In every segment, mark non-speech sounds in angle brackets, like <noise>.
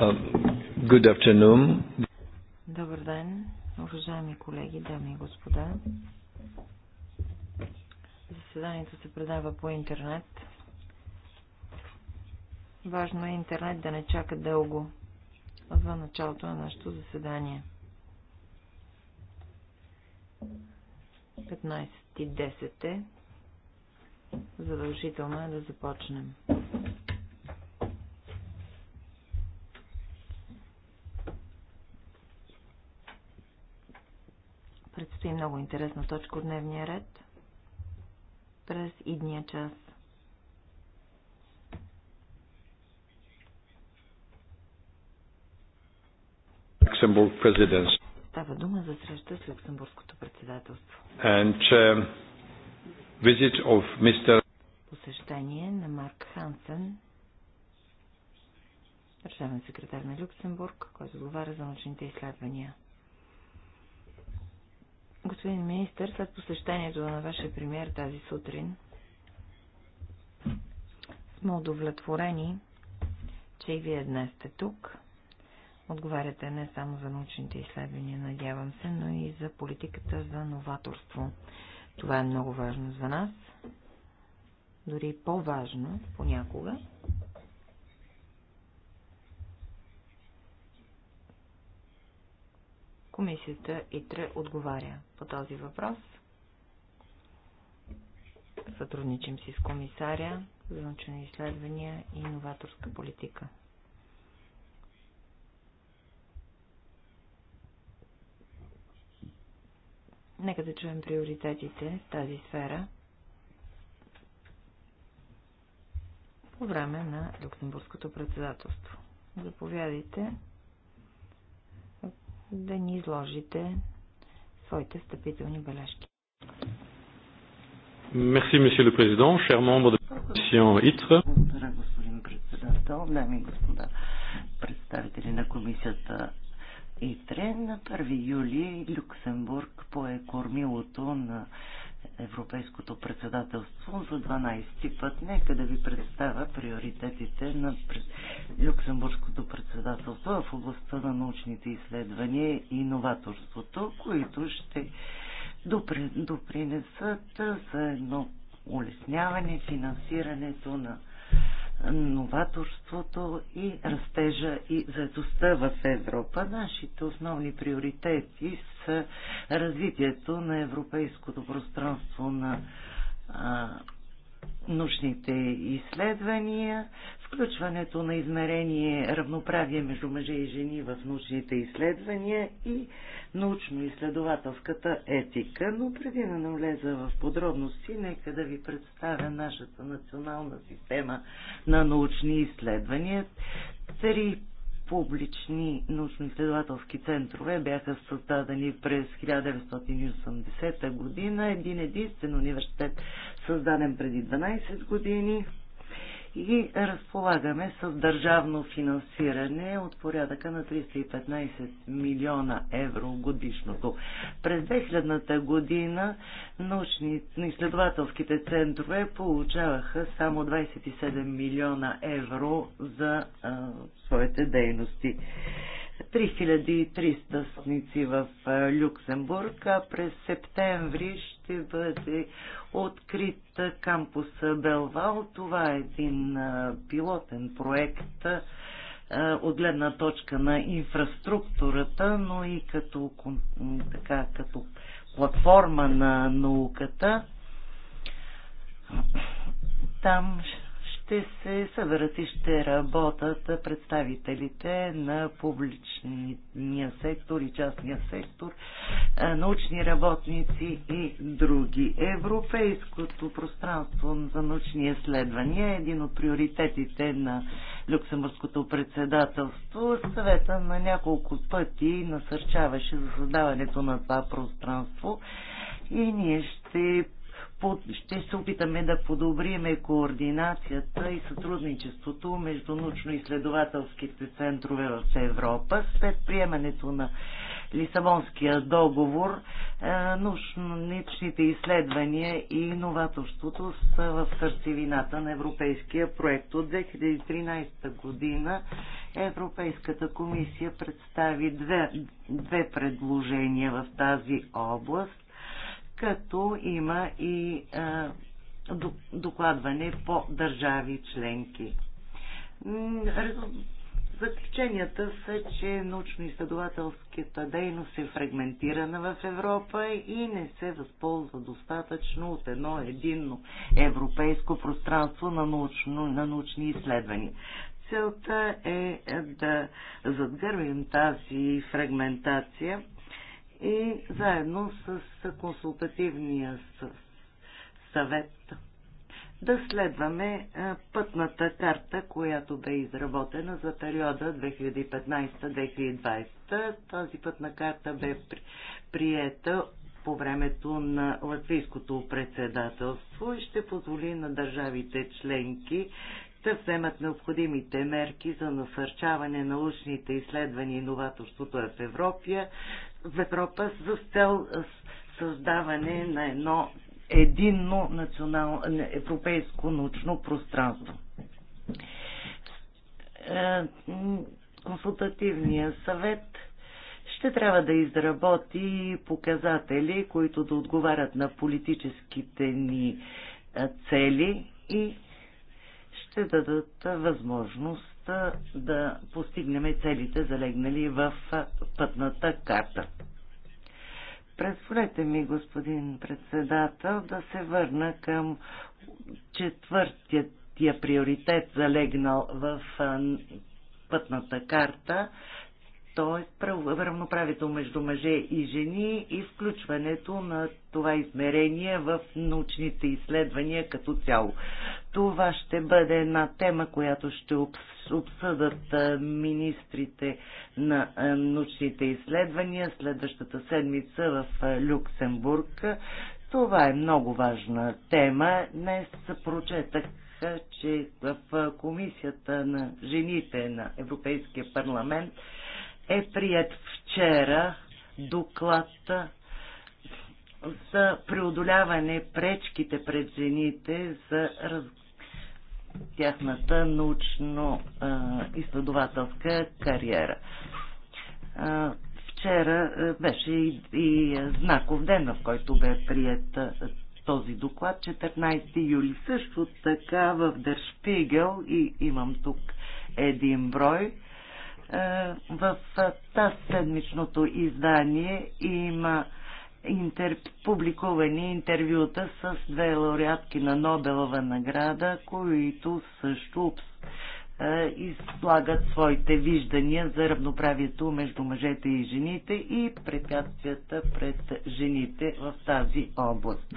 Um, good afternoon. Добър ден, уважаеми колеги, дами и господа. Заседанието се предава по интернет. Важно е интернет да не чака дълго за началото на нашето заседание. 15.10 е. Задължително е да започнем. Предстои много интересна точка от дневния ред през идния час. Става дума за среща с Люксембургското председателство. And, uh, visit of Mr. Посещение на Марк Хансен, държавен секретар на Люксембург, който отговаря за научните изследвания господин министр, след посещението на вашия премьер тази сутрин, сме удовлетворени, че и вие днес сте тук. Отговаряте не само за научните изследвания, надявам се, но и за политиката за новаторство. Това е много важно за нас, дори по-важно понякога. Комисията ИТРЕ отговаря по този въпрос. Сътрудничим си с комисаря за научни изследвания и иноваторска политика. Нека да чуем приоритетите в тази сфера по време на Люксембургското председателство. Заповядайте да ни изложите своите встъпителни бележки. Мерси, месье ле президент, шер membres de комисион commission Благодаря, господин председател, дами и господа представители на комисията ИТРЕ. На 1 юли Люксембург пое кормилото на Европейското председателство за 12 ти път. Нека да ви представя приоритетите на Люксембургското председателство в областта на научните изследвания и новаторството, които ще допринесат за едно улесняване финансирането на новаторството и растежа и заедостта в Европа. Нашите основни приоритети са развитието на европейското пространство на а, научните изследвания, включването на измерение равноправие между мъже и жени в научните изследвания и научно-изследователската етика. Но преди да навлеза в подробности, нека да ви представя нашата национална система на научни изследвания. Три публични научно-изследователски центрове бяха създадени през 1980 година. Един единствен университет, създаден преди 12 години и разполагаме с държавно финансиране от порядъка на 315 милиона евро годишното. През 2000-та година научно-изследователските центрове получаваха само 27 милиона евро за а, своите дейности. 3300 съдници в е, Люксембург, а през септември ще бъде открит кампус Белвал. Това е един е, пилотен проект е, от гледна точка на инфраструктурата, но и като, така, като платформа на науката. Там ще ще се съберат и ще работят представителите на публичния сектор и частния сектор, научни работници и други. Европейското пространство за научни изследвания е един от приоритетите на Люксембургското председателство. Съвета на няколко пъти насърчаваше за създаването на това пространство и ние ще ще се опитаме да подобриме координацията и сътрудничеството между научно-изследователските центрове в Европа. След приемането на Лисабонския договор, е, научните изследвания и новаторството са в сърцевината на европейския проект. От 2013 година Европейската комисия представи две, две предложения в тази област като има и е, докладване по държави членки. Заключенията са, че научно-изследователската дейност е фрагментирана в Европа и не се възползва достатъчно от едно единно европейско пространство на, научно, на научни изследвания. Целта е, е да задгърбим тази фрагментация и заедно с консултативния съвет да следваме пътната карта, която бе изработена за периода 2015-2020. Тази пътна карта бе приета по времето на латвийското председателство и ще позволи на държавите членки да вземат необходимите мерки за насърчаване на научните изследвания и новаторството в Европия, в Европа за цел създаване на едно единно национално европейско научно пространство. Е, консултативният съвет ще трябва да изработи показатели, които да отговарят на политическите ни е, цели и ще дадат възможност възможност да постигнем целите, залегнали в пътната карта. Позволете ми, господин председател, да се върна към четвъртия приоритет, залегнал в пътната карта, то е равноправието между мъже и жени и включването на това измерение в научните изследвания като цяло. Това ще бъде една тема, която ще обсъдат министрите на научните изследвания следващата седмица в Люксембург. Това е много важна тема. Днес прочетах че в комисията на жените на Европейския парламент е прият вчера доклад за преодоляване пречките пред жените за раз... тяхната научно-изследователска кариера. вчера беше и, и знаков ден, в който бе прият този доклад, 14 юли. Също така в Дършпигел и имам тук един брой е, в е, тази седмичното издание има интер... публикувани интервюта с две лауреатки на Нобелова награда, които също е, излагат своите виждания за равноправието между мъжете и жените и препятствията пред жените в тази област.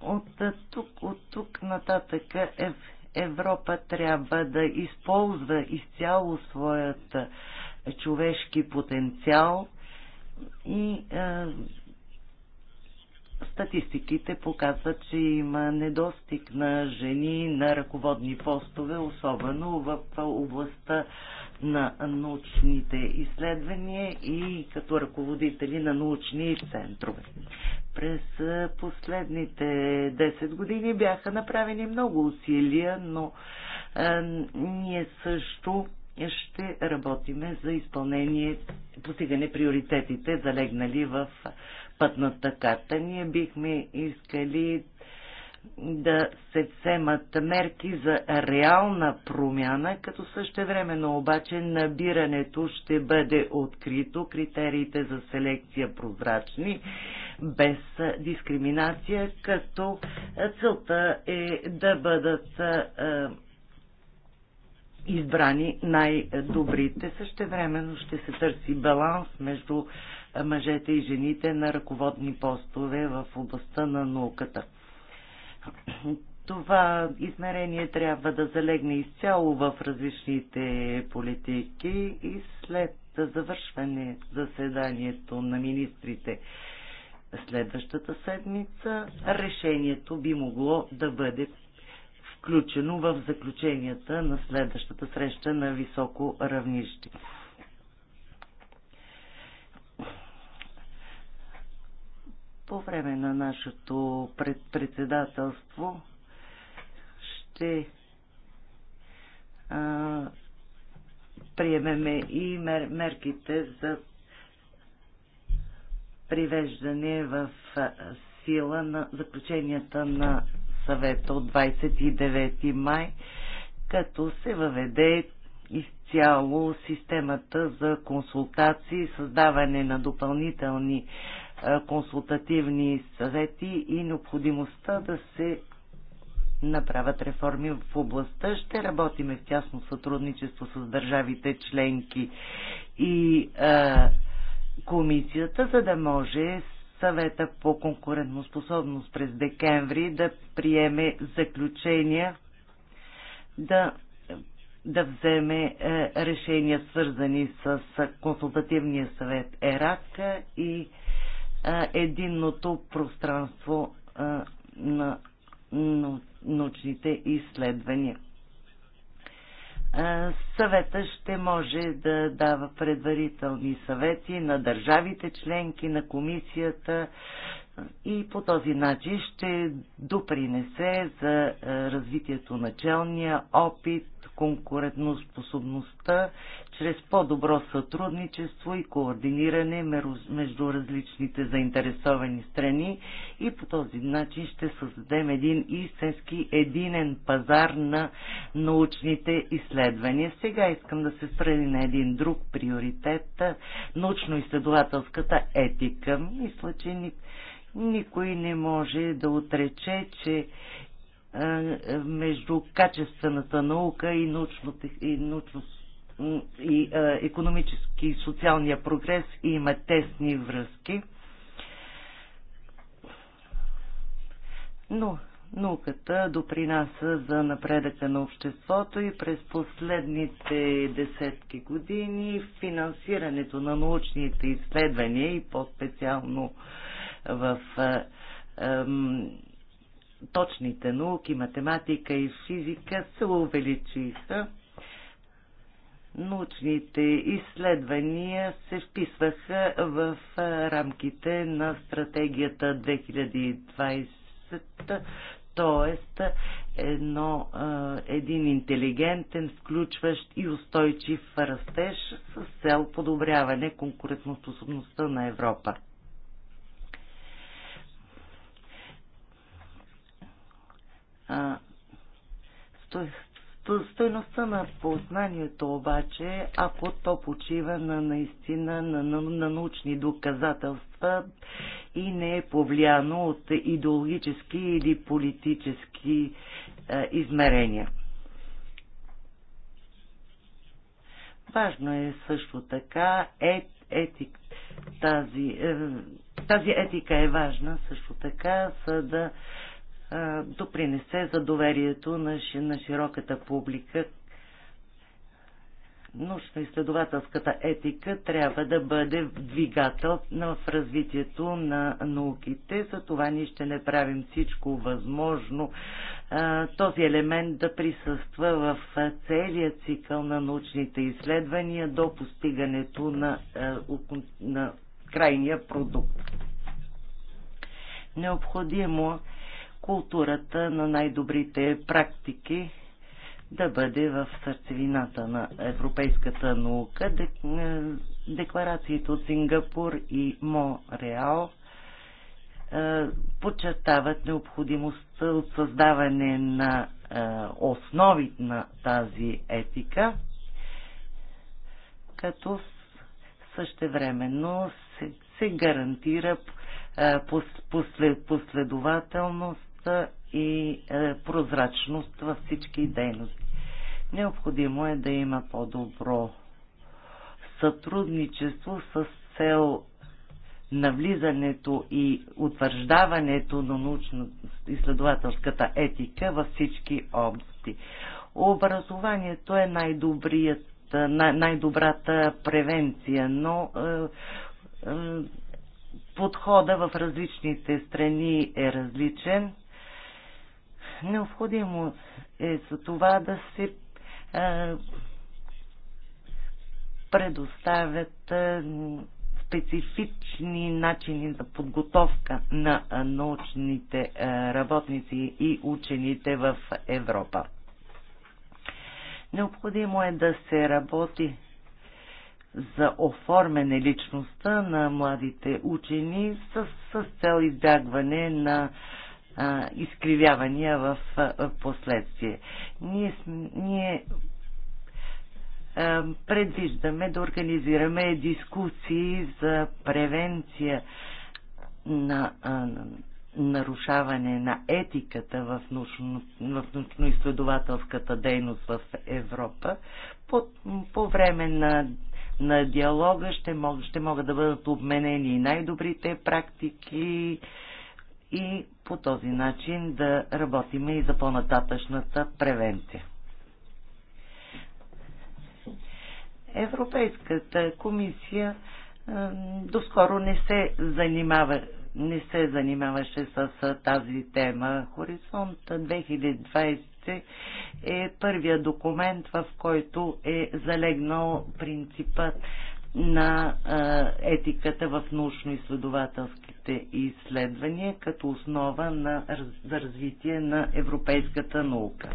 От тук, от тук нататък е Европа трябва да използва изцяло своят човешки потенциал и Статистиките показват, че има недостиг на жени на ръководни постове, особено в областта на научните изследвания и като ръководители на научни центрове. През последните 10 години бяха направени много усилия, но а, ние също ще работиме за изпълнение, постигане приоритетите, залегнали в пътната карта. Ние бихме искали да се вземат мерки за реална промяна, като същевременно обаче набирането ще бъде открито, критериите за селекция прозрачни, без дискриминация, като целта е да бъдат избрани най-добрите. Същевременно ще се търси баланс между мъжете и жените на ръководни постове в областта на науката. Това измерение трябва да залегне изцяло в различните политики и след завършване заседанието на министрите следващата седмица, решението би могло да бъде включено в заключенията на следващата среща на високо равнище. По време на нашето председателство ще а, приемеме и мер, мерките за привеждане в сила на заключенията на съвета от 29 май, като се въведе изцяло системата за консултации, създаване на допълнителни консултативни съвети и необходимостта да се направят реформи в областта. Ще работиме в тясно сътрудничество с държавите членки и а, комисията, за да може съвета по конкурентоспособност през декември да приеме заключения да да вземе решения свързани с консултативния съвет ЕРАК и единното пространство на научните изследвания. Съвета ще може да дава предварителни съвети на държавите членки, на комисията и по този начин ще допринесе за развитието на челния опит конкурентоспособността чрез по-добро сътрудничество и координиране между различните заинтересовани страни и по този начин ще създадем един истински единен пазар на научните изследвания. Сега искам да се спреди на един друг приоритет – научно-изследователската етика. Мисля, че никой не може да отрече, че между качествената наука и научно, и научно и а, економически и социалния прогрес и има тесни връзки. Но науката допринася за напредъка на обществото и през последните десетки години финансирането на научните изследвания и по-специално в а, точните науки, математика и физика се увеличиха. Научните изследвания се вписваха в рамките на стратегията 2020, т.е. Едно, един интелигентен, включващ и устойчив растеж с цел подобряване конкурентоспособността на Европа. А, стой, Стойността на познанието обаче, ако то почива на наистина на, на, на научни доказателства и не е повлияно от идеологически или политически а, измерения. Важно е също така е, етик, тази, е, тази етика е важна също така, за да допринесе за доверието на, на широката публика. Научно-изследователската етика трябва да бъде двигател в развитието на науките. За това ние ще не правим всичко възможно този елемент да присъства в целия цикъл на научните изследвания до постигането на, на крайния продукт. Необходимо е културата на най-добрите практики да бъде в сърцевината на европейската наука. Е, декларациите от Сингапур и Мореал е, подчертават необходимостта от създаване на е, основи на тази етика, като същевременно се, се гарантира послед, последователност яснота и е, прозрачност във всички дейности. Необходимо е да има по-добро сътрудничество с цел навлизането и утвърждаването на научно-изследователската етика във всички области. Образованието е най-добрият, е, най-добрата превенция, но е, подхода в различните страни е различен Необходимо е за това да се предоставят специфични начини за подготовка на научните работници и учените в Европа. Необходимо е да се работи за оформяне личността на младите учени с, с цел избягване на а, изкривявания в а, последствие. Ние, ние а, предвиждаме да организираме дискусии за превенция на а, нарушаване на етиката в, научно, в научно-изследователската дейност в Европа. По, по време на, на диалога ще, мог, ще могат да бъдат обменени най-добрите практики, и по този начин да работиме и за по-нататъчната превенция. Европейската комисия доскоро не се занимава не се занимаваше с тази тема. Хоризонт 2020 е първия документ, в който е залегнал принципът на етиката в научно-изследователските изследвания като основа на, за развитие на европейската наука.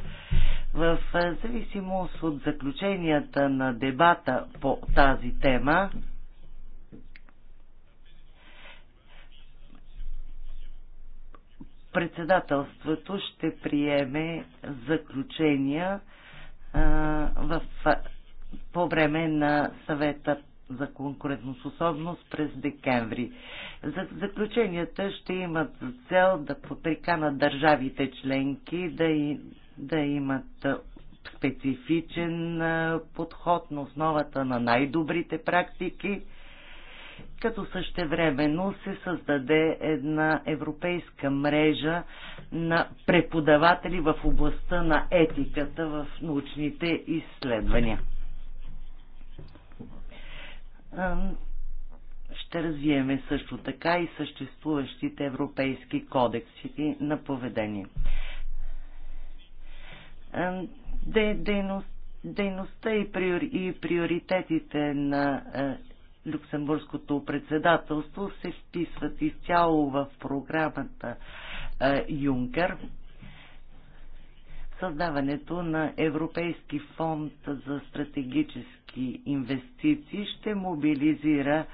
В зависимост от заключенията на дебата по тази тема, председателството ще приеме заключения а, в, по време на съвета за конкурентоспособност през декември. За заключенията ще имат за цел да поприканат държавите членки да, и, да имат специфичен подход на основата на най-добрите практики, като същевременно се създаде една европейска мрежа на преподаватели в областта на етиката в научните изследвания ще развиеме също така и съществуващите европейски кодекси на поведение. дейността и, приоритетите на Люксембургското председателство се вписват изцяло в програмата Юнкер. Създаването на Европейски фонд за стратегически европейски инвестиции ще мобилизира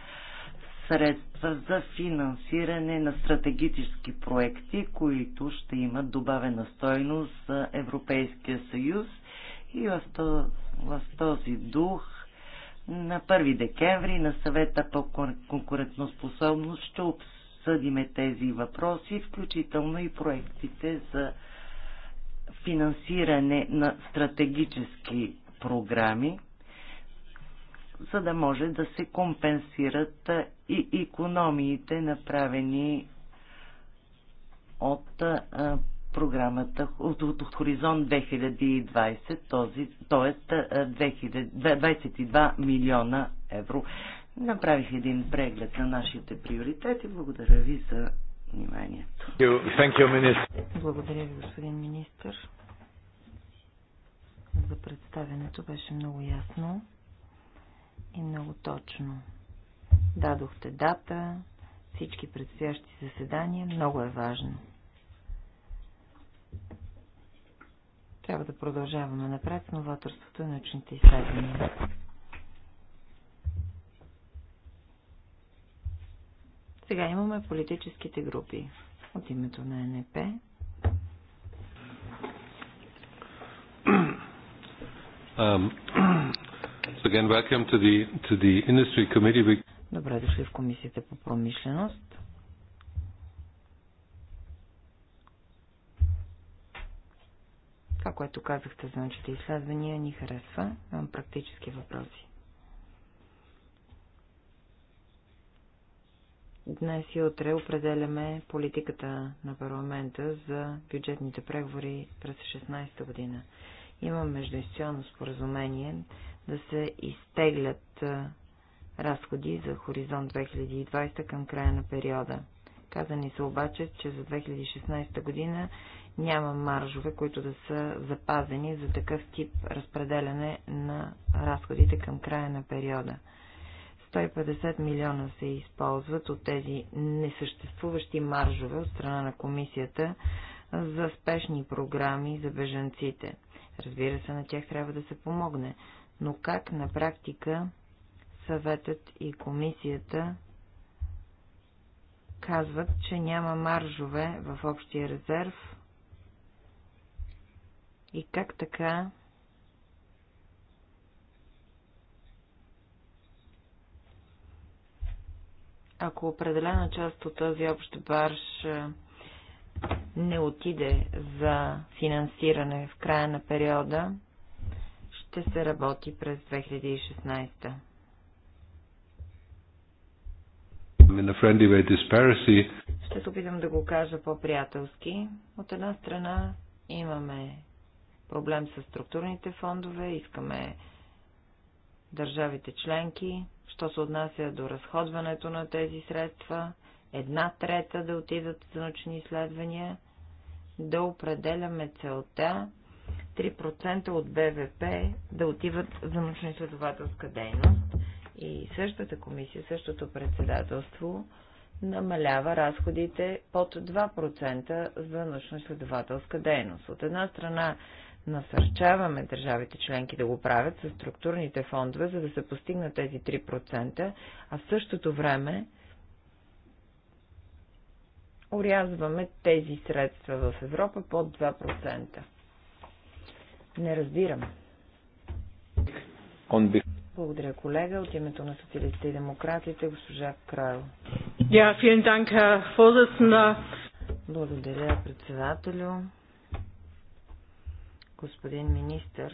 средства за финансиране на стратегически проекти, които ще имат добавена стойност за Европейския съюз. И в този дух на 1 декември на съвета по конкурентоспособност ще обсъдиме тези въпроси, включително и проектите за финансиране на стратегически програми за да може да се компенсират и економиите, направени от програмата от, от, от Хоризонт 2020, този, т.е. 22 милиона евро. Направих един преглед на нашите приоритети. Благодаря ви за вниманието. Thank you, Благодаря ви, господин министр. За представенето беше много ясно и много точно. Дадохте дата, всички предстоящи заседания, много е важно. Трябва да продължаваме напред с новаторството и научните изследвания. Сега имаме политическите групи от името на НП. А, again welcome to the, to the industry committee. Добре дошли в Комисията по промишленост. Това, което казахте за научните изследвания, ни харесва. Имам практически въпроси. Днес и утре определяме политиката на парламента за бюджетните преговори през 16 та година. Имам междуинституционно споразумение да се изтеглят разходи за Хоризонт 2020 към края на периода. Каза ни се обаче, че за 2016 година няма маржове, които да са запазени за такъв тип разпределяне на разходите към края на периода. 150 милиона се използват от тези несъществуващи маржове от страна на комисията за спешни програми за бежанците. Разбира се, на тях трябва да се помогне, но как на практика съветът и комисията казват, че няма маржове в общия резерв и как така ако определена част от този общ барж не отиде за финансиране в края на периода, ще се работи през 2016. Ще се опитам да го кажа по-приятелски. От една страна имаме проблем с структурните фондове, искаме държавите членки, що се отнася до разходването на тези средства, една трета да отидат за научни изследвания, да определяме целта 3% от БВП да отиват за научно-изследователска дейност. И същата комисия, същото председателство намалява разходите под 2% за научно-изследователска дейност. От една страна насърчаваме държавите членки да го правят със структурните фондове, за да се постигнат тези 3%, а в същото време урязваме тези средства в Европа под 2%. Не разбирам. Благодаря, колега. От името на социалистите и демократите, госпожа Крайл. Благодаря, председателю. Господин министър,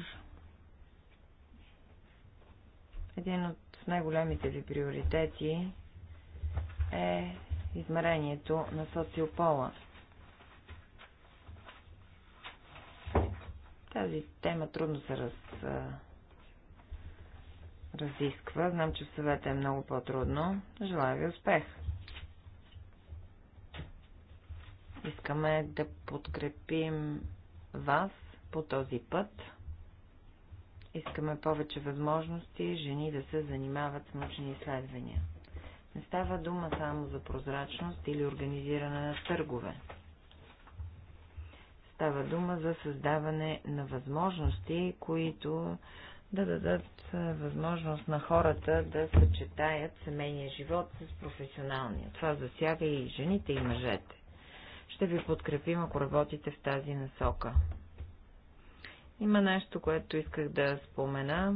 един от най-големите ви приоритети е измерението на социопола. Тази тема трудно се раз, разисква. Знам, че в съвета е много по-трудно. Желая ви успех! Искаме да подкрепим вас по този път. Искаме повече възможности жени да се занимават с научни изследвания. Не става дума само за прозрачност или организиране на търгове. Става дума за създаване на възможности, които да дадат възможност на хората да съчетаят семейния живот с професионалния. Това засяга и жените, и мъжете. Ще ви подкрепим, ако работите в тази насока. Има нещо, което исках да спомена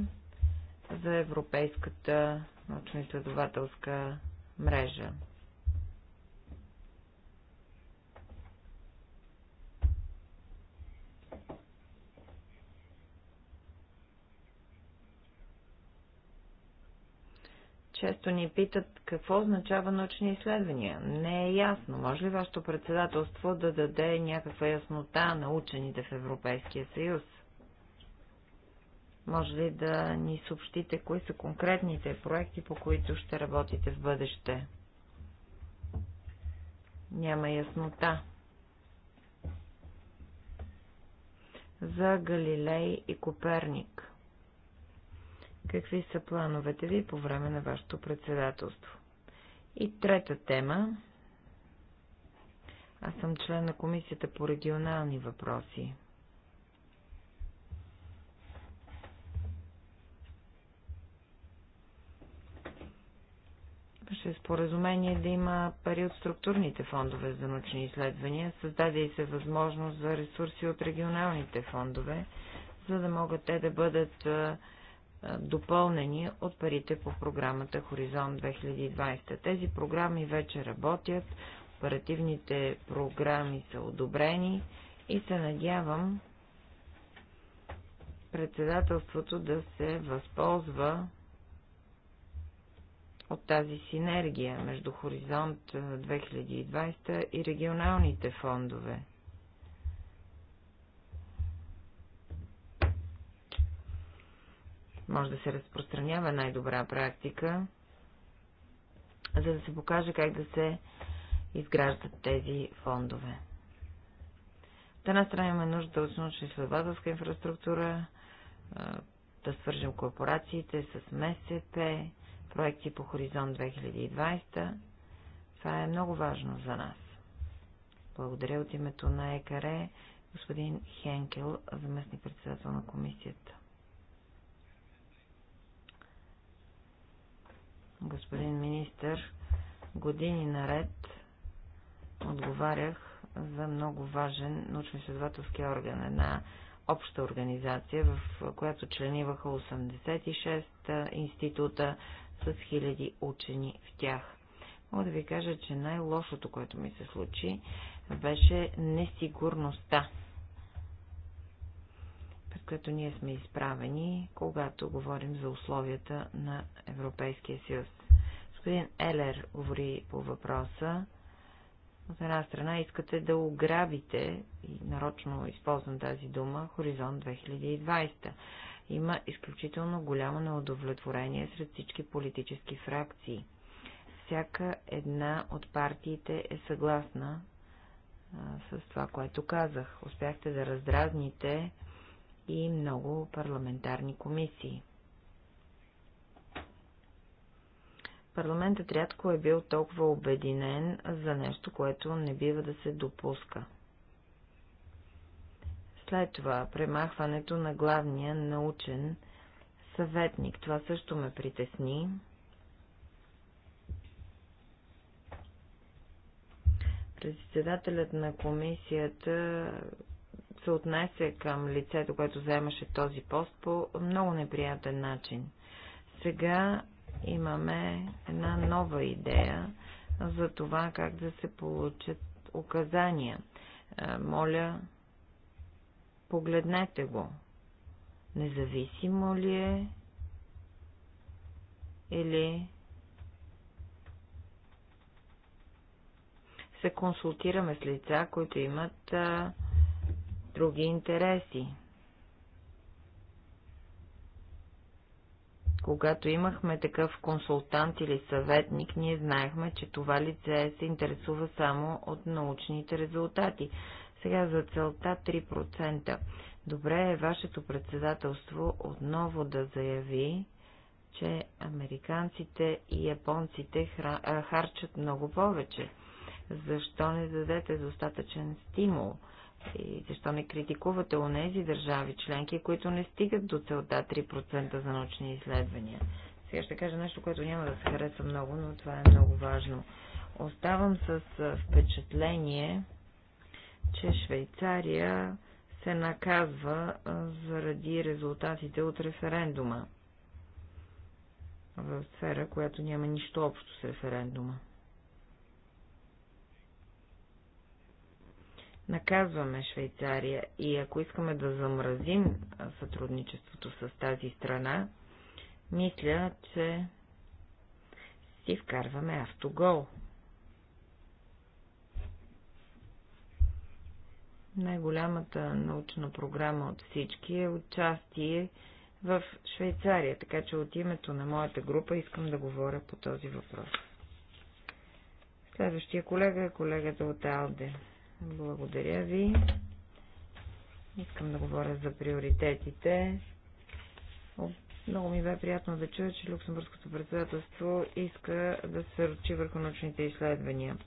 за Европейската научно-изследователска мрежа. Често ни питат какво означава научни изследвания. Не е ясно. Може ли вашето председателство да даде някаква яснота на учените в Европейския съюз? Може ли да ни съобщите кои са конкретните проекти, по които ще работите в бъдеще? Няма яснота. За Галилей и Коперник. Какви са плановете ви по време на вашето председателство? И трета тема. Аз съм член на Комисията по регионални въпроси. Ще е споразумение да има пари от структурните фондове за научни изследвания. Създаде и се възможност за ресурси от регионалните фондове, за да могат те да бъдат допълнени от парите по програмата Хоризонт 2020. Тези програми вече работят, оперативните програми са одобрени и се надявам председателството да се възползва от тази синергия между Хоризонт 2020 и регионалните фондове. може да се разпространява най-добра практика, за да се покаже как да се изграждат тези фондове. От една страна имаме нужда от научно-изследователска инфраструктура, да свържем корпорациите с МСП, проекти по Хоризонт 2020. Това е много важно за нас. Благодаря от името на ЕКР, господин Хенкел, заместник председател на комисията. господин министър, години наред отговарях за много важен научно-изследователски орган, една обща организация, в която члениваха 86 института с хиляди учени в тях. Мога да ви кажа, че най-лошото, което ми се случи, беше несигурността пред което ние сме изправени, когато говорим за условията на Европейския съюз. Господин Елер говори по въпроса. От една страна искате да ограбите, и нарочно използвам тази дума, Хоризонт 2020. Има изключително голямо неудовлетворение сред всички политически фракции. Всяка една от партиите е съгласна а, с това, което казах. Успяхте да раздразните и много парламентарни комисии. Парламентът рядко е бил толкова обединен за нещо, което не бива да се допуска. След това премахването на главния научен съветник. Това също ме притесни. Председателят на комисията се отнесе към лицето, което заемаше този пост по много неприятен начин. Сега имаме една нова идея за това как да се получат указания. Е, моля, погледнете го. Независимо ли е или се консултираме с лица, които имат а, е, други интереси. Когато имахме такъв консултант или съветник, ние знаехме, че това лице се интересува само от научните резултати. Сега за целта 3%. Добре е вашето председателство отново да заяви, че американците и японците харчат много повече. Защо не дадете достатъчен стимул? И защо не критикувате у нези държави членки, които не стигат до целта 3% за научни изследвания? Сега ще кажа нещо, което няма да се хареса много, но това е много важно. Оставам с впечатление, че Швейцария се наказва заради резултатите от референдума в сфера, която няма нищо общо с референдума. наказваме Швейцария и ако искаме да замразим сътрудничеството с тази страна, мисля, че си вкарваме автогол. Най-голямата научна програма от всички е участие в Швейцария, така че от името на моята група искам да говоря по този въпрос. Следващия колега е колегата от Алде. Благодаря ви. Искам да говоря за приоритетите. Много ми бе приятно да чуя, че Люксембургското председателство иска да се ручи върху научните изследвания.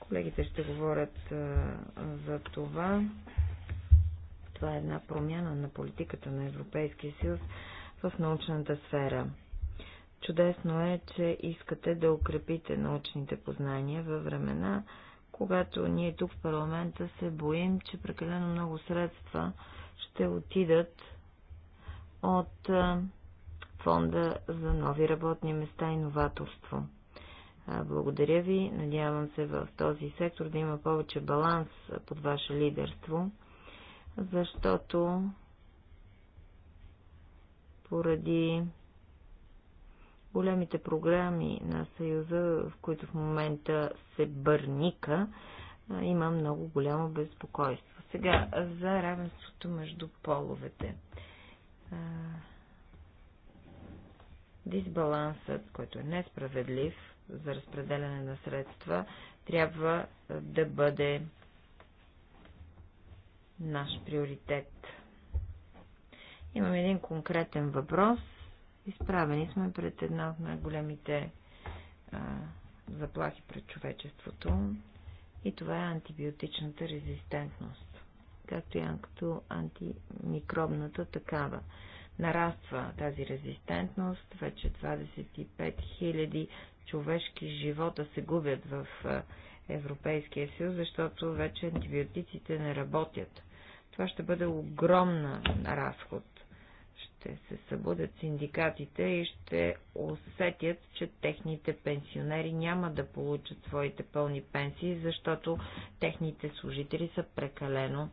Колегите ще говорят за това. Това е една промяна на политиката на Европейския съюз в научната сфера. Чудесно е, че искате да укрепите научните познания във времена, когато ние тук в парламента се боим, че прекалено много средства ще отидат от фонда за нови работни места и новаторство. Благодаря ви. Надявам се в този сектор да има повече баланс под ваше лидерство, защото поради Големите програми на Съюза, в които в момента се бърника, има много голямо безпокойство. Сега за равенството между половете. Дисбалансът, който е несправедлив за разпределяне на средства, трябва да бъде наш приоритет. Имам един конкретен въпрос – Изправени сме пред една от най-големите заплахи пред човечеството и това е антибиотичната резистентност, както и като антимикробната такава. Нараства тази резистентност, вече 25 000 човешки живота се губят в Европейския съюз, защото вече антибиотиците не работят. Това ще бъде огромна разход ще се събудят синдикатите и ще усетят, че техните пенсионери няма да получат своите пълни пенсии, защото техните служители са прекалено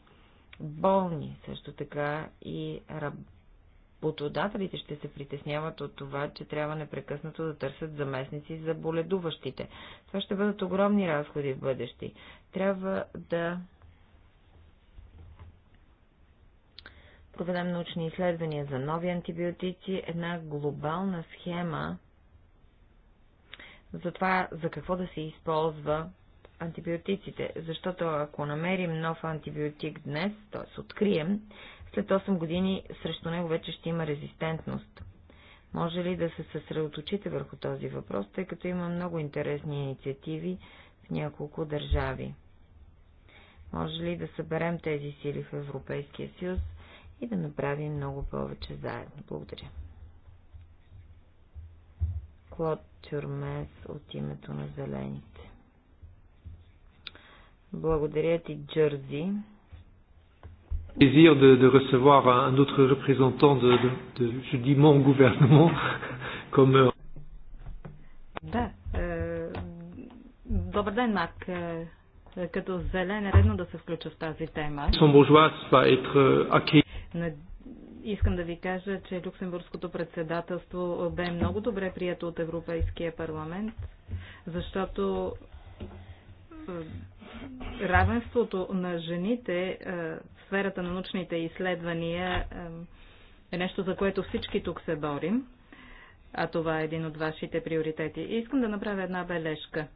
болни. Също така и работодателите ще се притесняват от това, че трябва непрекъснато да търсят заместници за боледуващите. Това ще бъдат огромни разходи в бъдещи. Трябва да проведем научни изследвания за нови антибиотици, една глобална схема за това, за какво да се използва антибиотиците, защото ако намерим нов антибиотик днес, т.е. открием, след 8 години срещу него вече ще има резистентност. Може ли да се съсредоточите върху този въпрос, тъй като има много интересни инициативи в няколко държави? Може ли да съберем тези сили в Европейския съюз и да направим много повече заедно. Благодаря. Клод Тюрмес от името на Зелените. Благодаря ти, Джързи. Plaisir de, de recevoir un autre représentant de, de, de, je dis mon gouvernement, <laughs> comme. Euh, да, е, добър ден, Марк е, като зелен е редно да се включа в тази тема. Искам да ви кажа, че Люксембургското председателство бе много добре прието от Европейския парламент, защото равенството на жените в сферата на научните изследвания е нещо, за което всички тук се борим, а това е един от вашите приоритети. И искам да направя една бележка.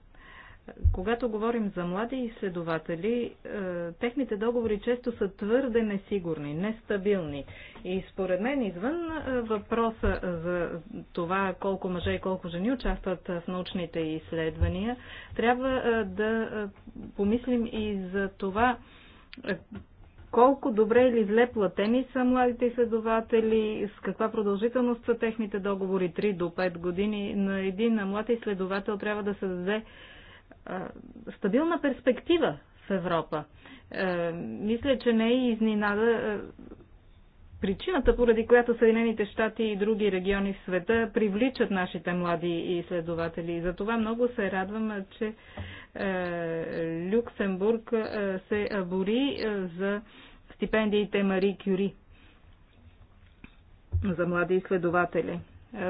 Когато говорим за млади изследователи, е, техните договори често са твърде несигурни, нестабилни. И според мен, извън е, въпроса за това колко мъже и колко жени участват в научните изследвания, трябва е, да помислим и за това колко добре или зле платени са младите изследователи, с каква продължителност са техните договори 3 до 5 години. На един млад изследовател трябва да се даде стабилна перспектива в Европа. Е, мисля, че не е изненада е, причината, поради която Съединените щати и други региони в света привличат нашите млади изследователи. И затова много се радвам, че е, Люксембург се бори за стипендиите Мари Кюри за млади изследователи.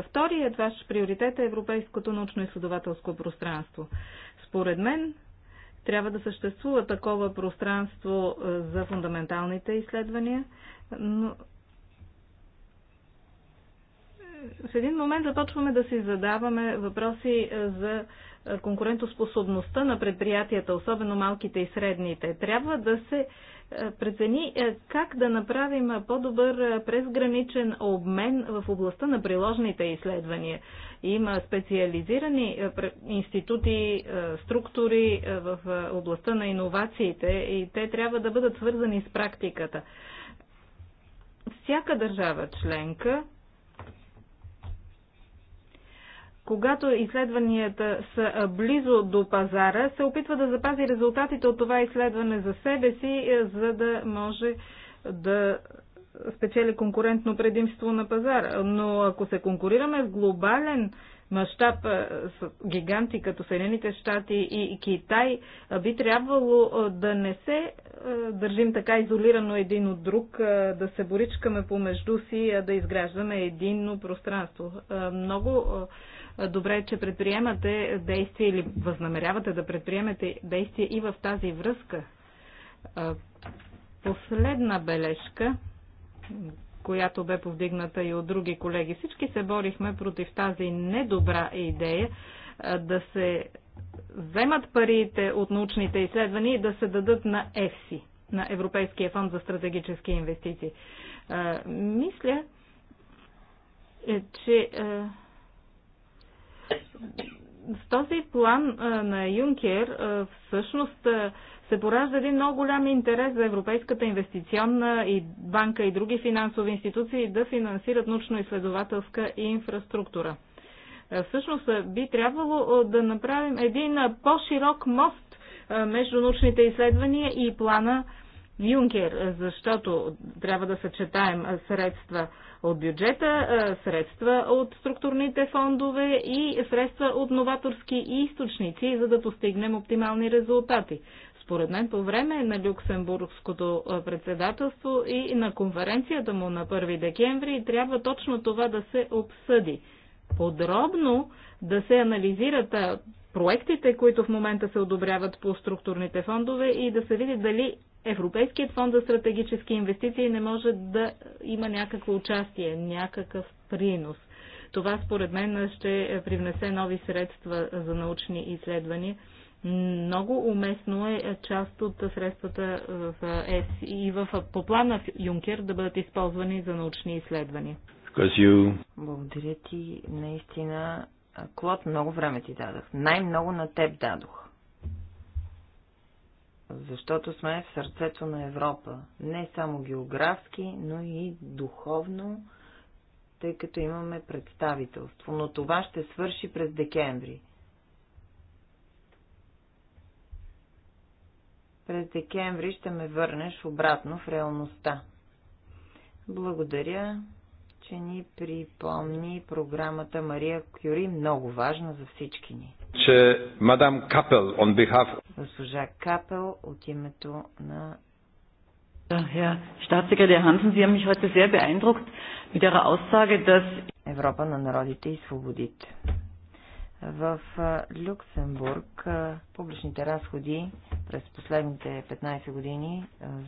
Вторият ваш приоритет е европейското научно-изследователско пространство. Според мен, трябва да съществува такова пространство е, за фундаменталните изследвания, но е, в един момент започваме да си задаваме въпроси е, за конкурентоспособността на предприятията, особено малките и средните. Трябва да се прецени как да направим по-добър презграничен обмен в областта на приложните изследвания. Има специализирани е, институти, е, структури е, в областта на иновациите и те трябва да бъдат свързани с практиката. Всяка държава членка когато изследванията са близо до пазара, се опитва да запази резултатите от това изследване за себе си, за да може да спечели конкурентно предимство на пазара. Но ако се конкурираме в глобален мащаб е, с гиганти като Съединените щати и Китай, е, би трябвало е, да не се държим така изолирано един от друг, да се боричкаме помежду си, да изграждаме единно пространство. Много добре, че предприемате действия или възнамерявате да предприемете действия и в тази връзка. Последна бележка която бе повдигната и от други колеги. Всички се борихме против тази недобра идея да се вземат парите от научните изследвания и да се дадат на ЕФСИ, на Европейския фонд за стратегически инвестиции. Мисля, е, че с този план на Юнкер всъщност се поражда един много голям интерес за Европейската инвестиционна и банка и други финансови институции да финансират научно-изследователска инфраструктура. Е, всъщност е, би трябвало е, да направим един по-широк мост между научните изследвания и плана Юнкер, защото трябва да съчетаем средства от бюджета, средства от структурните фондове и средства от новаторски източници, за да постигнем оптимални резултати според мен, по време на Люксембургското председателство и на конференцията му на 1 декември трябва точно това да се обсъди. Подробно да се анализират проектите, които в момента се одобряват по структурните фондове и да се види дали Европейският фонд за стратегически инвестиции не може да има някакво участие, някакъв принос. Това според мен ще привнесе нови средства за научни изследвания много уместно е част от средствата в ЕС и в, по плана Юнкер да бъдат използвани за научни изследвания. You... Благодаря ти. Наистина, Клод, много време ти дадох. Най-много на теб дадох. Защото сме в сърцето на Европа. Не само географски, но и духовно, тъй като имаме представителство. Но това ще свърши през декември. През декември ще ме върнеш обратно в реалността. Благодаря, че ни припомни програмата Мария Кюри, много важна за всички ни. Че мадам Капел, on behalf... Госпожа Капел от името на äh, Европа на народите и свободите. В Люксембург публичните разходи през последните 15 години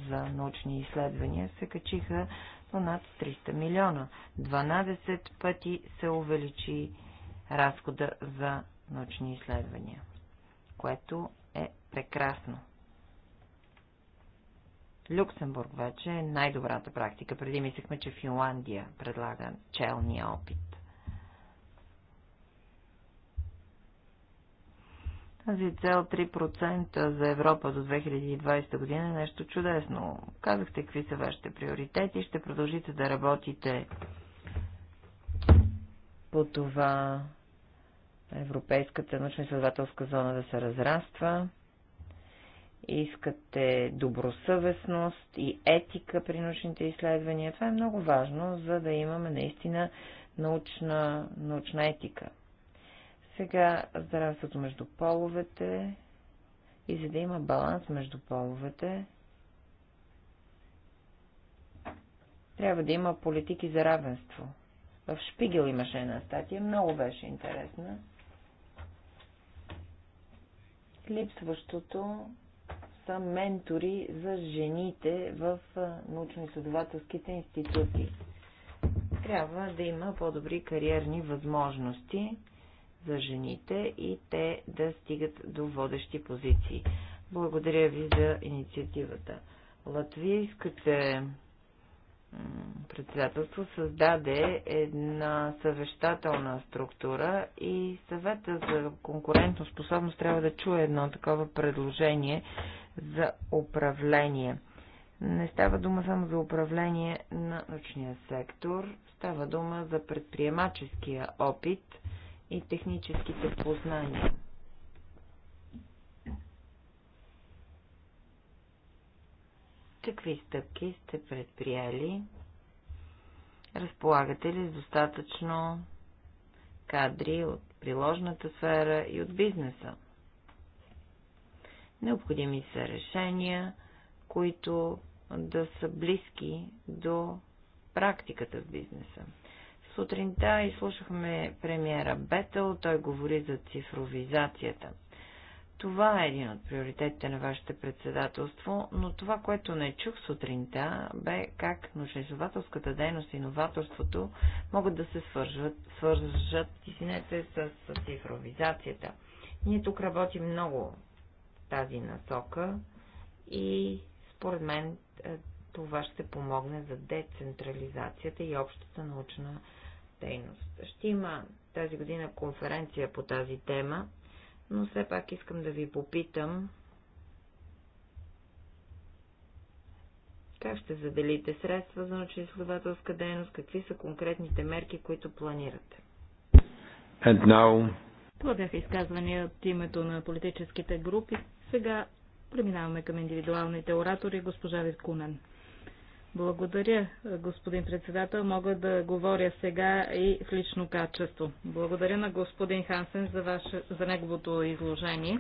за научни изследвания се качиха до над 300 милиона. 12 пъти се увеличи разхода за научни изследвания, което е прекрасно. Люксембург вече е най-добрата практика. Преди мислехме, че Финландия предлага челния опит. Тази цел 3% за Европа до 2020 година е нещо чудесно. Казахте какви са вашите приоритети, ще продължите да работите по това Европейската научно-изследователска зона да се разраства. Искате добросъвестност и етика при научните изследвания. Това е много важно, за да имаме наистина научна, научна етика. Сега здравството между половете и за да има баланс между половете, трябва да има политики за равенство. В Шпигел имаше една статия, много беше интересна. Липсващото са ментори за жените в научно-изследователските институти. Трябва да има по-добри кариерни възможности за жените и те да стигат до водещи позиции. Благодаря ви за инициативата. Латвийската председателство създаде една съвещателна структура и съвета за конкурентоспособност трябва да чуе едно такова предложение за управление. Не става дума само за управление на научния сектор, става дума за предприемаческия опит – и техническите познания. Какви стъпки сте предприели? Разполагате ли с достатъчно кадри от приложната сфера и от бизнеса? Необходими са решения, които да са близки до практиката в бизнеса. Сутринта изслушахме премиера Бетел, той говори за цифровизацията. Това е един от приоритетите на вашето председателство, но това, което не чух сутринта, бе как научно дейност и новаторството могат да се свържат, свържат извинете, с, с цифровизацията. Ние тук работим много в тази насока и според мен е, това ще помогне за децентрализацията и общата научна дейност. Ще има тази година конференция по тази тема, но все пак искам да ви попитам как ще заделите средства за научно-изследователска дейност, какви са конкретните мерки, които планирате. And now... Това бяха изказвания от името на политическите групи. Сега преминаваме към индивидуалните оратори. Госпожа Виткунен. Благодаря, господин председател. Мога да говоря сега и в лично качество. Благодаря на господин Хансен за, ваше, за неговото изложение.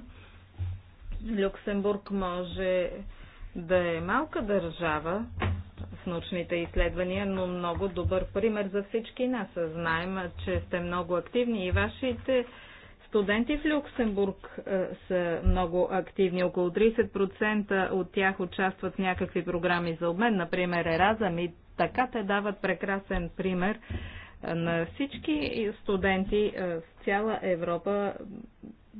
Люксембург може да е малка държава в научните изследвания, но много добър пример за всички нас. Знаем, че сте много активни и вашите студенти в Люксембург е, са много активни. Около 30% от тях участват в някакви програми за обмен, например Еразъм и така те дават прекрасен пример е, на всички студенти е, в цяла Европа,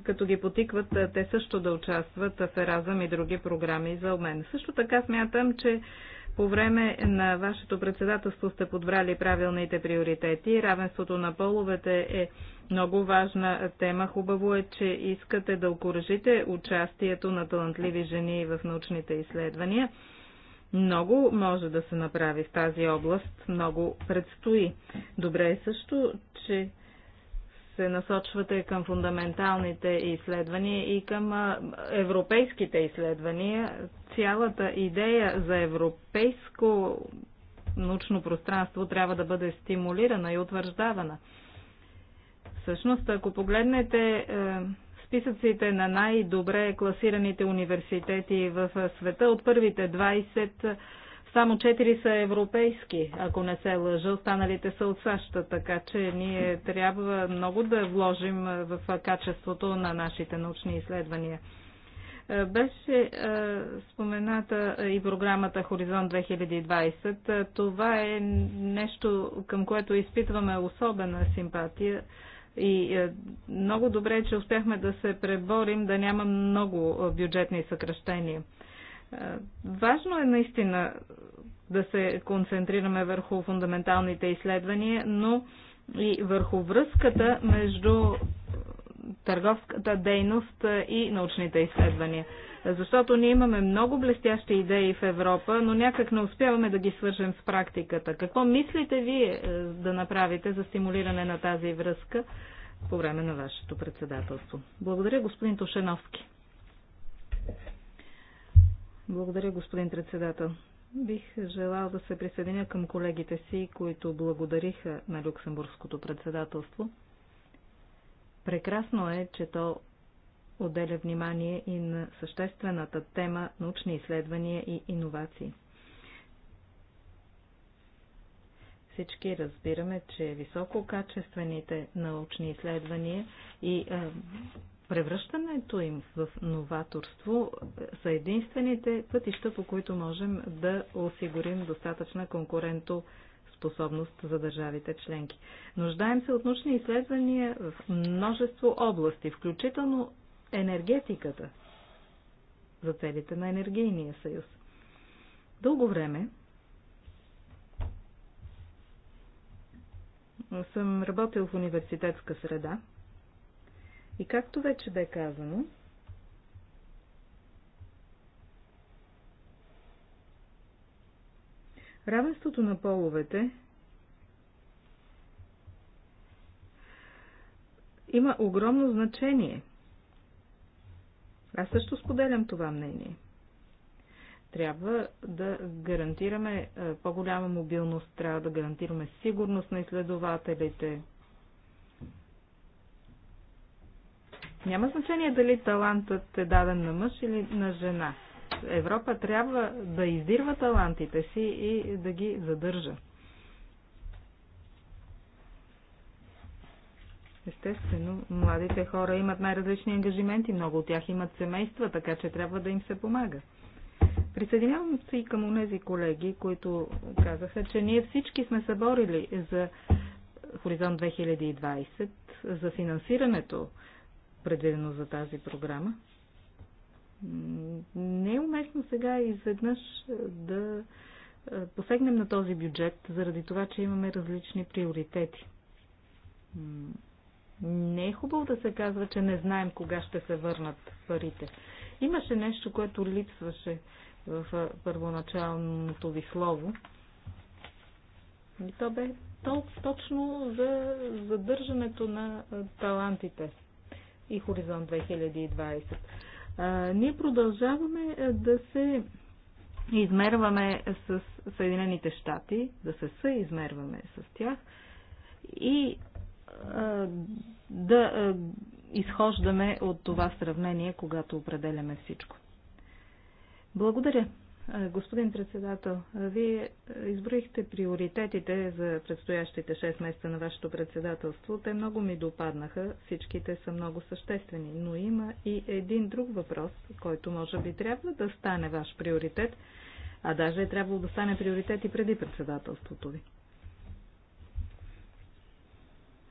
като ги потикват те също да участват в Еразъм и други програми за обмен. Също така смятам, че по време на вашето председателство сте подбрали правилните приоритети. Равенството на половете е много важна тема. Хубаво е, че искате да окоръжите участието на талантливи жени в научните изследвания. Много може да се направи в тази област, много предстои. Добре е също, че се насочвате към фундаменталните изследвания и към европейските изследвания. Цялата идея за европейско научно пространство трябва да бъде стимулирана и утвърждавана. Всъщност, ако погледнете е, списъците на най-добре класираните университети в света от първите 20 само четири са европейски, ако не се лъжа, останалите са от САЩ, така че ние трябва много да вложим в качеството на нашите научни изследвания. Е, беше е, спомената и програмата Хоризонт 2020. Е, това е нещо, към което изпитваме особена симпатия. И много добре, че успяхме да се преборим да няма много бюджетни съкръщения. Важно е наистина да се концентрираме върху фундаменталните изследвания, но и върху връзката между търговската дейност и научните изследвания. Защото ние имаме много блестящи идеи в Европа, но някак не успяваме да ги свържем с практиката. Какво мислите вие е, да направите за стимулиране на тази връзка по време на вашето председателство? Благодаря, господин Тушеновски. Благодаря, господин председател. Бих желал да се присъединя към колегите си, които благодариха на Люксембургското председателство. Прекрасно е, че то отделя внимание и на съществената тема научни изследвания и иновации. Всички разбираме, че висококачествените научни изследвания и е, превръщането им в новаторство са единствените пътища, по които можем да осигурим достатъчна конкуренто способност за държавите членки. Нуждаем се от научни изследвания в множество области, включително енергетиката за целите на енергийния съюз. Дълго време съм работил в университетска среда – и както вече бе казано, равенството на половете има огромно значение. Аз също споделям това мнение. Трябва да гарантираме по-голяма мобилност, трябва да гарантираме сигурност на изследователите, Няма значение дали талантът е даден на мъж или на жена. Европа трябва да издирва талантите си и да ги задържа. Естествено, младите хора имат най-различни ангажименти, много от тях имат семейства, така че трябва да им се помага. Присъединявам се и към онези колеги, които казаха, че ние всички сме се борили за Хоризонт 2020, за финансирането предвидено за тази програма. Не е уместно сега изведнъж да посегнем на този бюджет, заради това, че имаме различни приоритети. Не е хубаво да се казва, че не знаем кога ще се върнат парите. Имаше нещо, което липсваше в първоначалното ви слово. И то бе толкова точно за задържането на талантите и Хоризонт 2020. А, ние продължаваме да се измерваме с Съединените щати, да се съизмерваме с тях и а, да а, изхождаме от това сравнение, когато определяме всичко. Благодаря. Господин председател, вие изброихте приоритетите за предстоящите 6 месеца на вашето председателство. Те много ми допаднаха, всичките са много съществени, но има и един друг въпрос, който може би трябва да стане ваш приоритет, а даже е трябвало да стане приоритет и преди председателството ви.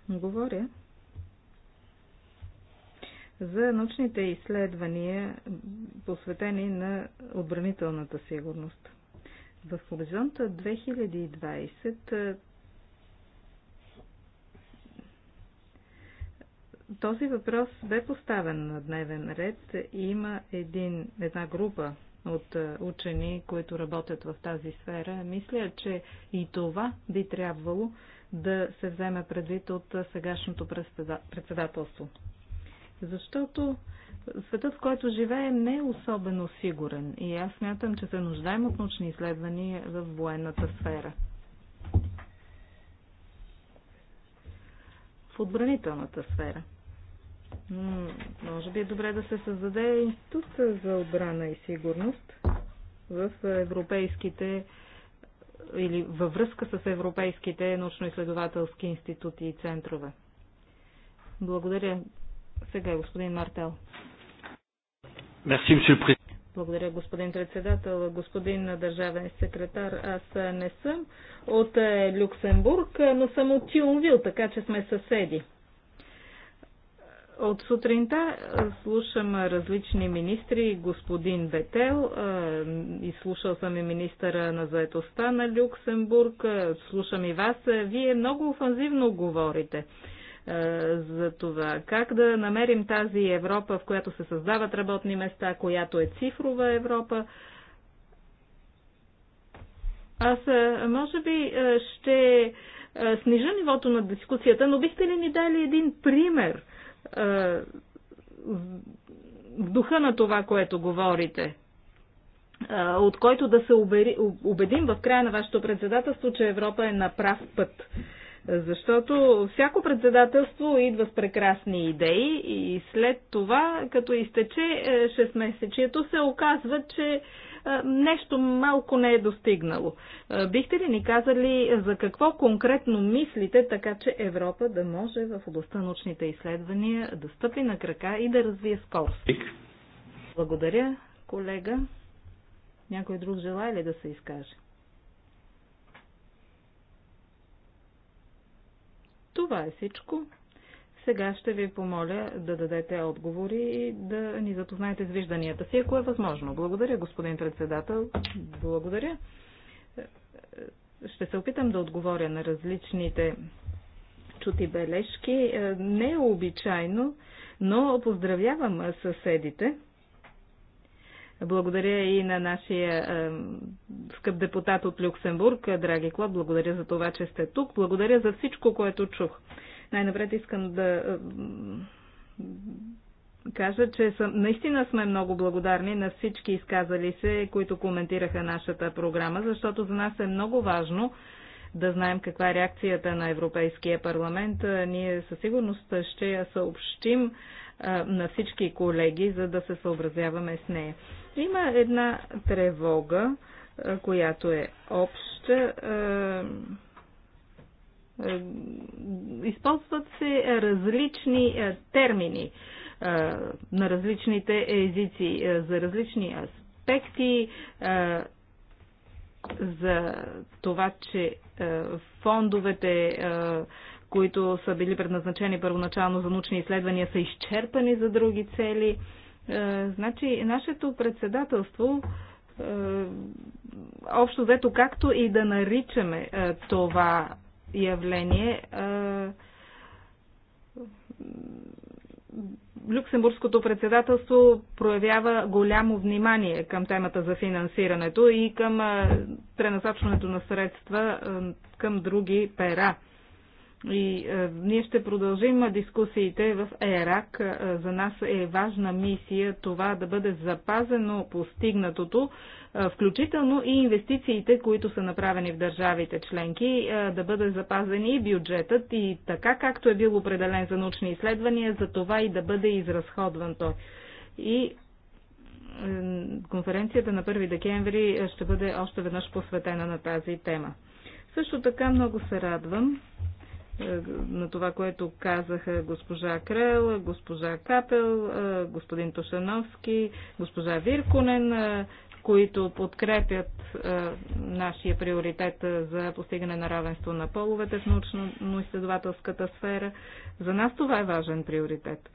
Говоря за научните изследвания, посветени на отбранителната сигурност. В хоризонта 2020 този въпрос бе поставен на дневен ред. и Има един, една група от учени, които работят в тази сфера. Мисля, че и това би трябвало да се вземе предвид от сегашното председателство. Защото светът, в който живеем, не е особено сигурен и аз смятам, че се нуждаем от научни изследвания в военната сфера. В отбранителната сфера. Може би е добре да се създаде институт за отбрана и сигурност в европейските или във връзка с европейските научно-изследователски институти и центрове. Благодаря, сега е господин Мартел. Мерси, благодаря, господин председател. Господин държавен секретар, аз не съм от е, Люксембург, но съм от Тюнвил, така че сме съседи. От сутринта е, слушам различни министри, господин Бетел, изслушал съм и министъра на заедостта на Люксембург, слушам и вас. Вие много офанзивно говорите. Е, за това как да намерим тази Европа, в която се създават работни места, която е цифрова Европа. Аз е, може би е, ще снижа нивото на дискусията, но бихте ли ни дали един пример в духа на това, което говорите? от който да се убедим в края на вашето председателство, че Европа е на прав път. Защото всяко председателство идва с прекрасни идеи и след това, като изтече 6-месечието, е, се оказва, че е, нещо малко не е достигнало. Е, бихте ли ни казали за какво конкретно мислите, така че Европа да може в областта научните изследвания да стъпи на крака и да развие скорост? Благодаря, колега. Някой друг желая ли да се изкаже? Това е всичко. Сега ще ви помоля да дадете отговори и да ни запознаете с вижданията си, ако е възможно. Благодаря, господин председател. Благодаря. Ще се опитам да отговоря на различните чути бележки. Е, не е обичайно, но поздравявам съседите. Благодаря и на нашия е, скъп депутат от Люксембург, драги Клод. Благодаря за това, че сте тук. Благодаря за всичко, което чух. Най-напред искам да е, кажа, че съм, наистина сме много благодарни на всички изказали се, които коментираха нашата програма, защото за нас е много важно да знаем каква е реакцията на Европейския парламент. Ние със сигурност ще я съобщим на всички колеги, за да се съобразяваме с нея. Има една тревога, е, която е обща. Е, е, използват се различни термини на различните езици за различни аспекти, за това, че фондовете, които са били предназначени първоначално за научни изследвания, са изчерпани за други цели. Е, значи, нашето председателство е, общо взето както и да наричаме е, това явление, Люксембургското председателство проявява голямо внимание към темата за финансирането и към пренасочването на средства към други пера и е, ние ще продължим дискусиите в Ерак. Е, за нас е важна мисия това да бъде запазено постигнатото, е, включително и инвестициите, които са направени в държавите членки, е, да бъде запазени и бюджетът и така както е бил определен за научни изследвания, за това и да бъде изразходван той. И е, конференцията на 1 декември е, ще бъде още веднъж посветена на тази тема. Също така много се радвам, е, на това, което казаха госпожа Крел, госпожа Капел, е, господин Тошановски, госпожа Вирконен, е, които подкрепят нашия приоритет за постигане на равенство на половете в научно-изследователската сфера. За нас това е важен приоритет.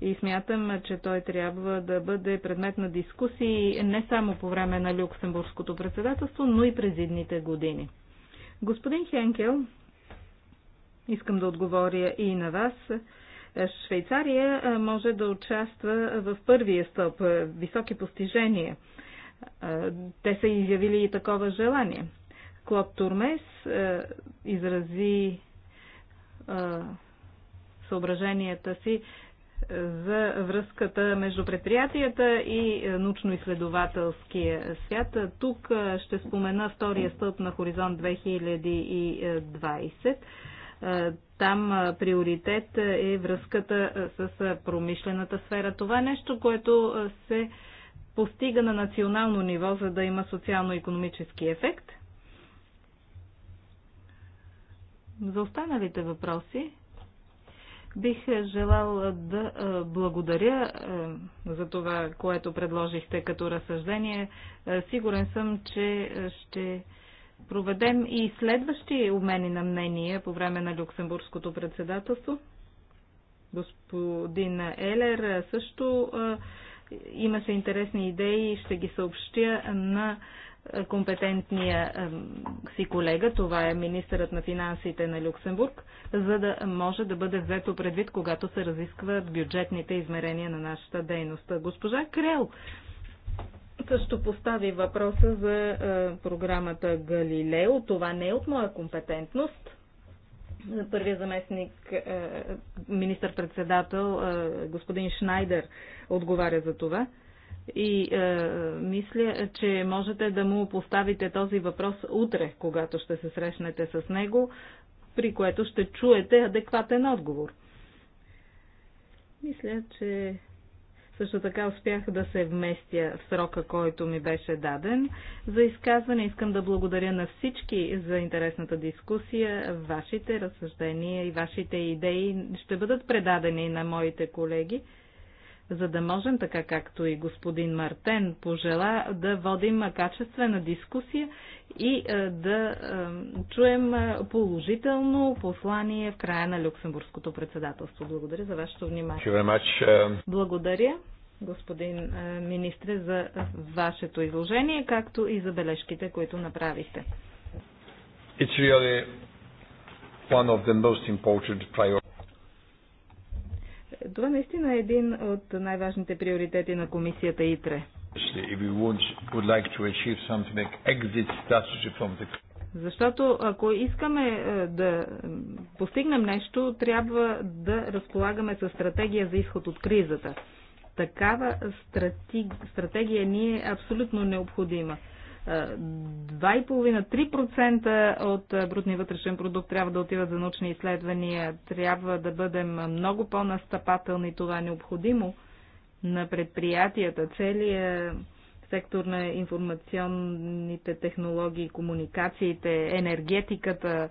И смятам, че той трябва да бъде предмет на дискусии не само по време на Люксембургското председателство, но и през идните години. Господин Хенкел Искам да отговоря и на вас. Швейцария може да участва в първия стоп високи постижения. Те са изявили и такова желание. Клод Турмес изрази съображенията си за връзката между предприятията и научно-изследователския свят. Тук ще спомена втория стълб на Хоризонт 2020 е, там е, приоритет е връзката е, с промишлената сфера. Това е нещо, което се постига на национално ниво, за да има социално-економически ефект. За останалите въпроси бих желал да благодаря за това, което предложихте като разсъждение. Сигурен съм, че ще проведем и следващи обмени на мнение по време на Люксембургското председателство. Господин Елер също имаше интересни идеи, ще ги съобщя на компетентния си колега, това е министърът на финансите на Люксембург, за да може да бъде взето предвид, когато се разискват бюджетните измерения на нашата дейност. Госпожа Крел също постави въпроса за е, програмата Галилео. Това не е от моя компетентност. Първият заместник е, министър-председател е, господин Шнайдер отговаря за това. И а, мисля, че можете да му поставите този въпрос утре, когато ще се срещнете с него, при което ще чуете адекватен отговор. Мисля, че също така успях да се вместя в срока, който ми беше даден. За изказване искам да благодаря на всички за интересната дискусия. Вашите разсъждения и вашите идеи ще бъдат предадени на моите колеги, за да можем, така както и господин Мартен пожела, да водим качествена дискусия и е, да е, чуем е, положително послание в края на Люксембургското председателство. Благодаря за вашето внимание. Um, благодаря господин е, министре, за вашето изложение, както и за бележките, които направихте. It's really one of the most important Това наистина е един от най-важните приоритети на комисията ИТРЕ. Защото ако искаме е, да постигнем нещо, трябва да разполагаме с стратегия за изход от кризата такава стратегия ни е абсолютно необходима. 2,5-3% е, от е, брутния вътрешен продукт трябва да отиват за научни изследвания. Трябва да бъдем много по-настъпателни. Това е необходимо на предприятията. Целият сектор на информационните технологии, комуникациите, енергетиката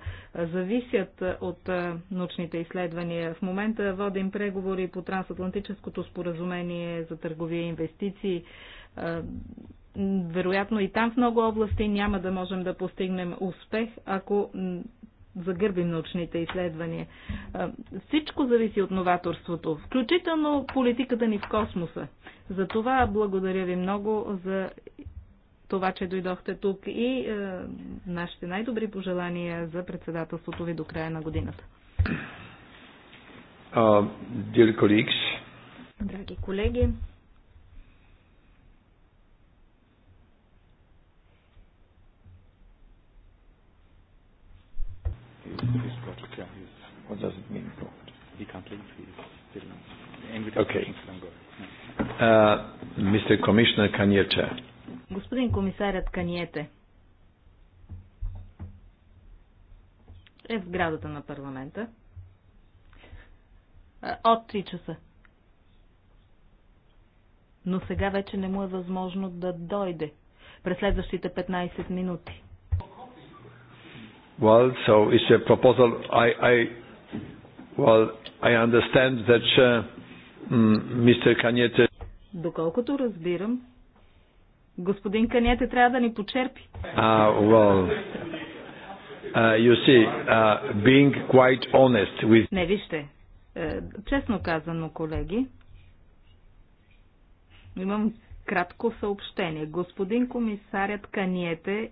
зависят от научните изследвания. В момента водим преговори по трансатлантическото споразумение за търговия и инвестиции. Вероятно и там в много области няма да можем да постигнем успех, ако загърбим научните изследвания. Всичко зависи от новаторството, включително политиката ни в космоса. За това благодаря ви много за това, че дойдохте тук и е, нашите най-добри пожелания за председателството ви до края на годината. Uh, Драги колеги, is, is blocked. Yeah, is, what does it mean blocked? He can't leave. He's still angry okay. Uh, Mr. Commissioner Kaniete. Господин комисарят Каниете е в градата на парламента от 3 часа. Но сега вече не му е възможно да дойде през следващите 15 минути. Well, so it's a proposal. I, I well, I understand that uh, Mr. Mm, Kaniete... Доколкото разбирам, господин Канете трябва да ни почерпи. Uh, well, uh, you see, uh, being quite honest with... Не, вижте, е, честно казано, колеги, имам кратко съобщение. Господин комисарят Каниете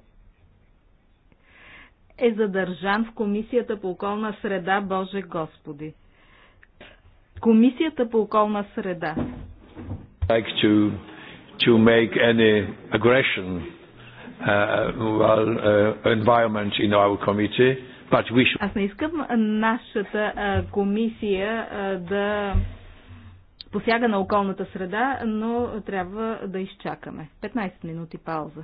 е задържан в Комисията по околна среда, Боже Господи. Комисията по околна среда. Like to, to make any aggression uh, well, uh, environment in our committee, but we should... Аз не искам нашата uh, комисия uh, да посяга на околната среда, но трябва да изчакаме. 15 минути пауза.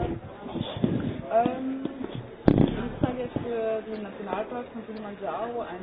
Ähm, ich sage jetzt für den Nationalpark von Kilimanjaro ein.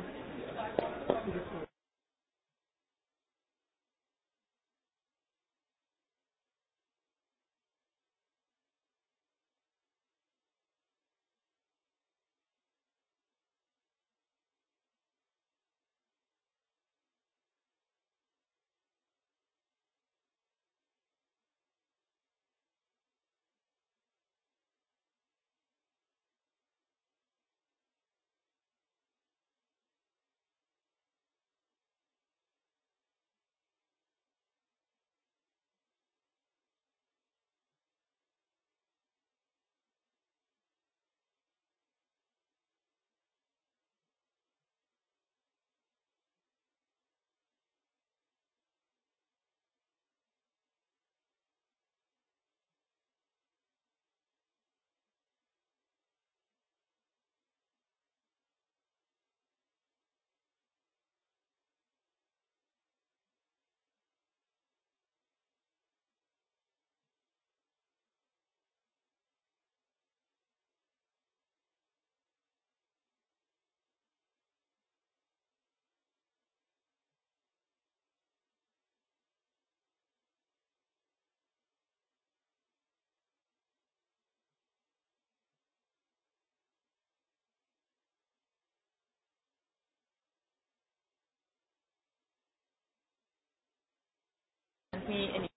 me any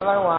another one.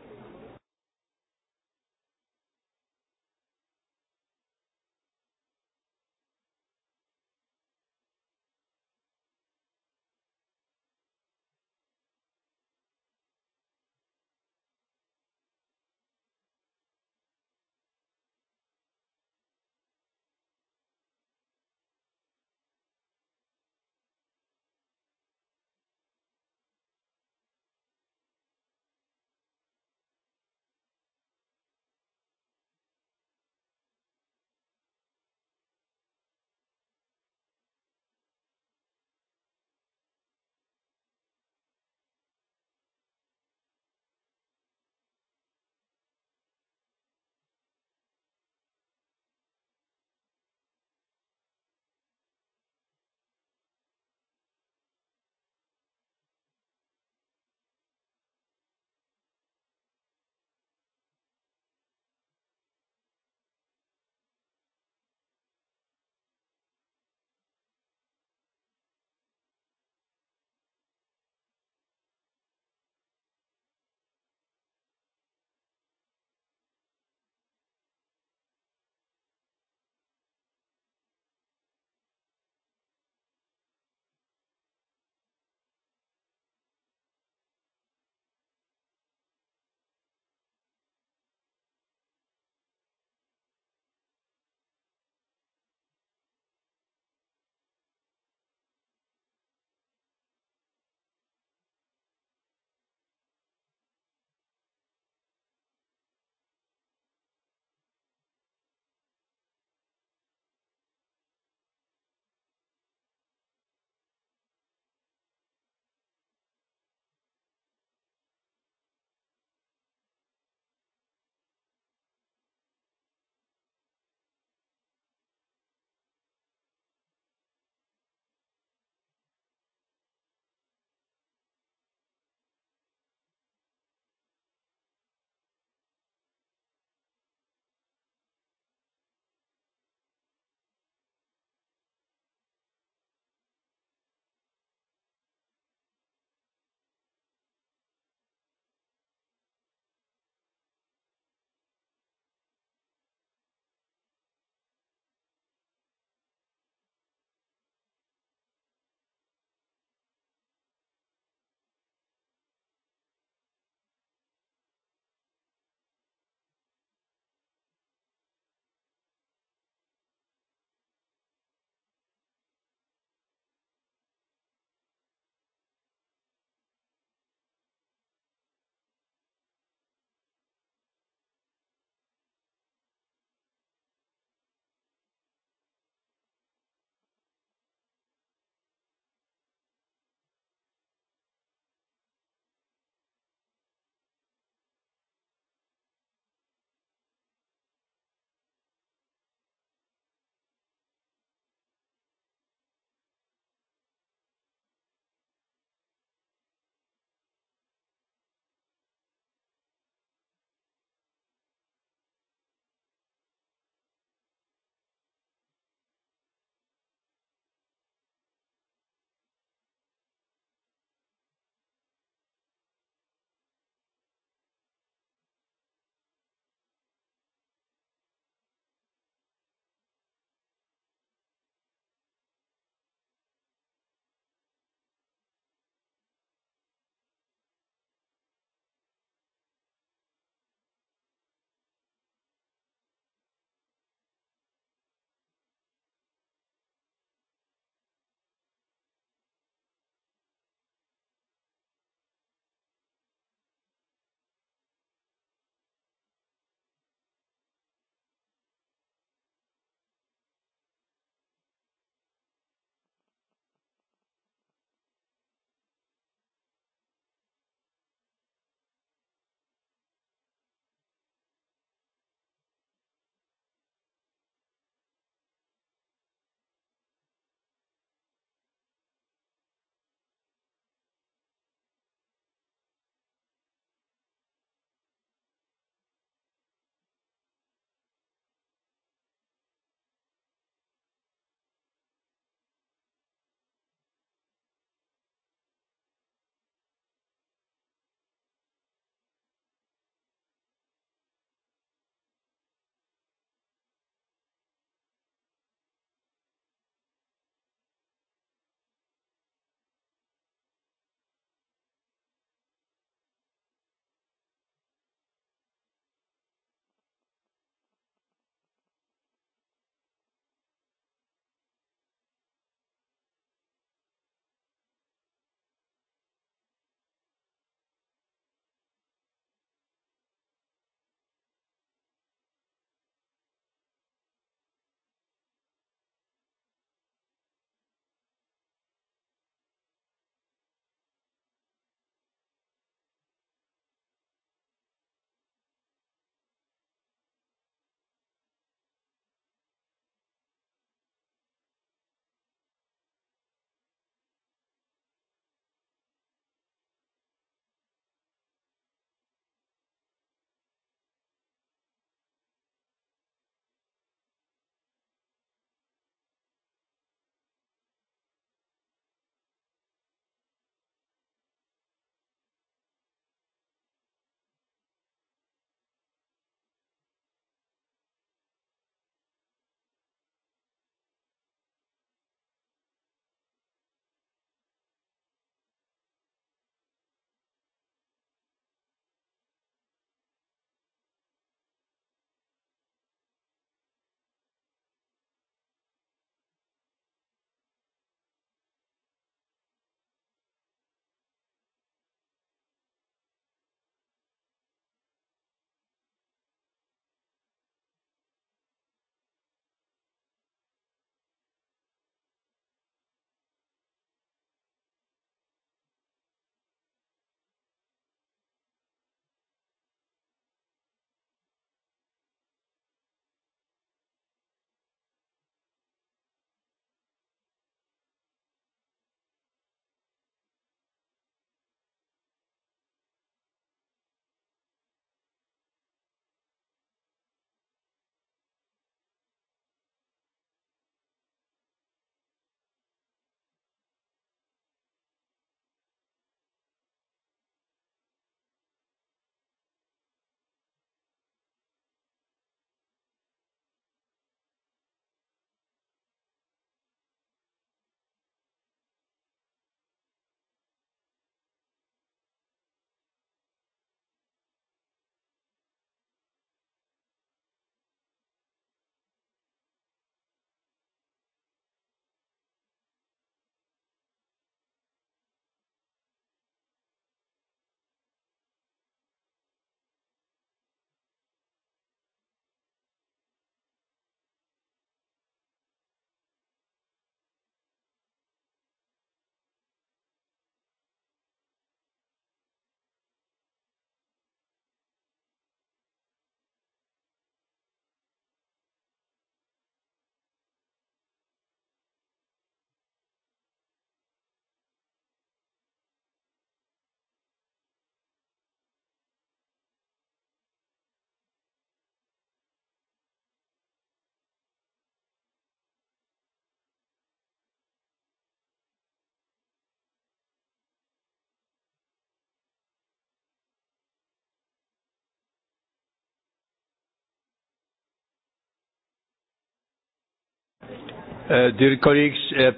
Е, е,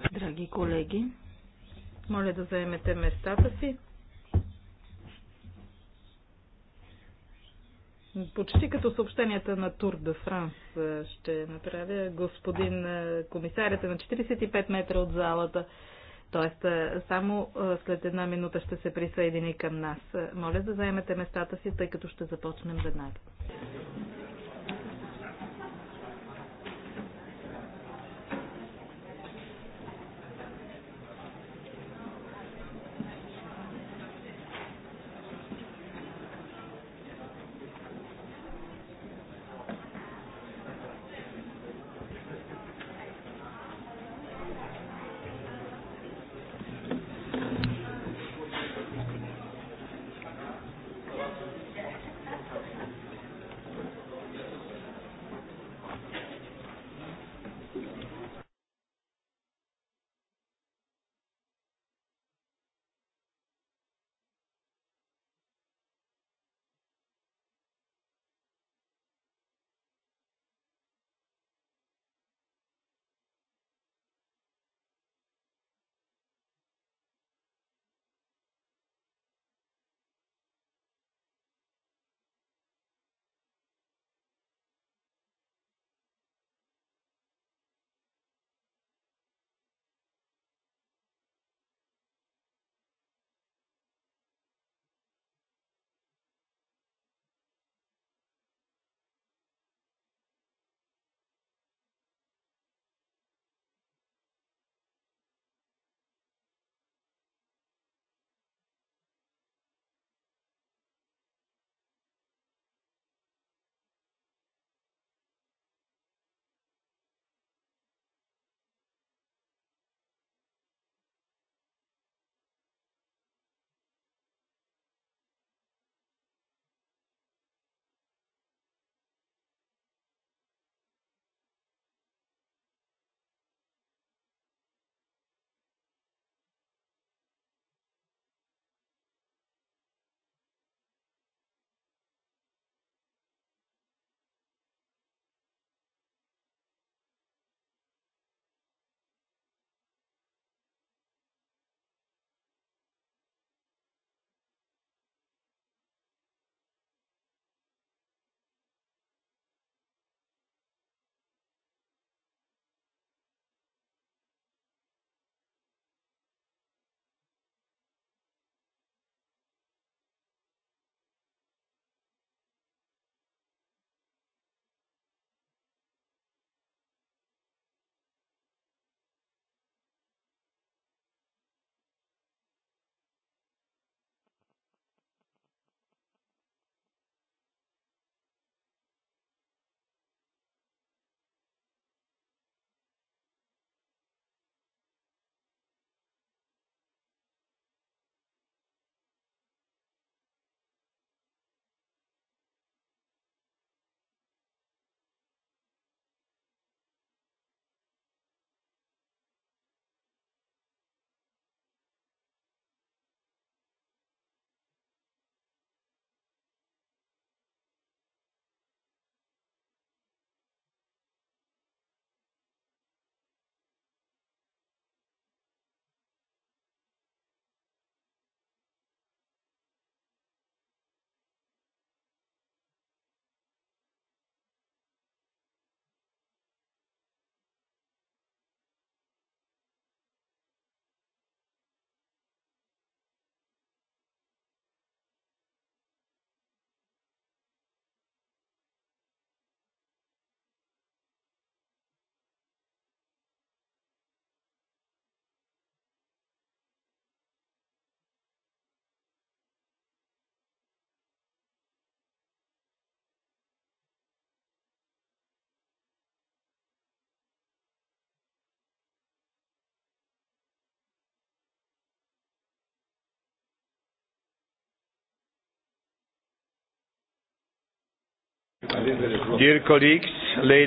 Драги колеги, моля да заемете местата си. Почти като съобщенията на Тур де Франс е, ще направя господин комисарята на 45 метра от залата. Тоест, само след една минута ще се присъедини към нас. Моля да заемете местата си, тъй като ще започнем веднага.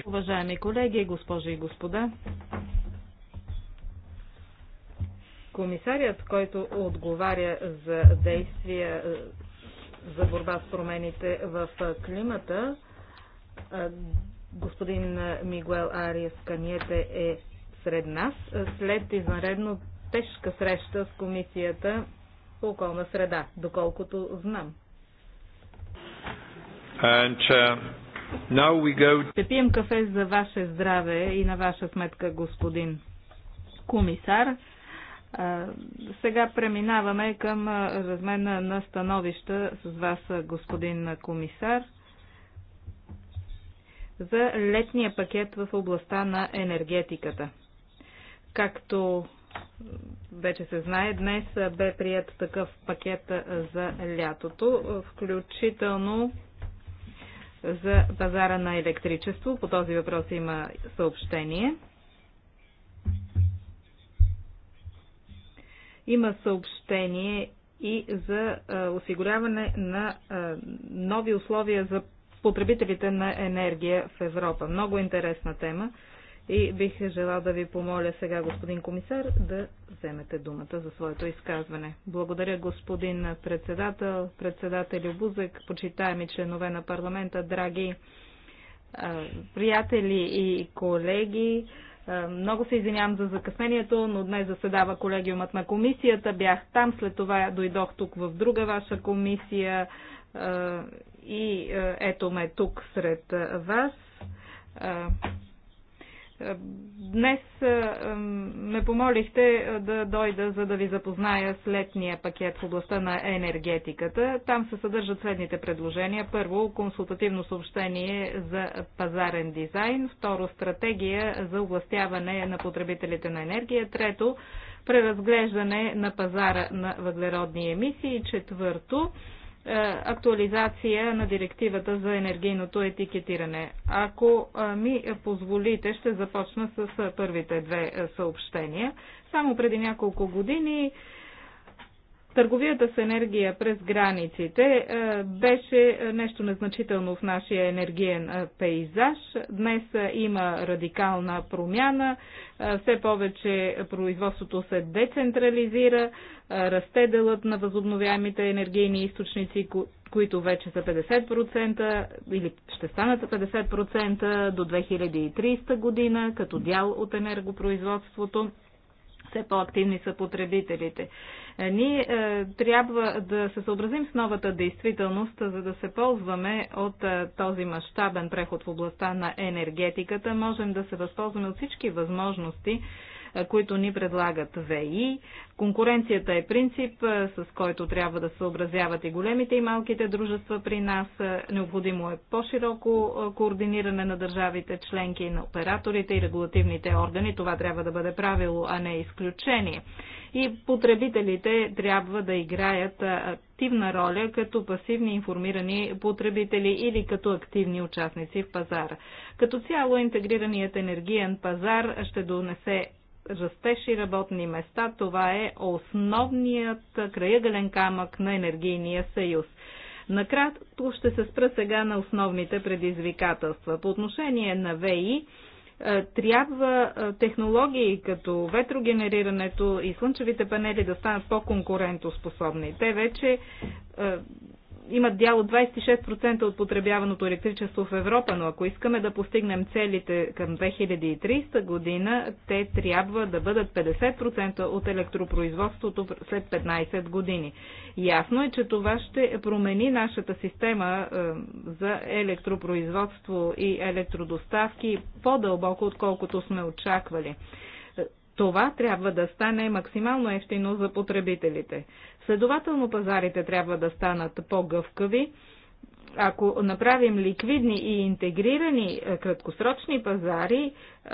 Уважаеми колеги, госпожи и господа, комисарият, който отговаря за действия за борба с промените в климата, господин Мигуел Ариес Каниете е сред нас след извънредно тежка среща с комисията по околна среда, доколкото знам. And, uh, now we go... Ще пием кафе за ваше здраве и на ваша сметка, господин комисар. Сега преминаваме към размена на становища с вас, господин комисар, за летния пакет в областта на енергетиката. Както вече се знае, днес бе прият такъв пакет за лятото, включително за пазара на електричество. По този въпрос има съобщение. Има съобщение и за осигуряване на нови условия за потребителите на енергия в Европа. Много интересна тема. И бих желал да ви помоля сега, господин комисар, да вземете думата за своето изказване. Благодаря, господин председател, председател Бузък, почитаеми членове на парламента, драги приятели и колеги. Много се извинявам за закъснението, но днес заседава колегиумът на комисията. Бях там, след това дойдох тук в друга ваша комисия и ето ме тук сред вас. Е, днес е, ме помолихте е, да дойда, за да ви запозная с летния пакет в областта на енергетиката. Там се съдържат следните предложения. Първо, консултативно съобщение за пазарен дизайн. Второ, стратегия за областяване на потребителите на енергия. Трето, преразглеждане на пазара на въглеродни емисии. Четвърто, е, актуализация на директивата за енергийното етикетиране. Ако е, ми позволите, ще започна с е, първите две съобщения. Само преди няколко години Търговията с енергия през границите е, беше нещо незначително в нашия енергиен е, пейзаж. Днес е, има радикална промяна. Все повече производството се децентрализира, расте делът на възобновяемите енергийни източници, които вече са 50% или ще станат 50% до 2030 година като дял от енергопроизводството. Все по-активни са потребителите. Ние е, трябва да се съобразим с новата действителност, за да се ползваме от е, този мащабен преход в областта на енергетиката. Можем да се възползваме от всички възможности, които ни предлагат ВИ. Конкуренцията е принцип, с който трябва да съобразяват и големите и малките дружества при нас. Необходимо е по-широко координиране на държавите, членки на операторите и регулативните органи. Това трябва да бъде правило, а не изключение. И потребителите трябва да играят активна роля като пасивни информирани потребители или като активни участници в пазара. Като цяло интегрираният енергиен пазар ще донесе растеж и работни места. Това е основният краягален камък на енергийния съюз. Накратко ще се спра сега на основните предизвикателства. По отношение на ВИ, е, трябва е, технологии като ветрогенерирането и слънчевите панели да станат по-конкурентоспособни. Те вече е, имат дял от 26% от потребяваното електричество в Европа, но ако искаме да постигнем целите към 2030 година, те трябва да бъдат 50% от електропроизводството след 15 години. Ясно е, че това ще промени нашата система е, за електропроизводство и електродоставки по-дълбоко, отколкото сме очаквали. Е, това трябва да стане максимално ефтино за потребителите. Следователно пазарите трябва да станат по-гъвкави. Ако направим ликвидни и интегрирани е, краткосрочни пазари, е,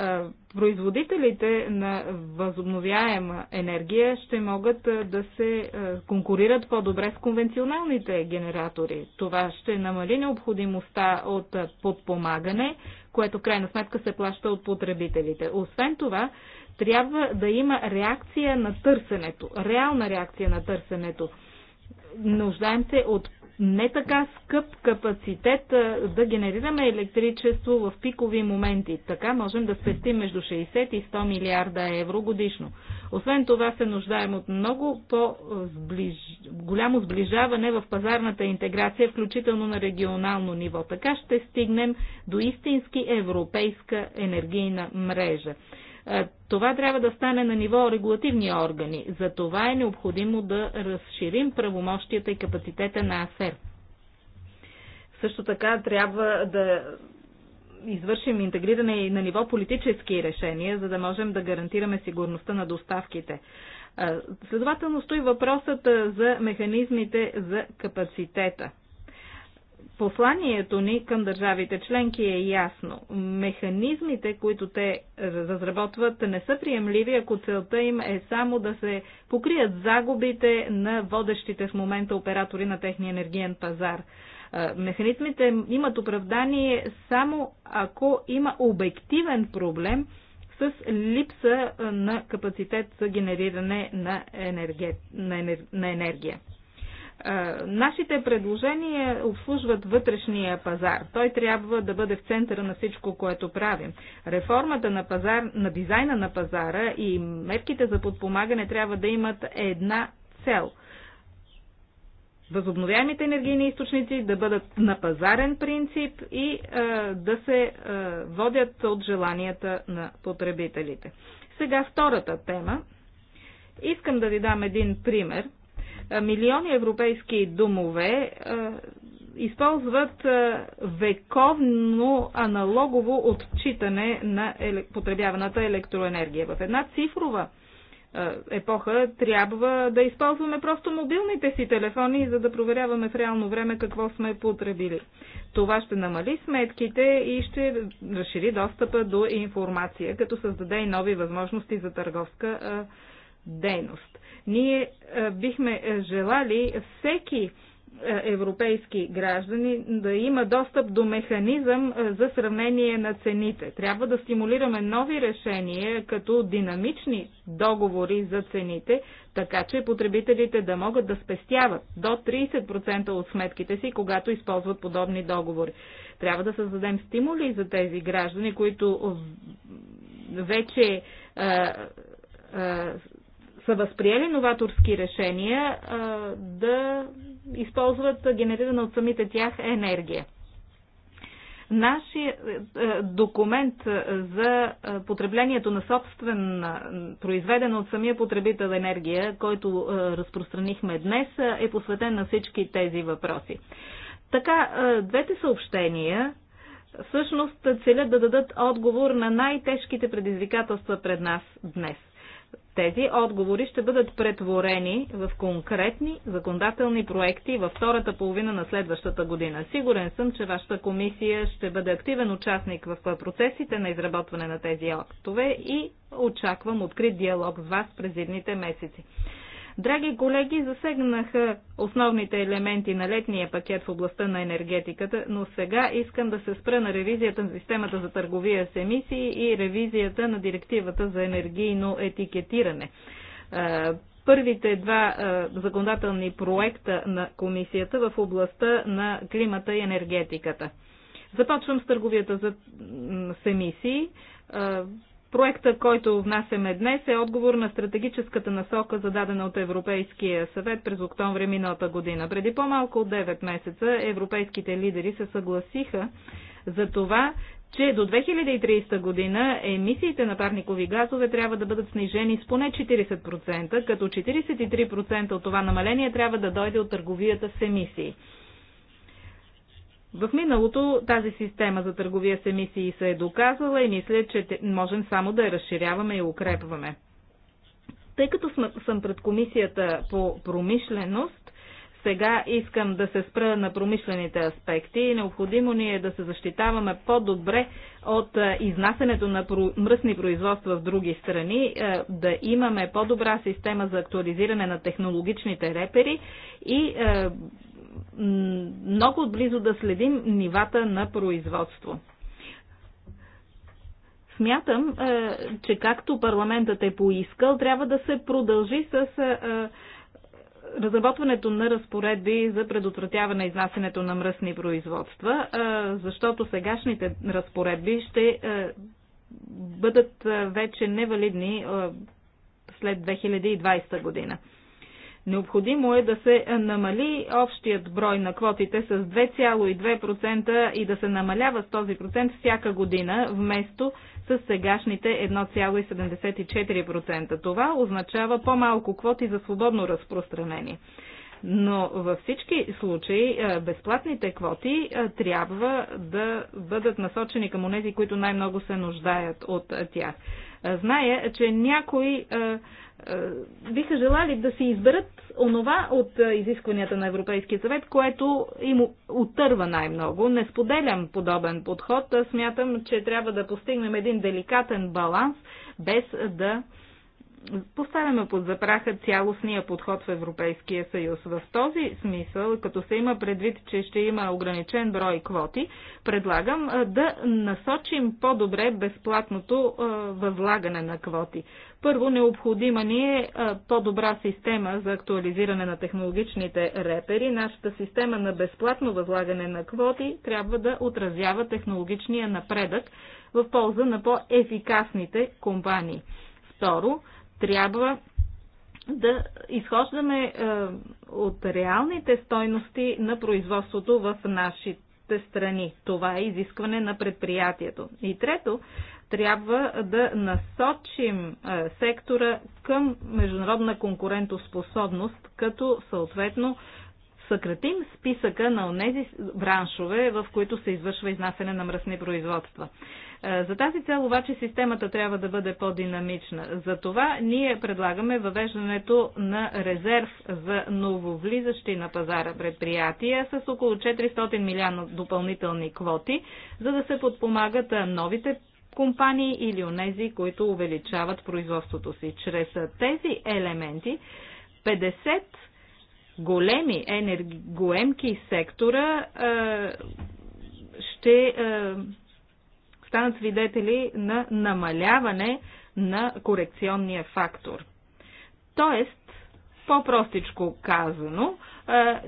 производителите на възобновяема енергия ще могат е, да се конкурират по-добре с конвенционалните генератори. Това ще намали необходимостта от подпомагане, което крайна сметка се плаща от потребителите. Освен това, трябва да има реакция на търсенето, реална реакция на търсенето. Нуждаем се от не така скъп капацитет да генерираме електричество в пикови моменти. Така можем да спестим между 60 и 100 милиарда евро годишно. Освен това се нуждаем от много по-голямо сближаване в пазарната интеграция, включително на регионално ниво. Така ще стигнем до истински европейска енергийна мрежа. Е, това трябва да стане на ниво регулативни органи. За това е необходимо да разширим правомощията и капацитета на АСЕР. Също така трябва да извършим интегриране и на ниво политически решения, за да можем да гарантираме сигурността на доставките. Е, следователно стои въпросът е, за механизмите за капацитета – Посланието ни към държавите членки е ясно. Механизмите, които те разработват, не са приемливи, ако целта им е само да се покрият загубите на водещите в момента оператори на техния енергиен пазар. Е, механизмите имат оправдание само ако има обективен проблем с липса е, на капацитет за генериране на енергия. Нашите предложения обслужват вътрешния пазар. Той трябва да бъде в центъра на всичко, което правим. Реформата на, пазар, на дизайна на пазара и мерките за подпомагане трябва да имат една цел – възобновяемите енергийни източници да бъдат на пазарен принцип и е, да се е, водят от желанията на потребителите. Сега втората тема. Искам да ви дам един пример – е, милиони европейски домове е, използват е, вековно аналогово отчитане на потребяваната електроенергия. В една цифрова епоха трябва да използваме просто мобилните си телефони, за да проверяваме в реално време какво сме потребили. Това ще намали сметките и ще разшири достъпа до информация, като създаде и нови възможности за търговска дейност. Ние е, бихме е, желали всеки е, европейски граждани да има достъп до механизъм за сравнение на цените. Трябва да стимулираме нови решения, като динамични договори за цените, така че потребителите да могат да спестяват до 30% от сметките си, когато използват подобни договори. Трябва да създадем стимули за тези граждани, които вече са възприели новаторски решения да използват генерирана от самите тях енергия. Нашият е, е, документ за е, потреблението на собствен, произведена от самия потребител енергия, който разпространихме днес, е посветен на всички тези въпроси. Така, двете съобщения всъщност целят да дадат отговор на най-тежките предизвикателства пред нас днес. Тези отговори ще бъдат претворени в конкретни законодателни проекти във втората половина на следващата година. Сигурен съм, че вашата комисия ще бъде активен участник в процесите на изработване на тези актове и очаквам открит диалог с вас през едните месеци. Драги колеги, засегнаха основните елементи на летния пакет в областта на енергетиката, но сега искам да се спра на ревизията на системата за търговия с емисии и ревизията на директивата за енергийно етикетиране. Първите два законодателни проекта на комисията в областта на климата и енергетиката. Започвам с търговията за, с емисии. Проекта, който внасяме днес, е отговор на стратегическата насока, зададена от Европейския съвет през октомври миналата година. Преди по-малко от 9 месеца европейските лидери се съгласиха за това, че до 2030 година емисиите на парникови газове трябва да бъдат снижени с поне 40%, като 43% от това намаление трябва да дойде от търговията с емисии. В миналото тази система за търговия с емисии се е доказала и мисля, че можем само да я разширяваме и укрепваме. Тъй като съм пред комисията по промишленост, сега искам да се спра на промишлените аспекти. Необходимо ни е да се защитаваме по-добре от изнасянето на мръсни производства в други страни, да имаме по-добра система за актуализиране на технологичните репери и много близо да следим нивата на производство. Смятам, е, че както парламентът е поискал, трябва да се продължи с е, е, разработването на разпоредби за предотвратяване изнасянето на мръсни производства, защото сегашните разпоредби ще бъдат вече невалидни след 2020 година. Необходимо е да се намали общият брой на квотите с 2,2% и да се намалява с този процент всяка година, вместо с сегашните 1,74%. Това означава по-малко квоти за свободно разпространение. Но във всички случаи безплатните квоти трябва да бъдат насочени към онези, които най-много се нуждаят от тях. Зная, че някои е, биха желали да си изберат онова от е, изискванията на Европейския съвет, което им отърва най-много. Не споделям подобен подход. Смятам, че трябва да постигнем един деликатен баланс, без да поставяме под запраха цялостния подход в Европейския съюз. В този смисъл, като се има предвид, че ще има ограничен брой квоти, предлагам да насочим по-добре безплатното възлагане на квоти. Първо, необходима ни е по-добра система за актуализиране на технологичните репери. Нашата система на безплатно възлагане на квоти трябва да отразява технологичния напредък в полза на по-ефикасните компании. Второ, трябва да изхождаме е, от реалните стойности на производството в нашите страни. Това е изискване на предприятието. И трето, трябва да насочим е, сектора към международна конкурентоспособност, като съответно съкратим списъка на тези браншове, в които се извършва изнасяне на мръсни производства. Е, за тази цел обаче системата трябва да бъде по-динамична. За това ние предлагаме въвеждането на резерв за нововлизащи на пазара предприятия с около 400 милиона допълнителни квоти, за да се подпомагат новите компании или онези, които увеличават производството си. Чрез тези елементи 50 големи енергоемки сектора е, ще е, станат свидетели на намаляване на корекционния фактор. Тоест, по-простичко казано,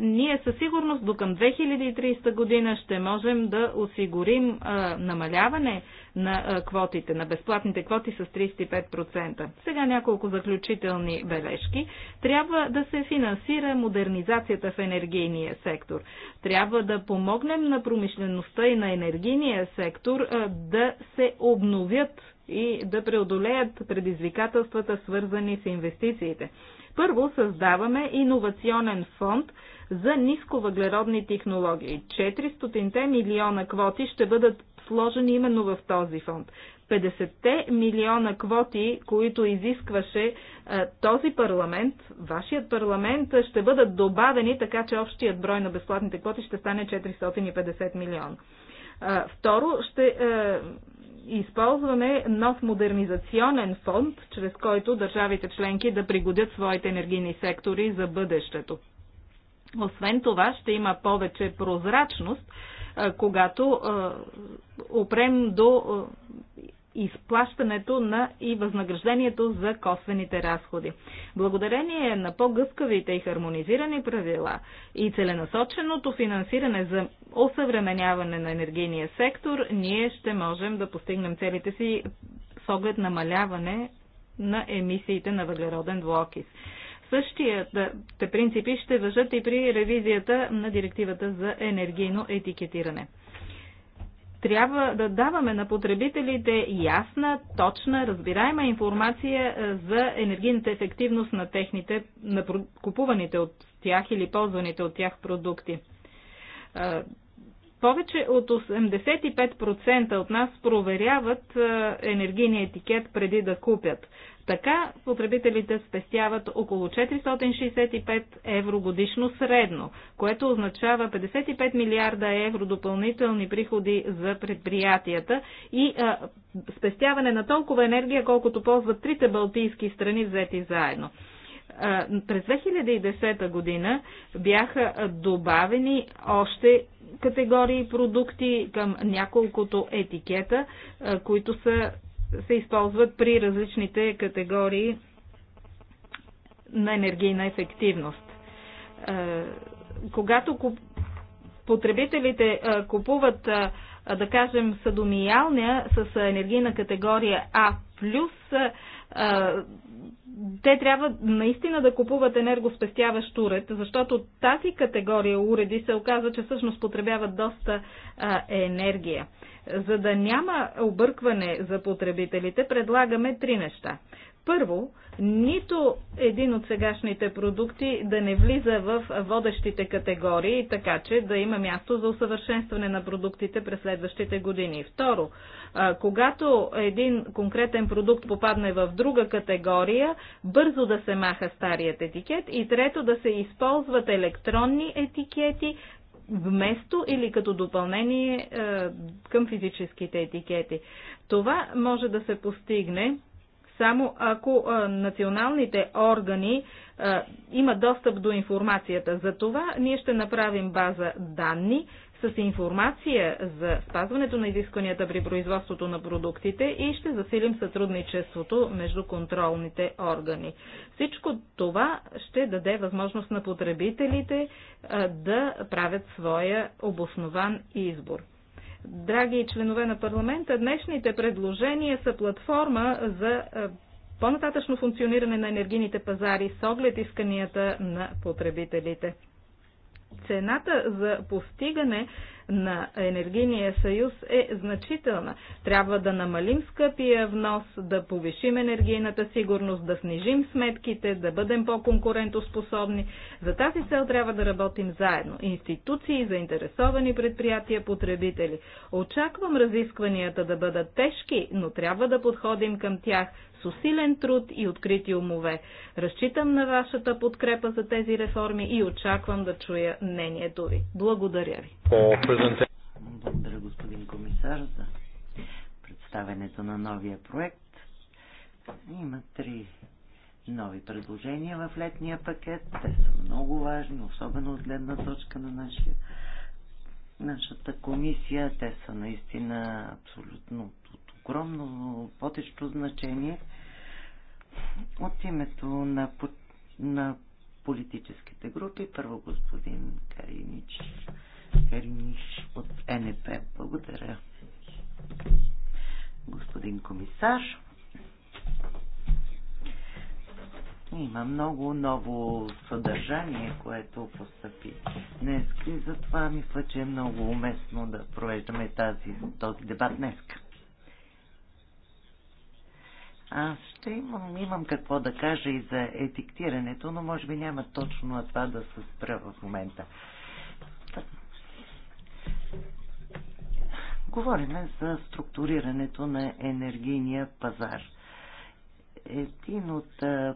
ние със сигурност до към 2030 година ще можем да осигурим намаляване на квотите, на безплатните квоти с 35%. Сега няколко заключителни бележки. Трябва да се финансира модернизацията в енергийния сектор. Трябва да помогнем на промишлеността и на енергийния сектор да се обновят и да преодолеят предизвикателствата, свързани с инвестициите. Първо създаваме иновационен фонд за нисковъглеродни технологии. 400 милиона квоти ще бъдат вложени именно в този фонд. 50-те милиона квоти, които изискваше а, е, този парламент, вашият парламент, ще бъдат добавени, така че общият брой на безплатните квоти ще стане 450 милиона. А, е, второ, ще а, е, използваме нов модернизационен фонд, чрез който държавите членки да пригодят своите енергийни сектори за бъдещето. Освен това ще има повече прозрачност когато опрем до изплащането на и възнаграждението за косвените разходи. Благодарение на по-гъвкавите и хармонизирани правила и целенасоченото финансиране за осъвременяване на енергийния сектор, ние ще можем да постигнем целите си с оглед намаляване на емисиите на въглероден двуокис. Същите принципи ще въжат и при ревизията на директивата за енергийно етикетиране. Трябва да даваме на потребителите ясна, точна, разбираема информация е, за енергийната ефективност на техните, на купуваните от тях или ползваните от тях продукти е, повече от 85% от нас проверяват е, енергийния етикет преди да купят. Така потребителите спестяват около 465 евро годишно средно, което означава 55 милиарда евро допълнителни приходи за предприятията и а, спестяване на толкова енергия, колкото ползват трите балтийски страни взети заедно. А, през 2010 година бяха добавени още категории продукти към няколкото етикета, които са се използват при различните категории на енергийна ефективност. Е, когато потребителите е, купуват, е, да кажем, съдомиялния с енергийна категория А+, те трябва наистина да купуват енергоспестяващ уред, защото тази категория уреди се оказва, че всъщност потребяват доста енергия. За да няма объркване за потребителите, предлагаме три неща. Първо, нито един от сегашните продукти да не влиза в водещите категории, така че да има място за усъвършенстване на продуктите през следващите години. Второ, когато един конкретен продукт попадне в друга категория, бързо да се маха старият етикет. И трето, да се използват електронни етикети вместо или като допълнение е, към физическите етикети. Това може да се постигне само ако е, националните органи е, имат достъп до информацията. За това ние ще направим база данни, с информация за спазването на изискванията при производството на продуктите и ще засилим сътрудничеството между контролните органи. Всичко това ще даде възможност на потребителите да правят своя обоснован избор. Драги членове на парламента, днешните предложения са платформа за по-нататъчно функциониране на енергийните пазари с оглед исканията на потребителите цената за постигане на енергийния съюз е значителна. Трябва да намалим скъпия внос, да повишим енергийната сигурност, да снижим сметките, да бъдем по-конкурентоспособни. За тази цел трябва да работим заедно. Институции, заинтересовани предприятия, потребители. Очаквам разискванията да бъдат тежки, но трябва да подходим към тях усилен труд и открити умове. Разчитам на вашата подкрепа за тези реформи и очаквам да чуя мнението ви. Благодаря ви. Благодаря, господин комисар, за представенето на новия проект. Има три нови предложения в летния пакет. Те са много важни, особено от гледна точка на нашия, нашата комисия. Те са наистина абсолютно огромно водещо значение от името на, на политическите групи. Първо господин Каринич, Каринич от НП. Благодаря. Господин комисар, има много ново съдържание, което постъпи днес и затова мисля, че е много уместно да провеждаме тази, този дебат днес. Аз ще имам, имам какво да кажа и за етиктирането, но може би няма точно на това да се спра в момента. Говориме за структурирането на енергийния пазар. Един от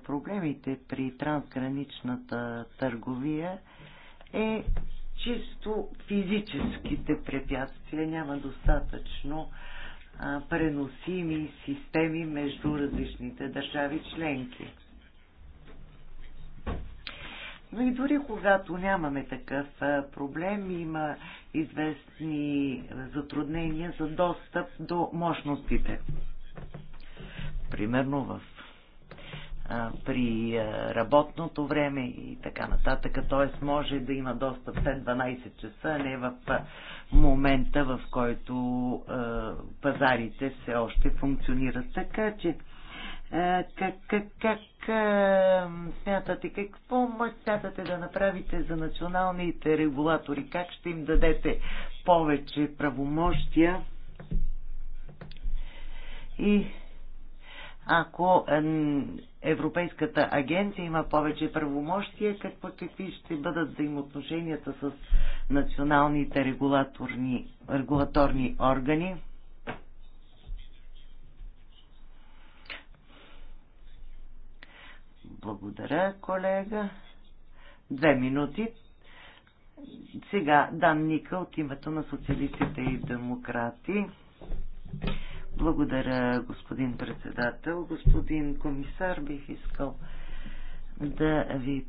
проблемите при трансграничната търговия е чисто физическите препятствия. Няма достатъчно а, преносими системи между различните държави членки. Но и дори когато нямаме такъв проблем, има известни затруднения за достъп до мощностите. Примерно в при работното време и така нататък. Т.е. може да има достъп след 12 часа, а не в момента, в който пазарите все още функционират. Така че, как, как, как смятате, какво смятате да направите за националните регулатори? Как ще им дадете повече правомощия? И ако Европейската агенция има повече правомощия, какво какви ще бъдат взаимоотношенията с националните регулаторни, регулаторни органи? Благодаря, колега. Две минути. Сега Дан Ника от името на социалистите и демократи. Благодаря, господин председател. Господин комисар, бих искал да ви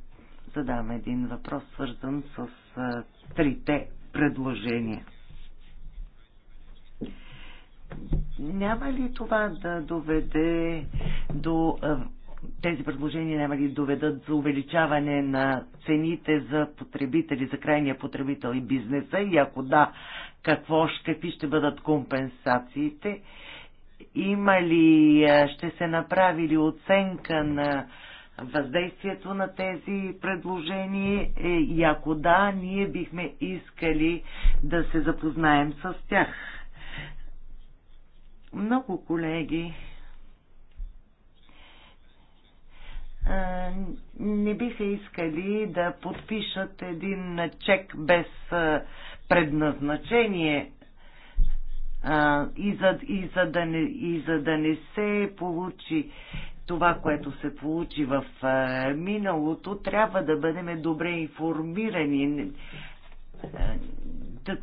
задам един въпрос, свързан с а, трите предложения. Няма ли това да доведе до. А, тези предложения няма ли доведат за увеличаване на цените за потребители, за крайния потребител и бизнеса? И ако да, какво, какви ще бъдат компенсациите? има ли, ще се направи ли оценка на въздействието на тези предложения е, и ако да, ние бихме искали да се запознаем с тях. Много колеги не биха искали да подпишат един чек без предназначение и, за, и, за да не, и за да не се получи това, което се получи в а, миналото, трябва да бъдем добре информирани.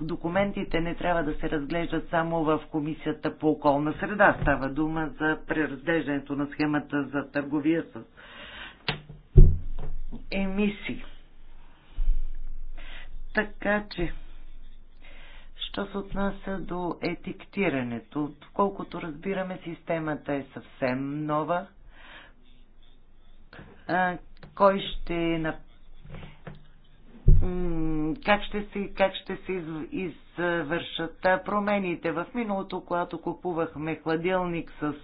Документите не трябва да се разглеждат само в Комисията по околна среда. Става дума за преразглеждането на схемата за търговия с емисии. Така че. Що се отнася до етиктирането, колкото разбираме, системата е съвсем нова. А, кой ще на как ще се, как ще се из, извършат промените. В миналото, когато купувахме хладилник с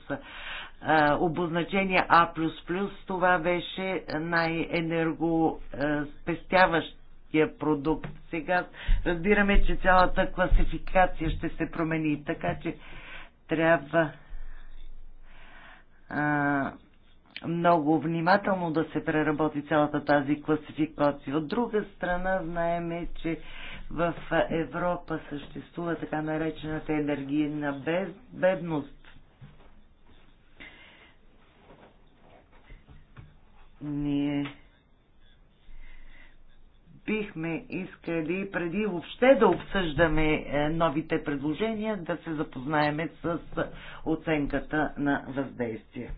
а, обозначение А++, това беше най-енергоспестяващ българския продукт. Сега разбираме, че цялата класификация ще се промени, така че трябва а, много внимателно да се преработи цялата тази класификация. От друга страна, знаеме, че в Европа съществува така наречената енергийна без, бедност. Ние бихме искали преди въобще да обсъждаме е, новите предложения, да се запознаеме с оценката на въздействие.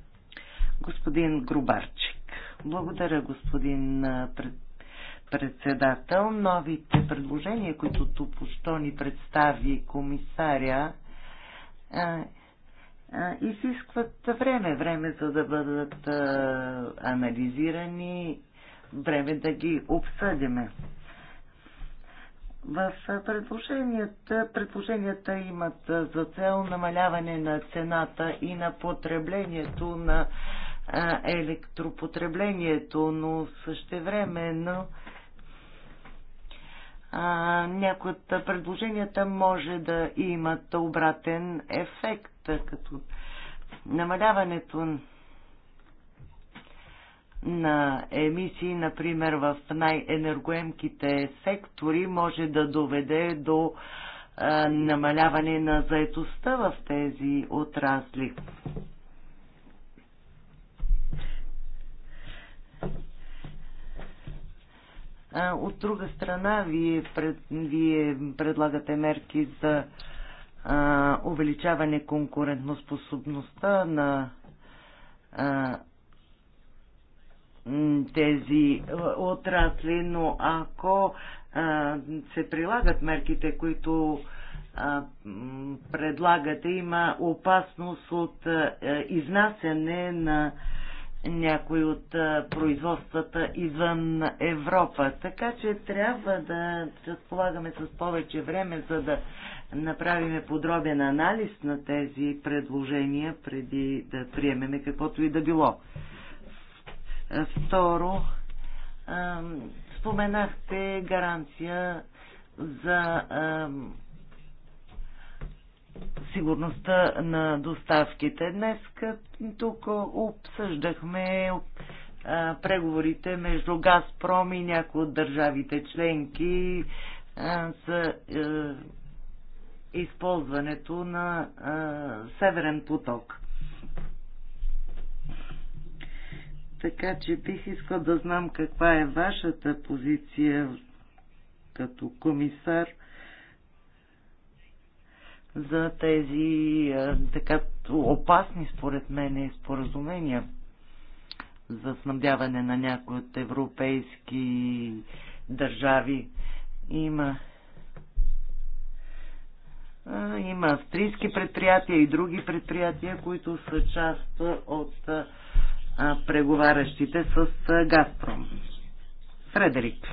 Господин Грубарчик. Благодаря, господин е, председател. Новите предложения, които току-що ни представи комисаря, е, изискват време, време за да бъдат анализирани време да ги обсъдиме. В предложенията, предложенията имат за цел намаляване на цената и на потреблението на електропотреблението, но същевременно някои от предложенията може да имат обратен ефект, като намаляването на емисии, например в най-енергоемките сектори, може да доведе до а, намаляване на заетостта в тези отрасли. А, от друга страна, вие, пред, вие предлагате мерки за а, увеличаване конкурентноспособността на а, тези е, отрасли, но ако се прилагат мерките, които предлагате, има опасност от е, е, изнасяне на някои от производствата извън Европа. Така че трябва да разполагаме с повече време, за да направиме подробен анализ на тези предложения, преди да приемеме каквото и да било. Второ, споменахте гаранция за сигурността на доставките. Днес тук обсъждахме преговорите между Газпром и някои от държавите членки за използването на Северен поток. Така че бих искал да знам каква е вашата позиция като комисар за тези така опасни според мен споразумения за снабдяване на някои от европейски държави. Има има австрийски предприятия и други предприятия, които са част от преговарящите с Газпром. Фредерик.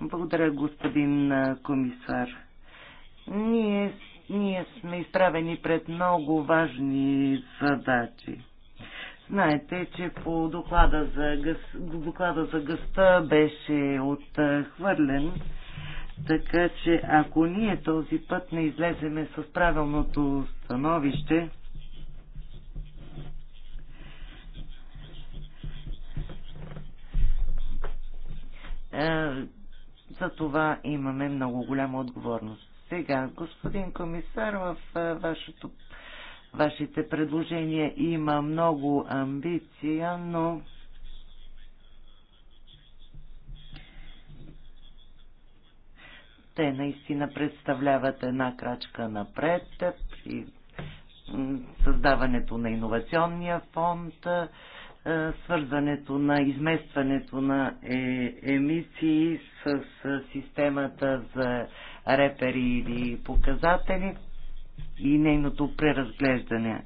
Благодаря, господин комисар. Ние, ние сме изправени пред много важни задачи. Знаете, че по доклада за, гъс, доклада за гъста беше отхвърлен, така че ако ние този път не излеземе с правилното становище, Е, за това имаме много голяма отговорност. Сега, господин комисар, в е, вашето, вашите предложения има много амбиция, но те наистина представляват една крачка напред при създаването на иновационния фонд, е, свързването на изместването на е, емисии с, с системата за репери или показатели и нейното преразглеждане.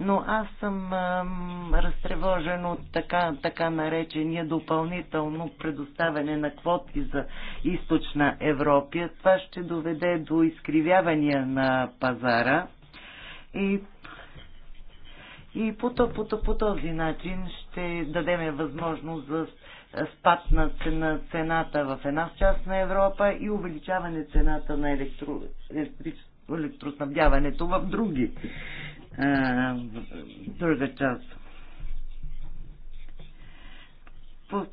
Но аз съм ам, е, разтревожен от така, така наречения допълнително предоставяне на квоти за източна Европия. Това ще доведе до изкривявания на пазара и и по, по, то, по този начин ще дадем възможност за спад на, цена, цената в една част на Европа и увеличаване цената на електро, електро, електроснабдяването в други, а, друга част. По,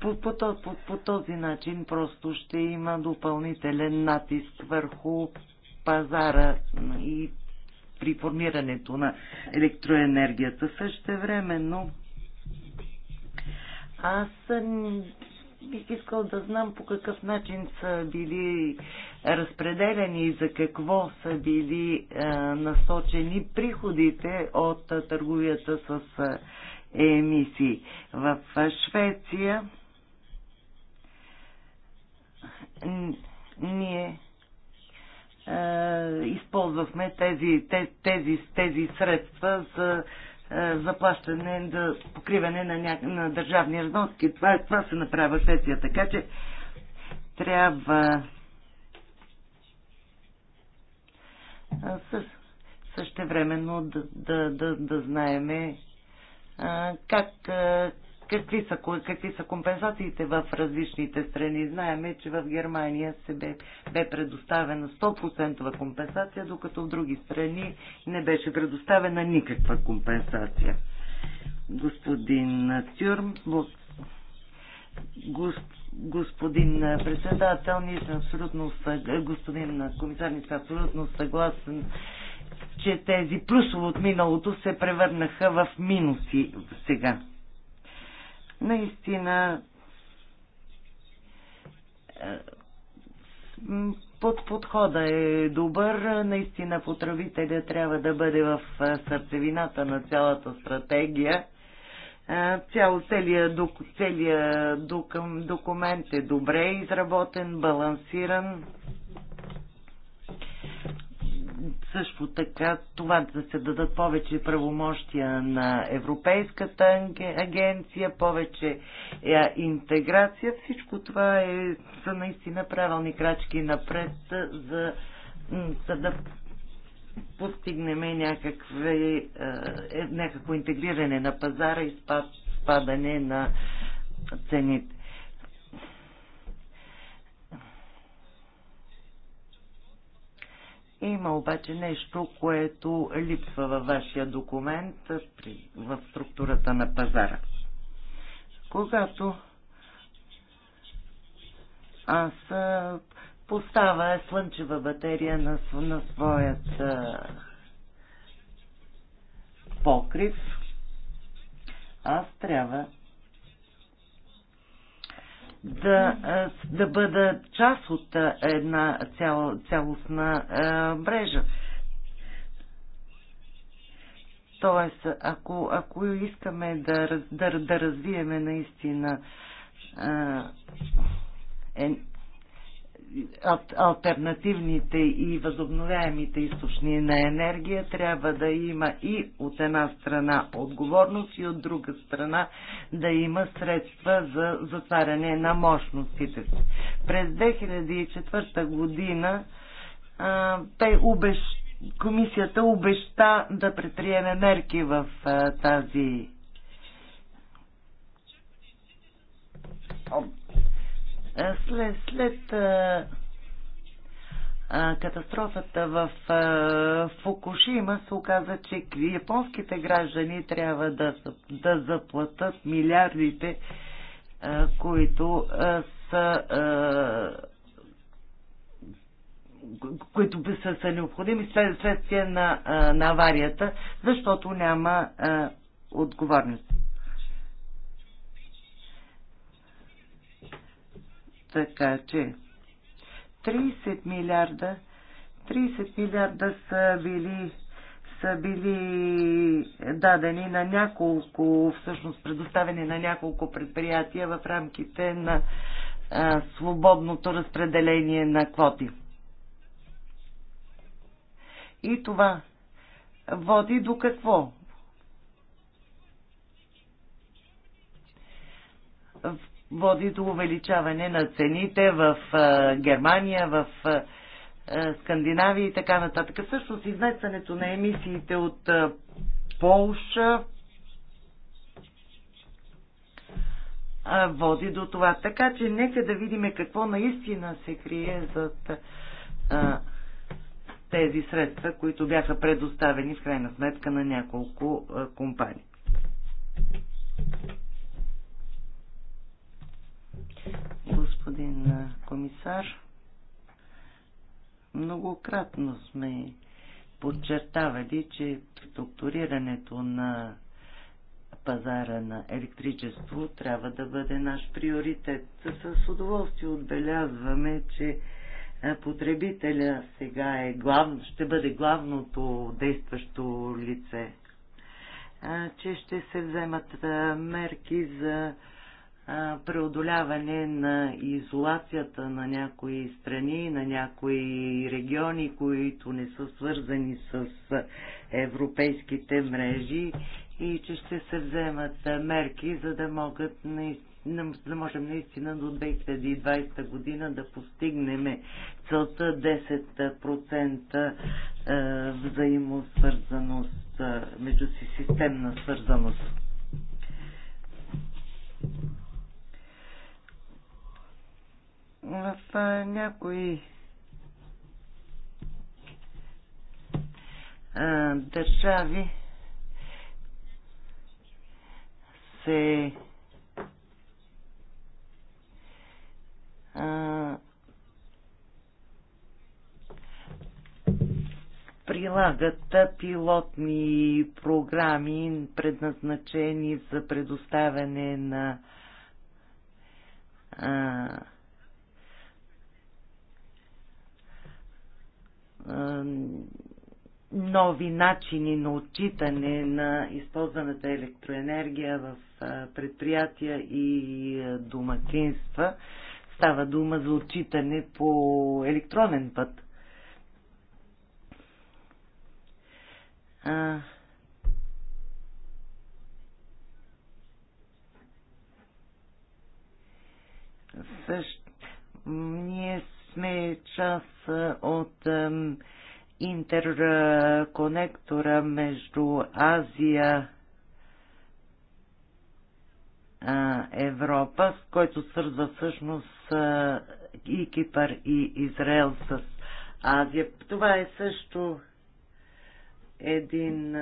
по, по, по, по, по този начин просто ще има допълнителен натиск върху пазара и при формирането на електроенергията. Също време, но. аз бих искал да знам по какъв начин са били разпределени и за какво са били насочени приходите от търговията с емисии. В Швеция ние е, използвахме тези, тези, тези средства за е, заплащане, да покриване на, ня... на държавни разноски. Това, това се направи в сесия, така че трябва също същевременно да, да, да, да знаеме как, какви са, какви са компенсациите в различните страни. Знаеме, че в Германия се бе, бе предоставена 100% компенсация, докато в други страни не беше предоставена никаква компенсация. Господин Тюрм, господин председател, ние сме абсолютно, господин комисар, ние сме абсолютно съгласен че тези плюсове от миналото се превърнаха в минуси сега наистина е, под подхода е добър. Наистина потребителя трябва да бъде в е, сърцевината на цялата стратегия. Е, Цял, целият целия документ е добре изработен, балансиран. също така това да се дадат повече правомощия на Европейската агенция, повече е, интеграция. Всичко това е, са наистина правилни крачки напред, за, за да постигнем някакви, е, някакво интегриране на пазара и спадане на цените. Има обаче нещо, което липсва във вашия документ в структурата на пазара. Когато аз поставя слънчева батерия на, на своят а, покрив, аз трябва да, да бъдат част от една цяло, цялостна мрежа. Тоест, ако, ако искаме да, да, да развиеме наистина е, альтернативните и възобновяемите източни на енергия трябва да има и от една страна отговорност и от друга страна да има средства за затваряне на мощностите си. През 2004 година а, те обещ... комисията обеща да предприеме мерки в а, тази е, след, след а, е, а, е, катастрофата в а, Фукушима се оказа, че японските граждани трябва да, да заплатат милиардите, а, които а, са. А, които са, са необходими след следствие на, на аварията, защото няма а, отговорност. Така че 30 милиарда 30 милиарда са били са били дадени на няколко, всъщност предоставени на няколко предприятия в рамките на а, свободното разпределение на квоти. И това води до какво? В води до увеличаване на цените в Германия, в Скандинавия и така нататък. с изнесването на емисиите от Полша води до това. Така че нека да видим какво наистина се крие зад тези средства, които бяха предоставени в крайна сметка на няколко компании. господин комисар. Многократно сме подчертавали, че структурирането на пазара на електричество трябва да бъде наш приоритет. С удоволствие отбелязваме, че потребителя сега е глав... ще бъде главното действащо лице, че ще се вземат мерки за преодоляване на изолацията на някои страни, на някои региони, които не са свързани с европейските мрежи и че ще се вземат мерки, за да могат да можем наистина до 2020 година да постигнем целта 10% взаимосвързаност, междусистемна свързаност в някои държави се прилагат пилотни програми, предназначени за предоставяне на а, нови начини на отчитане на използваната електроенергия в предприятия и домакинства. Става дума за отчитане по електронен път. А... Също ние сме част е, от интерконектора между Азия е, Европа, с който свързва всъщност е, и Кипър и Израел с Азия. Това е също един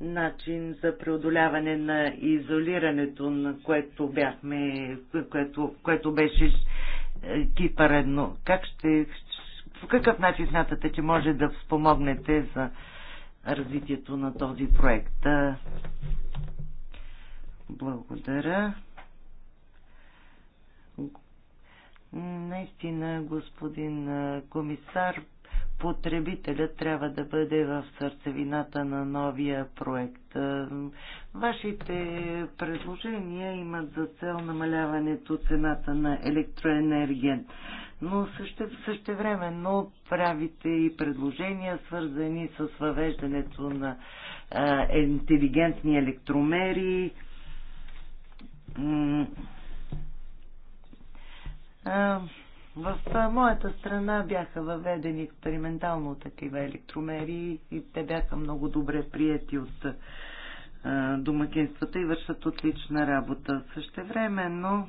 начин за преодоляване на изолирането, на което бяхме, което, което беше Кипър едно. Как ще, по какъв начин смятате, че може да спомогнете за развитието на този проект? Благодаря. Наистина, господин комисар, потребителят трябва да бъде в сърцевината на новия проект. Вашите предложения имат за цел намаляването цената на електроенергия, но също, същевременно правите и предложения, свързани с въвеждането на а, интелигентни електромери, а, в моята страна бяха въведени експериментално такива електромери и те бяха много добре прияти от домакинствата и вършат отлична работа. Същевременно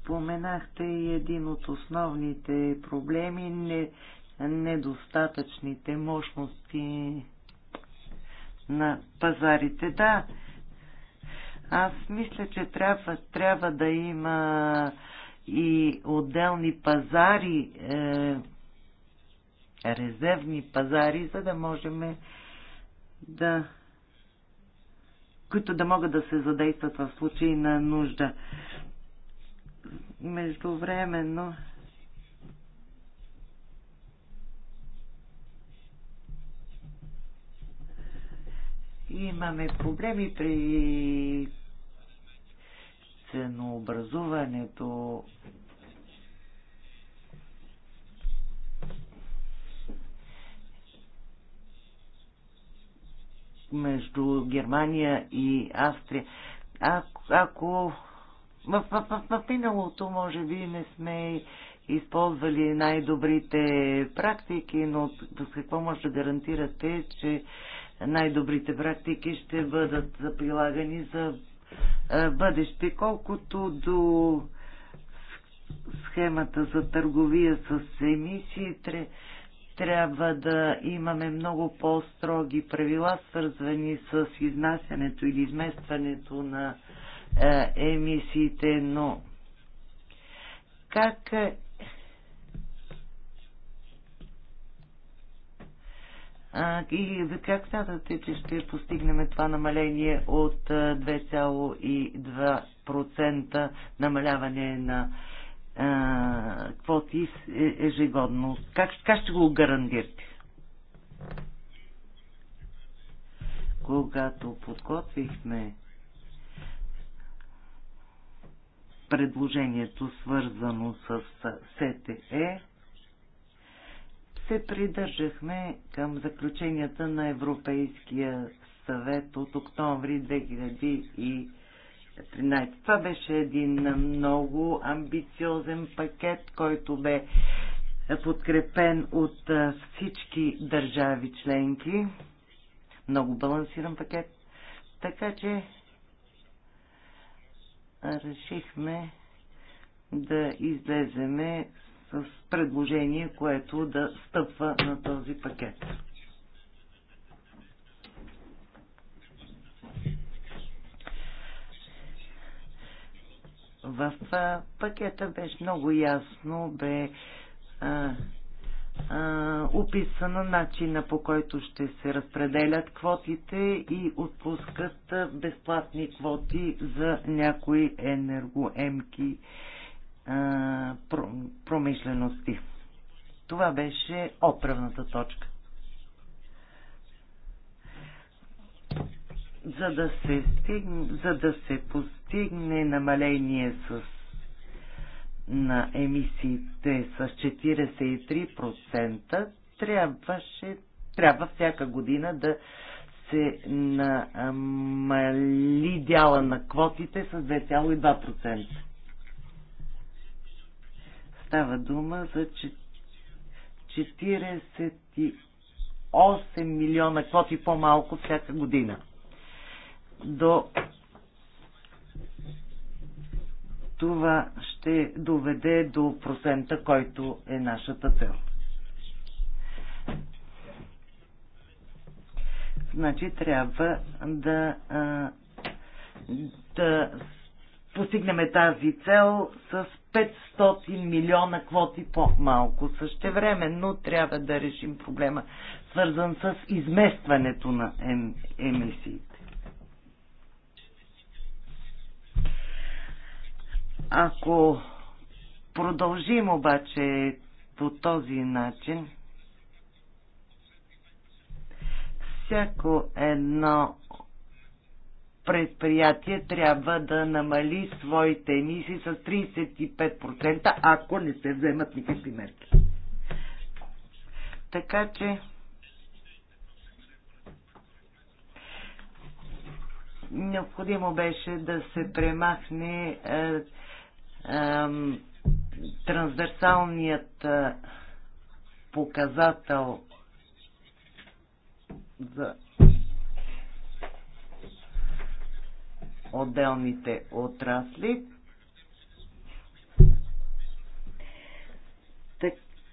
споменахте и един от основните проблеми не, недостатъчните мощности на пазарите. Да, аз мисля, че трябва, трябва да има и отделни пазари, е, резервни пазари, за да можем да които да могат да се задействат в случай на нужда. Междувременно имаме проблеми при ценообразуването между Германия и Австрия. А, ако в, в, в, в миналото, може би, не сме използвали най-добрите практики, но с какво може да гарантирате, че най-добрите практики ще бъдат прилагани за е, бъдеще, колкото до схемата за търговия с емисии, трябва да имаме много по-строги правила, свързвани с изнасянето или изместването на е, емисиите, но как а, и как смятате, че ще постигнем това намаление от 2,2% намаляване на а, квоти е, ежегодно? Как, как ще го гарантирате? Когато подготвихме предложението свързано с СТЕ, се придържахме към заключенията на Европейския съвет от октомври 2013. Това беше един много амбициозен пакет, който бе подкрепен от всички държави членки. Много балансиран пакет. Така че решихме да излеземе с предложение, което да стъпва на този пакет. В пакета беше много ясно, бе а, а, описана начина по който ще се разпределят квотите и отпускат безплатни квоти за някои енергоемки а, промишлености. Това беше отправната точка. За да се, стигне, за да се постигне намаление с, на емисиите с 43%, трябваше, трябва всяка година да се намали дяла на квотите с 2,2%. Става дума за 48 милиона квоти по-малко всяка година. До това ще доведе до процента, който е нашата цел. Значи трябва да, да постигнем тази цел с 500 милиона квоти по-малко. но трябва да решим проблема, свързан с изместването на ем, емисиите. Ако продължим обаче по този начин, всяко едно предприятие трябва да намали своите емисии с 35%, ако не се вземат никакви мерки. Така че необходимо беше да се премахне е, е, трансверсалният е, показател за отделните отрасли.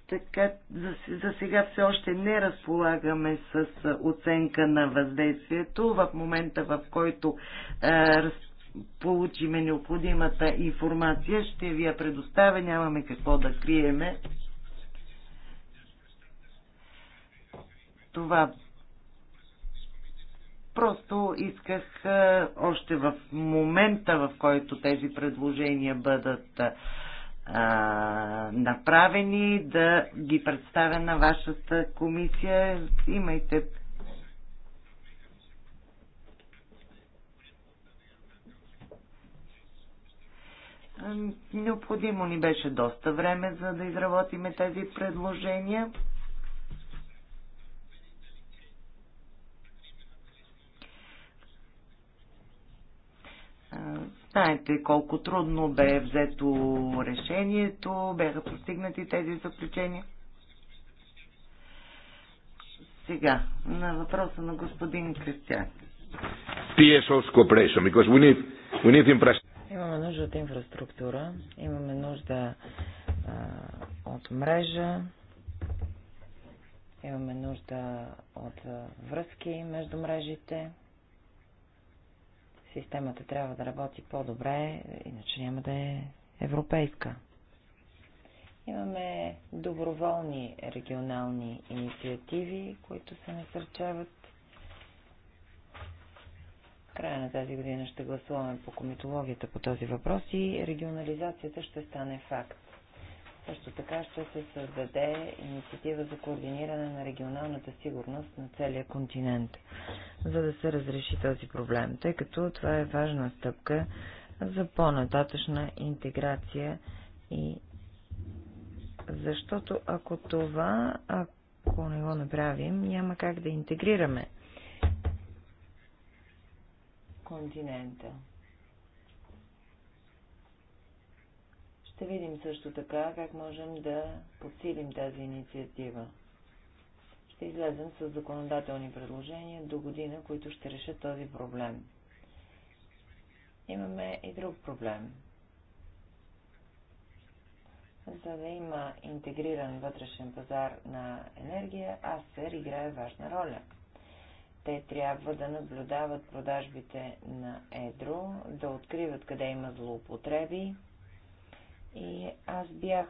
Така, за, за сега все още не разполагаме с оценка на въздействието. В момента, в който е, получиме необходимата информация, ще ви я предоставя. Нямаме какво да криеме. Това Просто исках още в момента, в който тези предложения бъдат а, направени, да ги представя на вашата комисия. Имайте. Необходимо ни беше доста време, за да изработиме тези предложения. Знаете колко трудно бе взето решението, бяха постигнати тези заключения. Сега, на въпроса на господин Кристиан. Имаме нужда от инфраструктура, имаме нужда а, от мрежа, имаме нужда от а, връзки между мрежите. Системата трябва да работи по-добре, иначе няма да е европейска. Имаме доброволни регионални инициативи, които се насърчават. Края на тази година ще гласуваме по комитологията по този въпрос и регионализацията ще стане факт. Също така ще се създаде инициатива за координиране на регионалната сигурност на целия континент, за да се разреши този проблем, тъй като това е важна стъпка за по-нататъчна интеграция и защото ако това, ако не го направим, няма как да интегрираме континента. Ще видим също така как можем да подсилим тази инициатива. Ще излезем с законодателни предложения до година, които ще решат този проблем. Имаме и друг проблем. За да има интегриран вътрешен пазар на енергия, АСЕР играе важна роля. Те трябва да наблюдават продажбите на едро, да откриват къде има злоупотреби, и аз бях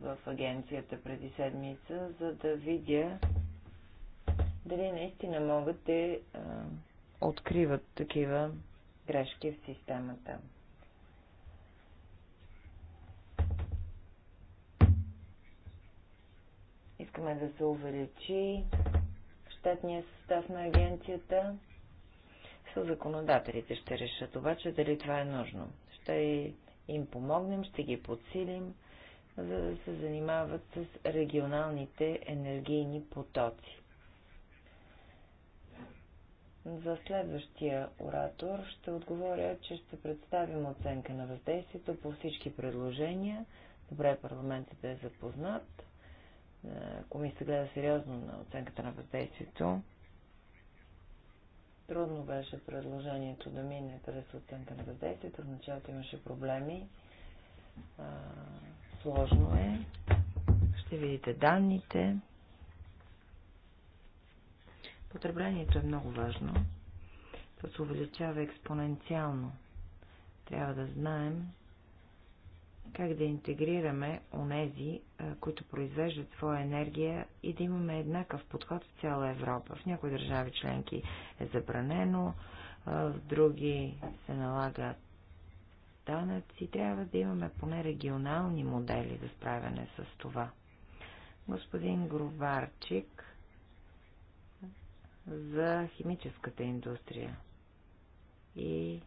в агенцията преди седмица, за да видя дали наистина могат да откриват такива грешки в системата. Искаме да се увеличи щатния състав на агенцията. Със законодателите ще решат обаче дали това е нужно. Ще и им помогнем, ще ги подсилим, за да се занимават с регионалните енергийни потоци. За следващия оратор ще отговоря, че ще представим оценка на въздействието по всички предложения. Добре, парламентът е запознат. Е, комисията гледа сериозно на оценката на въздействието Трудно беше предложението да мине през оценка на въздействието. В началото имаше проблеми. А, сложно е. Ще видите данните. Потреблението е много важно. То се увеличава експоненциално. Трябва да знаем как да интегрираме онези, които произвеждат своя енергия и да имаме еднакъв подход в цяла Европа. В някои държави членки е забранено, в други се налага данъци. Трябва да имаме поне регионални модели за справяне с това. Господин Гроварчик за химическата индустрия и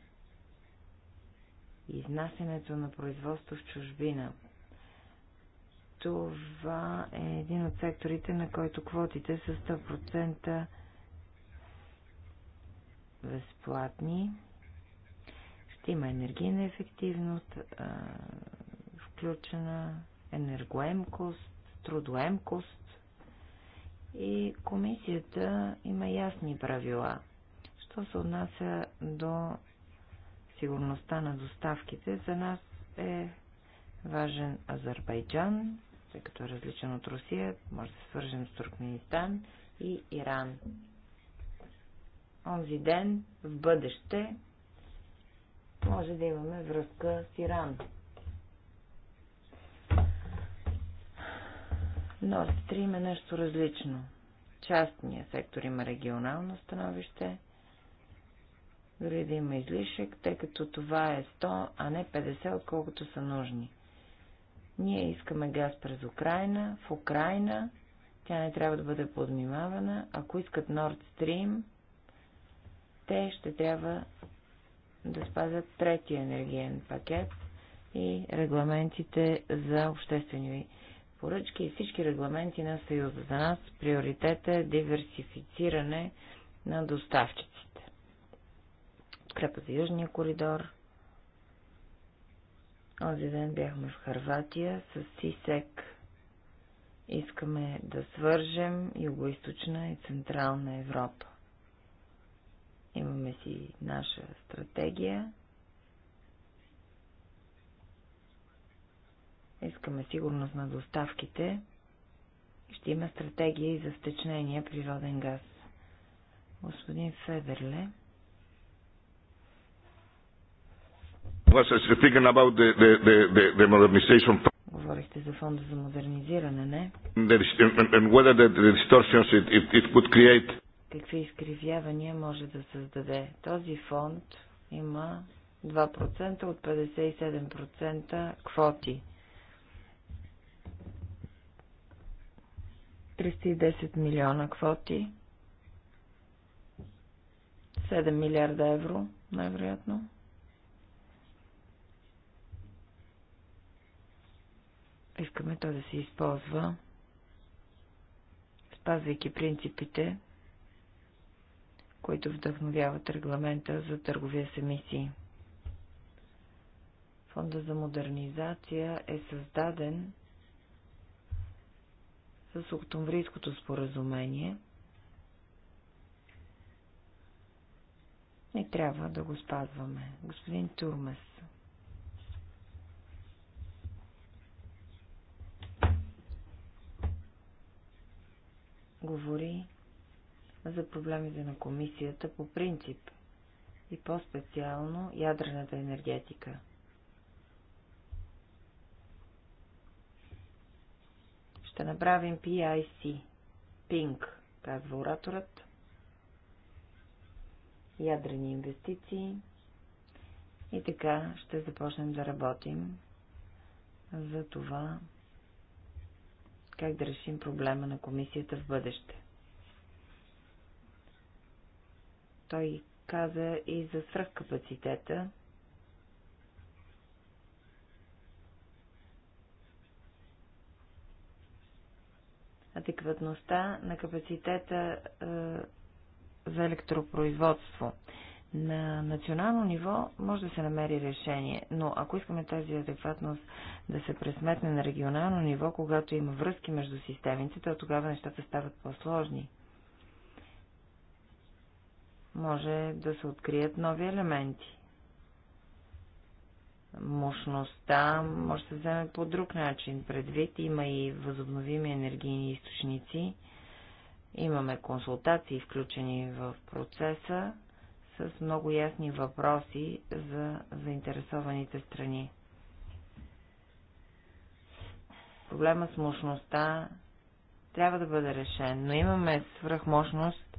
изнасянето на производство в чужбина. Това е един от секторите, на който квотите са 100% безплатни. Ще има енергийна ефективност, включена енергоемкост, трудоемкост и комисията има ясни правила. Що се отнася до сигурността на доставките, за нас е важен Азербайджан, тъй като е различен от Русия, може да се свържем с Туркменистан и Иран. Онзи ден, в бъдеще, може да имаме връзка с Иран. Nord Stream е нещо различно. Частния сектор има регионално становище – дори да има излишък, тъй като това е 100, а не 50, отколкото са нужни. Ние искаме газ през Украина, в Украина, тя не трябва да бъде подмимавана. Ако искат Nord Stream, те ще трябва да спазят третия енергиен пакет и регламентите за обществени поръчки и всички регламенти на Съюза. За нас приоритет е диверсифициране на доставчици подкрепа за Южния коридор. Онзи ден бяхме в Харватия с СИСЕК. Искаме да свържем Юго-Источна и Централна Европа. Имаме си наша стратегия. Искаме сигурност на доставките. Ще има стратегия и за стечнение природен газ. Господин Федерле. about the, the, the, the, the modernization Говорихте за фонда за модернизиране, не? And whether the, the distortions it, it, it create. Какви изкривявания може да създаде? Този фонд има 2% от 57% квоти. 310 милиона квоти. 7 милиарда евро, най-вероятно. искаме то да се използва, спазвайки принципите, които вдъхновяват регламента за търговия с емисии. Фонда за модернизация е създаден с Октомврийското споразумение и трябва да го спазваме. Господин Турмес говори за проблемите на комисията по принцип и по-специално ядрената енергетика. Ще направим PIC. Пинг, казва ораторът. Ядрени инвестиции. И така ще започнем да работим за това как да решим проблема на комисията в бъдеще. Той каза и за свръхкапацитета. Адекватността на капацитета е, за електропроизводство. На национално ниво може да се намери решение, но ако искаме тази адекватност да се пресметне на регионално ниво, когато има връзки между системите, то тогава нещата стават по-сложни. Може да се открият нови елементи. Мощността може да се вземе по друг начин. Предвид има и възобновими енергийни източници. Имаме консултации, включени в процеса, с много ясни въпроси за заинтересованите страни. Проблема с мощността трябва да бъде решен, но имаме свръхмощност,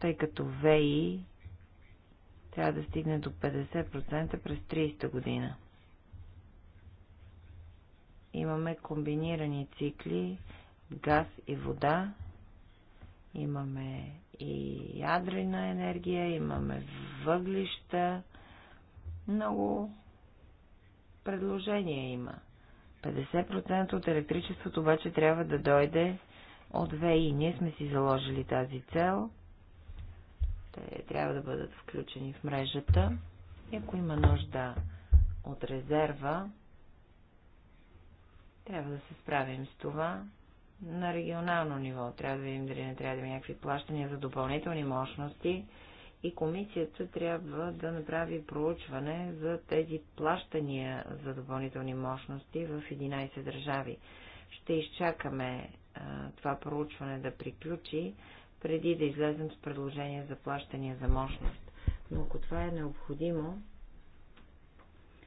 тъй като ВИ трябва да стигне до 50% през 30 година. Имаме комбинирани цикли газ и вода, Имаме и ядрена енергия, имаме въглища. Много предложения има. 50% от електричеството обаче трябва да дойде от ВИ. Ние сме си заложили тази цел. Те трябва да бъдат включени в мрежата. И ако има нужда от резерва, трябва да се справим с това на регионално ниво. Трябва да видим дали не трябва да има някакви плащания за допълнителни мощности и комисията трябва да направи проучване за тези плащания за допълнителни мощности в 11 държави. Ще изчакаме а, това проучване да приключи, преди да излезем с предложение за плащания за мощност. Но ако това е необходимо,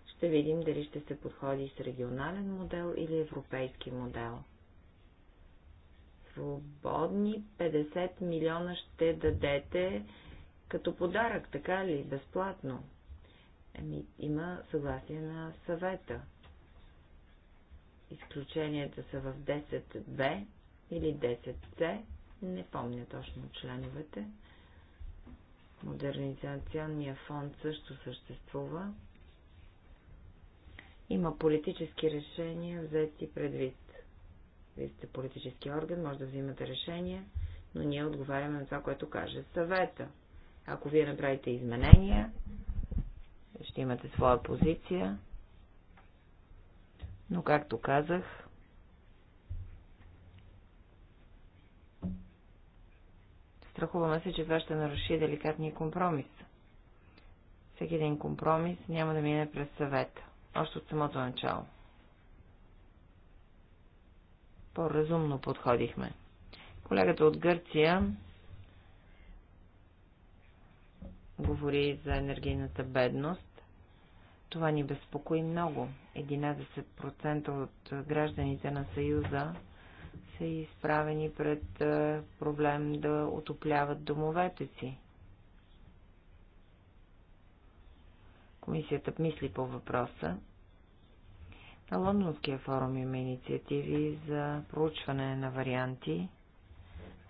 ще видим дали ще се подходи с регионален модел или европейски модел свободни 50 милиона ще дадете като подарък, така ли, безплатно? Еми, има съгласие на съвета. Изключенията са в 10 б или 10c, не помня точно членовете. Модернизационния фонд също съществува. Има политически решения, взети предвид. Вие сте политически орган, може да взимате решения, но ние отговаряме на това, което каже съвета. Ако вие направите изменения, ще имате своя позиция, но както казах, страхуваме се, че това ще наруши деликатния компромис. Всеки един компромис няма да мине през съвета, още от самото начало по-разумно подходихме. Колегата от Гърция говори за енергийната бедност. Това ни безпокои много. 11% от гражданите на Съюза са изправени пред проблем да отопляват домовете си. Комисията мисли по въпроса на Лондонския форум има инициативи за проучване на варианти,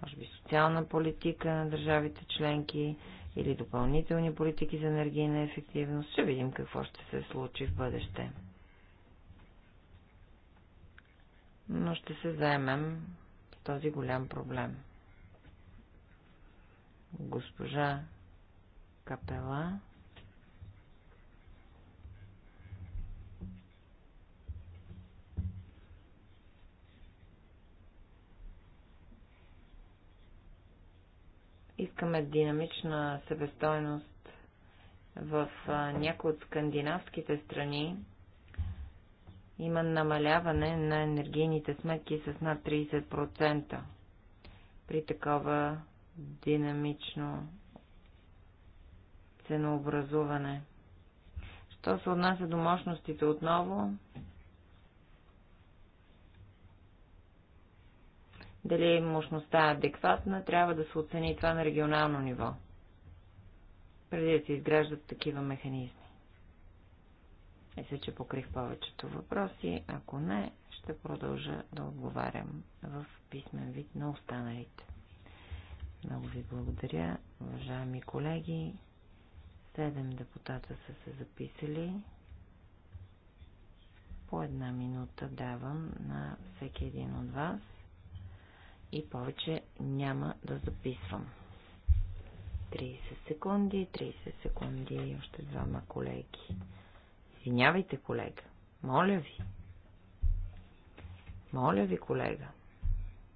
може би социална политика на държавите членки или допълнителни политики за енергийна ефективност. Ще видим какво ще се случи в бъдеще. Но ще се заемем с този голям проблем. Госпожа Капела Искаме динамична себестойност в някои от скандинавските страни. Има намаляване на енергийните сметки с над 30% при такова динамично ценообразуване. Що се отнася до мощностите отново, Дали мощността е адекватна, трябва да се оцени това на регионално ниво, преди да се изграждат такива механизми. Мисля, че покрих повечето въпроси. Ако не, ще продължа да отговарям в писмен вид на останалите. Много ви благодаря, уважаеми колеги. Седем депутата са се записали. По една минута давам на всеки един от вас и повече няма да записвам. 30 секунди, 30 секунди и още двама колеги. Извинявайте, колега. Моля ви. Моля ви, колега.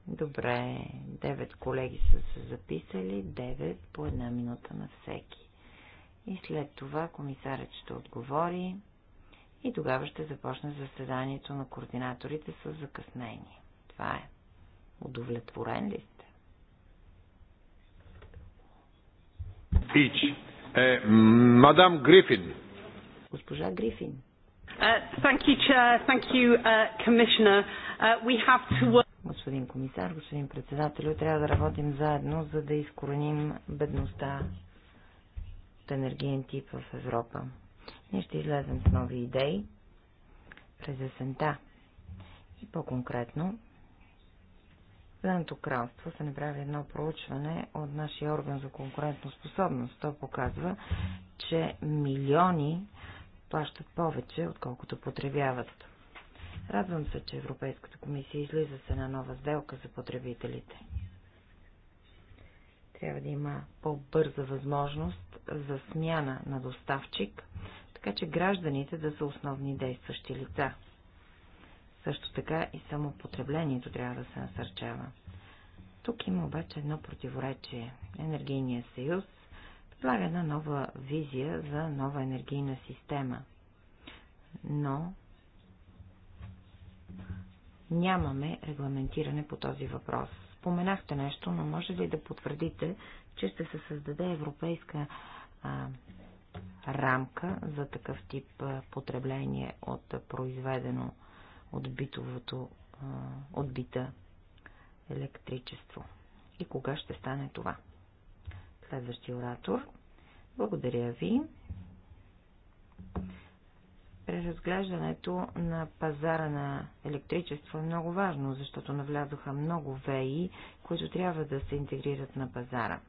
Добре, 9 колеги са се записали, 9 по една минута на всеки. И след това комисарят ще отговори и тогава ще започне заседанието на координаторите с закъснение. Това е. Удовлетворен ли сте? Пич. Е, мадам Грифин. Госпожа Грифин. Uh, uh, uh, господин комисар, господин председател, трябва да работим заедно, за да изкореним бедността от енергиен тип в Европа. Ние ще излезем с нови идеи през есента. И по-конкретно Съединеното кралство се направи едно проучване от нашия орган за конкурентно способност. То показва, че милиони плащат повече, отколкото потребяват. Радвам се, че Европейската комисия излиза с една нова сделка за потребителите. Трябва да има по-бърза възможност за смяна на доставчик, така че гражданите да са основни действащи лица. Също така и самопотреблението трябва да се насърчава. Тук има обаче едно противоречие. Енергийният съюз предлага една нова визия за нова енергийна система. Но нямаме регламентиране по този въпрос. Споменахте нещо, но може ли да потвърдите, че ще се създаде европейска а, рамка за такъв тип потребление от произведено от битовото, от бита електричество. И кога ще стане това? Следващия оратор. Благодаря ви. Преразглеждането на пазара на електричество е много важно, защото навлязоха много ВЕИ, които трябва да се интегрират на пазара.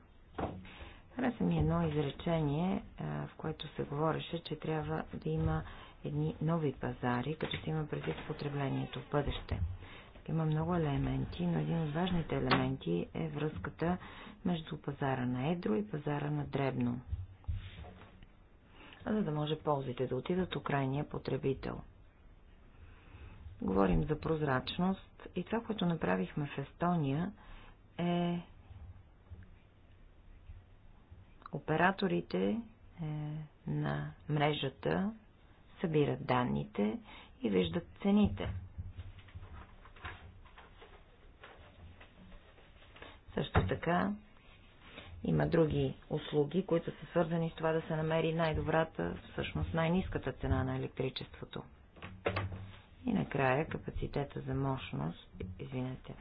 Хареса ми едно изречение, в което се говореше, че трябва да има едни нови пазари, като се има предвид потреблението в бъдеще. Има много елементи, но един от важните елементи е връзката между пазара на едро и пазара на дребно, за да може ползите да отидат у крайния потребител. Говорим за прозрачност и това, което направихме в Естония е операторите е, на мрежата събират данните и виждат цените. Също така има други услуги, които са свързани с това да се намери най-добрата, всъщност най-низката цена на електричеството. И накрая капацитета за мощност, извинете,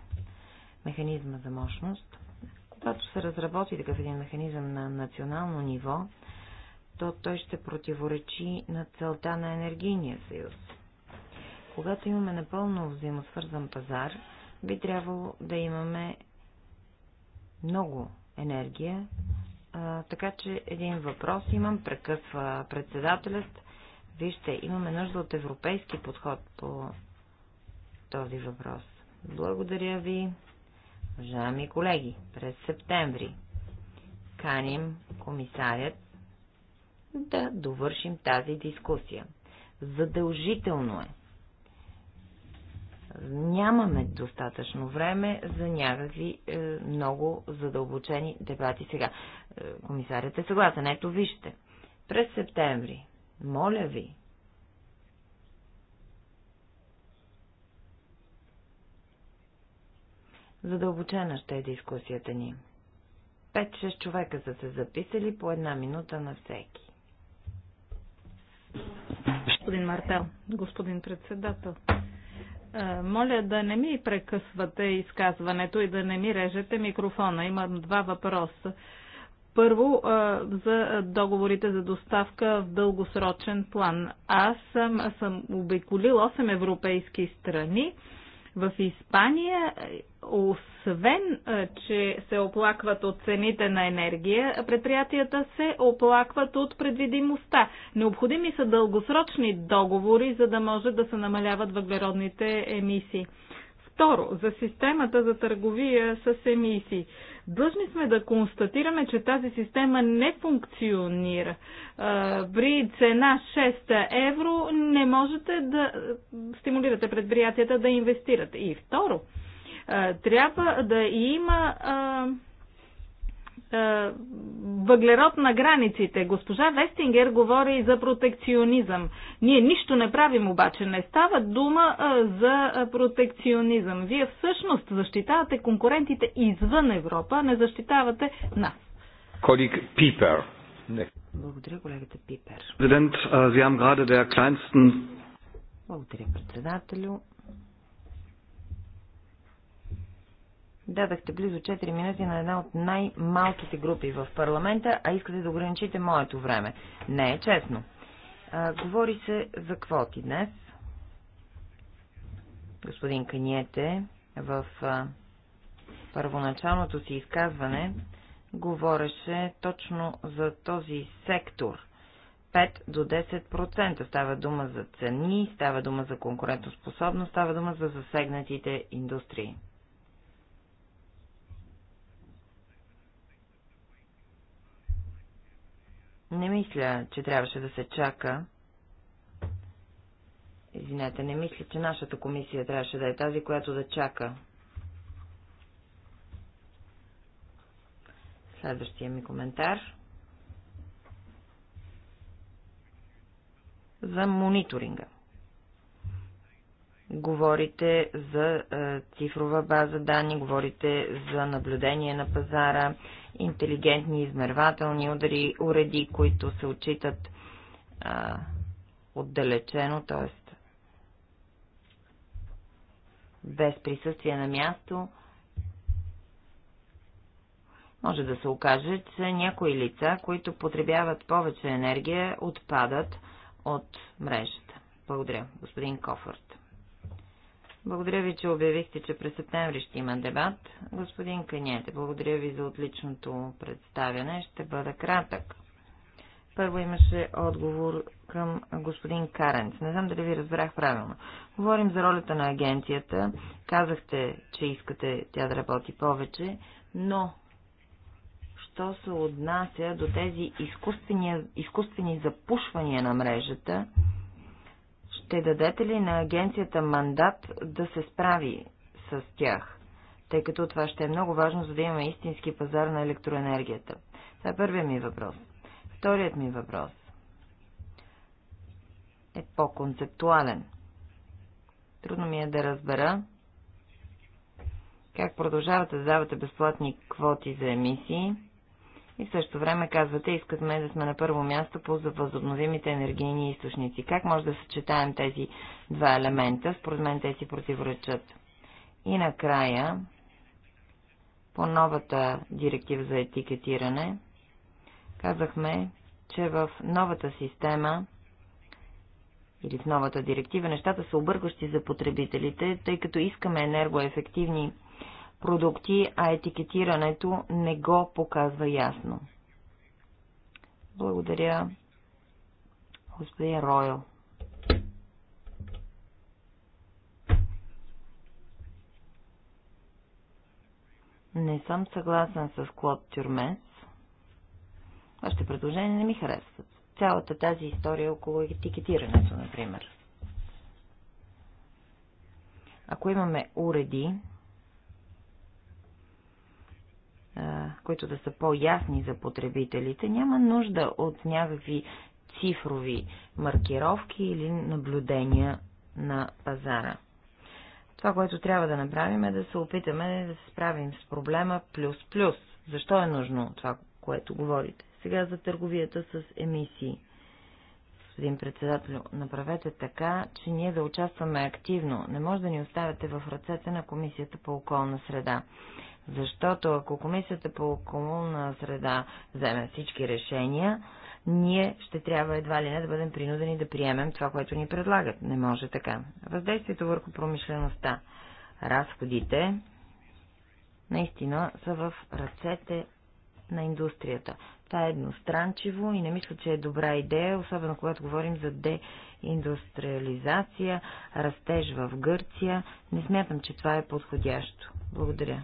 механизма за мощност. Когато се разработи такъв един механизъм на национално ниво, то той ще противоречи на целта на енергийния съюз. Когато имаме напълно взаимосвързан пазар, би трябвало да имаме много енергия, а, така че един въпрос имам, прекъсва председателят. Вижте, имаме нужда от европейски подход по този въпрос. Благодаря ви, уважаеми колеги, през септември каним комисарят да довършим тази дискусия. Задължително е. Нямаме достатъчно време за някакви е, много задълбочени дебати сега. Е, комисарят е съгласен. Ето вижте. През септември, моля ви, Задълбочена ще е дискусията ни. 5-6 човека са се записали по една минута на всеки. Господин Мартел, господин председател, моля да не ми прекъсвате изказването и да не ми режете микрофона. Имам два въпроса. Първо, за договорите за доставка в дългосрочен план. Аз съм, съм обиколил 8 европейски страни в Испания, освен, е, че се оплакват от цените на енергия, предприятията се оплакват от предвидимостта. Необходими са дългосрочни договори, за да може да се намаляват въглеродните емисии. Второ, за системата за търговия с емисии. Длъжни сме да констатираме, че тази система не функционира. При цена 6 евро не можете да стимулирате предприятията да инвестират. И второ, трябва да има е, въглерод на границите. Госпожа Вестингер говори за протекционизъм. Ние нищо не правим обаче. Не става дума е, за е, протекционизъм. Вие всъщност защитавате конкурентите извън Европа, не защитавате нас. Колик Пипер. Благодаря, колегата Пипер. Президент, der kleinsten... Благодаря, председателю. Дадахте близо 4 минути на една от най-малките групи в парламента, а искате да ограничите моето време. Не е честно. А, говори се за квоти днес. Господин Каниете в а, първоначалното си изказване говореше точно за този сектор. 5 до 10% става дума за цени, става дума за конкурентоспособност, става дума за засегнатите индустрии. Не мисля, че трябваше да се чака. Извинете, не мисля, че нашата комисия трябваше да е тази, която да чака. Следващия ми коментар. За мониторинга. Говорите за е, цифрова база данни, говорите за наблюдение на пазара, интелигентни измервателни удари, уреди, които се отчитат а, отдалечено, т.е. без присъствие на място, може да се окаже, че някои лица, които потребяват повече енергия, отпадат от мрежата. Благодаря, господин Кофърт. Благодаря ви, че обявихте, че през септември ще има дебат. Господин Каняте, благодаря ви за отличното представяне. Ще бъда кратък. Първо имаше отговор към господин Каренц. Не знам дали ви разбрах правилно. Говорим за ролята на агенцията. Казахте, че искате тя да работи повече, но що се отнася до тези изкуствени, изкуствени запушвания на мрежата, ще дадете ли на агенцията мандат да се справи с тях? Тъй като това ще е много важно, за да имаме истински пазар на електроенергията. Това е първият ми въпрос. Вторият ми въпрос е по-концептуален. Трудно ми е да разбера как продължавате да давате безплатни квоти за емисии, и в същото време казвате, искаме да сме на първо място по възобновимите енергийни източници. Как може да съчетаем тези два елемента? Според мен те си противоречат. И накрая, по новата директива за етикетиране, казахме, че в новата система или в новата директива нещата са объркващи за потребителите, тъй като искаме енергоефективни продукти, а етикетирането не го показва ясно. Благодаря, господин Ройл. Не съм съгласен с Клод Тюрмес. Вашите предложения не ми харесват. Цялата тази история около етикетирането, например. Ако имаме уреди, които да са по-ясни за потребителите, няма нужда от някакви цифрови маркировки или наблюдения на пазара. Това, което трябва да направим е да се опитаме да се справим с проблема плюс-плюс. Защо е нужно това, което говорите? Сега за търговията с емисии господин председател, направете така, че ние да участваме активно. Не може да ни оставяте в ръцете на Комисията по околна среда. Защото ако Комисията по околна среда вземе всички решения, ние ще трябва едва ли не да бъдем принудени да приемем това, което ни предлагат. Не може така. Въздействието върху промишлеността. Разходите наистина са в ръцете на индустрията. Това е едностранчиво и не мисля, че е добра идея, особено когато говорим за деиндустриализация, растеж в Гърция. Не смятам, че това е подходящо. Благодаря.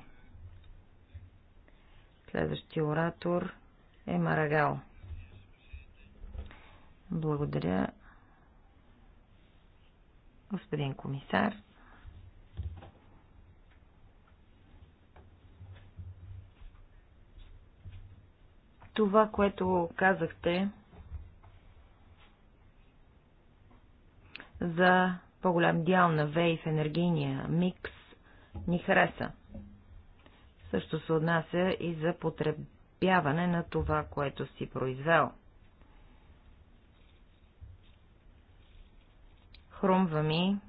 Следващия оратор е Марагал. Благодаря, господин комисар. Това, което казахте за по-голям дял на вей в енергийния микс, ни хареса. Също се отнася и за потребяване на това, което си произвел. Хрумва ми,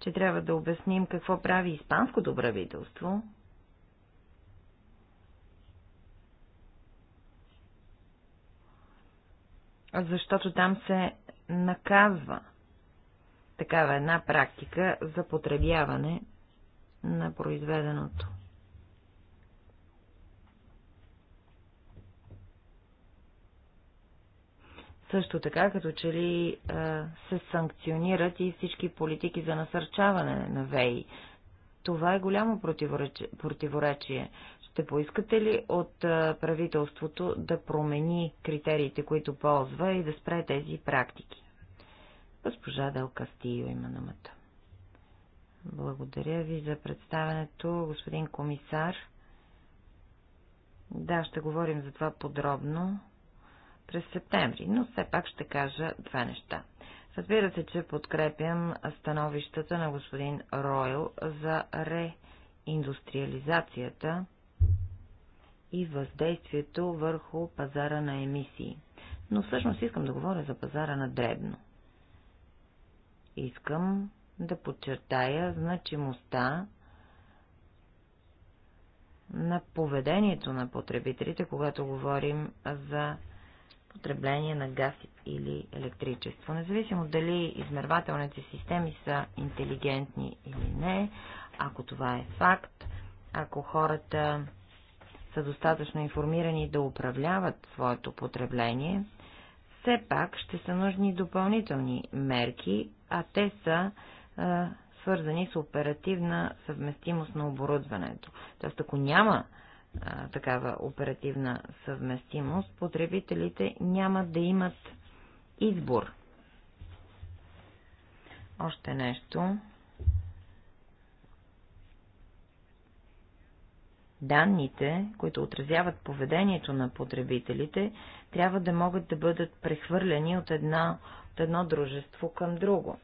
че трябва да обясним какво прави испанското правителство, защото там се наказва такава една практика за потребяване на произведеното. Също така, като че ли се санкционират и всички политики за насърчаване на ВЕИ. Това е голямо противоречие. Ще поискате ли от правителството да промени критериите, които ползва и да спре тези практики? Госпожа Дел Кастио има намата. Благодаря ви за представенето, господин комисар. Да, ще говорим за това подробно през септември, но все пак ще кажа две неща. Разбира се, че подкрепям становищата на господин Ройл за реиндустриализацията и въздействието върху пазара на емисии. Но всъщност искам да говоря за пазара на дребно. Искам да подчертая значимостта на поведението на потребителите, когато говорим за потребление на газ или електричество. Независимо дали измервателните системи са интелигентни или не, ако това е факт, ако хората са достатъчно информирани да управляват своето потребление, все пак ще са нужни допълнителни мерки, а те са а, свързани с оперативна съвместимост на оборудването. Тоест, ако няма а, такава оперативна съвместимост, потребителите няма да имат избор. Още нещо. Данните, които отразяват поведението на потребителите, трябва да могат да бъдат прехвърляни от, една, от едно дружество към друго.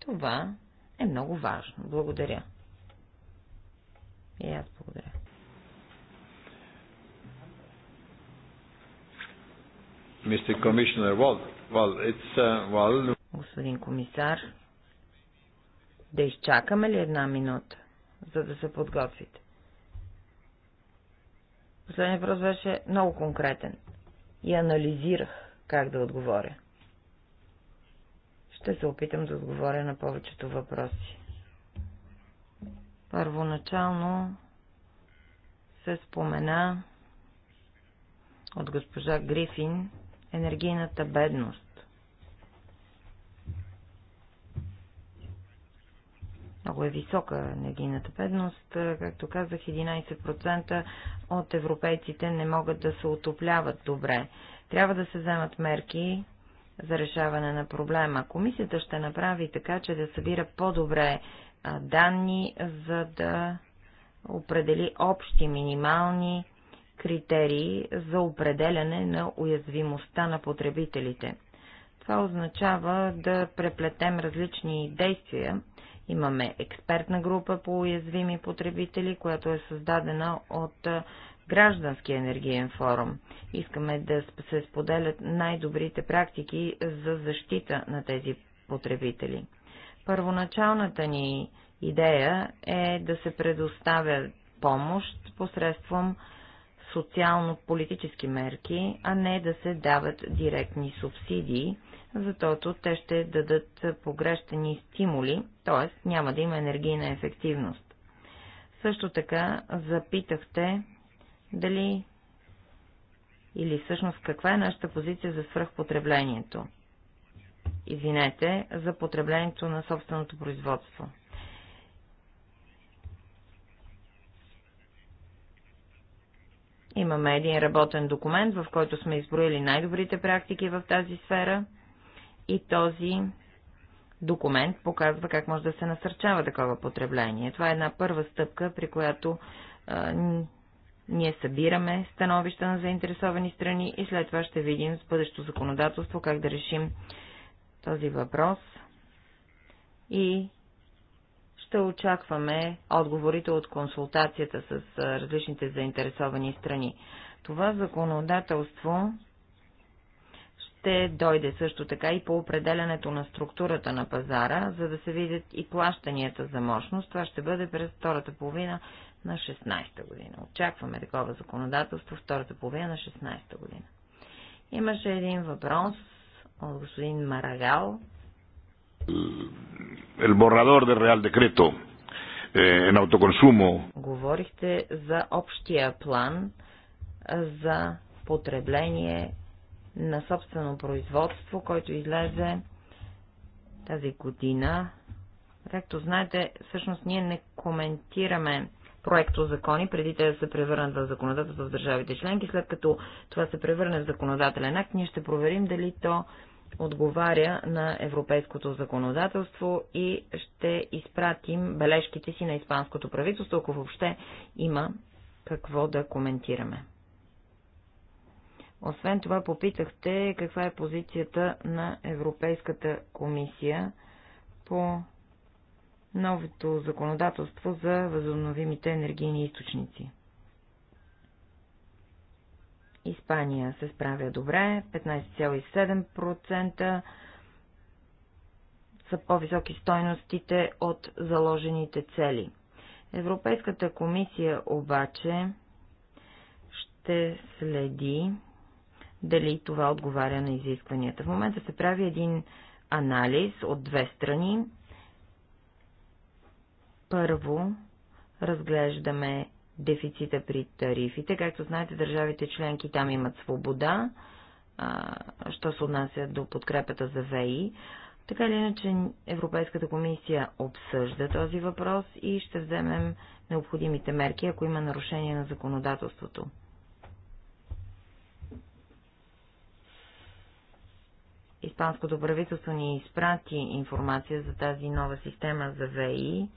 Това е много важно. Благодаря. И аз благодаря. well, well, it's, uh, well... Господин комисар, да изчакаме ли една минута, за да се подготвите? Последният въпрос беше много конкретен и анализирах как да отговоря. Ще се опитам да отговоря на повечето въпроси. Първоначално се спомена от госпожа Грифин енергийната бедност. Много е висока енергийната бедност. Е, както казах, 11% от европейците не могат да се отопляват добре. Трябва да се вземат мерки за решаване на проблема. Комисията ще направи така, че да събира по-добре е, данни, за да определи общи минимални критерии за определяне на уязвимостта на потребителите. Това означава да преплетем различни действия, Имаме експертна група по уязвими потребители, която е създадена от Граждански енергиен форум. Искаме да се споделят най-добрите практики за защита на тези потребители. Първоначалната ни идея е да се предоставя помощ посредством социално-политически мерки, а не да се дават директни субсидии защото те ще дадат погрещани стимули, т.е. няма да има енергийна ефективност. Също така запитахте дали или всъщност каква е нашата позиция за свръхпотреблението. Извинете, за потреблението на собственото производство. Имаме един работен документ, в който сме изброили най-добрите практики в тази сфера – и този документ показва как може да се насърчава такова потребление. Това е една първа стъпка, при която а, ние събираме становища на заинтересовани страни и след това ще видим с бъдещо законодателство как да решим този въпрос и ще очакваме отговорите от консултацията с различните заинтересовани страни. Това законодателство ще дойде също така и по определенето на структурата на пазара, за да се видят и плащанията за мощност. Това ще бъде през втората половина на 16-та година. Очакваме такова законодателство втората половина на 16-та година. Имаше един въпрос от господин Марагал. El borrador del Real Decreto eh, en autoconsumo. Говорихте за общия план за потребление на собствено производство, който излезе тази година. Както знаете, всъщност ние не коментираме проекто закони, преди те да се превърнат в законодателство в държавите членки. След като това се превърне в законодателен акт, ние ще проверим дали то отговаря на европейското законодателство и ще изпратим бележките си на испанското правителство, ако въобще има какво да коментираме. Освен това попитахте каква е позицията на Европейската комисия по новото законодателство за възобновимите енергийни източници. Испания се справя добре, 15,7% са по-високи стойностите от заложените цели. Европейската комисия обаче ще следи дали това отговаря на изискванията. В момента се прави един анализ от две страни. Първо, разглеждаме дефицита при тарифите. Както знаете, държавите членки там имат свобода, а, що се отнася до подкрепата за ВИ. Така или иначе, Европейската комисия обсъжда този въпрос и ще вземем необходимите мерки, ако има нарушение на законодателството. Испанското правителство ни изпрати информация за тази нова система за ВИ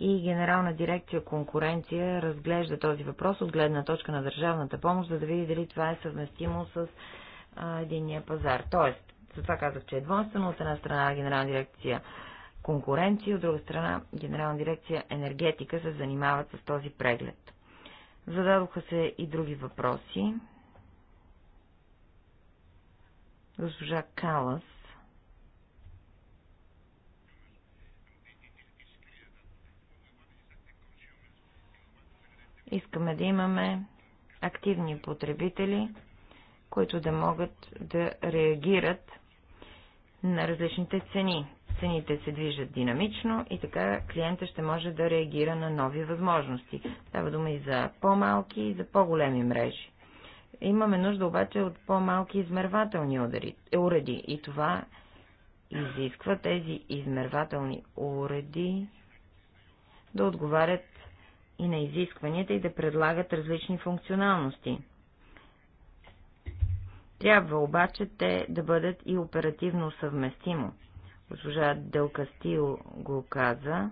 и Генерална дирекция конкуренция разглежда този въпрос от гледна точка на държавната помощ, за да види дали това е съвместимо с а, единния пазар. Тоест, за това казах, че е двойствено от една страна Генерална дирекция конкуренция, от друга страна Генерална дирекция енергетика се занимават с този преглед. Зададоха се и други въпроси. Госпожа Калас Искаме да имаме активни потребители, които да могат да реагират на различните цени. Цените се движат динамично и така клиента ще може да реагира на нови възможности. Става дума и за по-малки и за по-големи мрежи. Имаме нужда обаче от по-малки измервателни уреди и това изисква тези измервателни уреди да отговарят и на изискванията и да предлагат различни функционалности. Трябва обаче те да бъдат и оперативно съвместимо. Госпожа Делкастил го каза.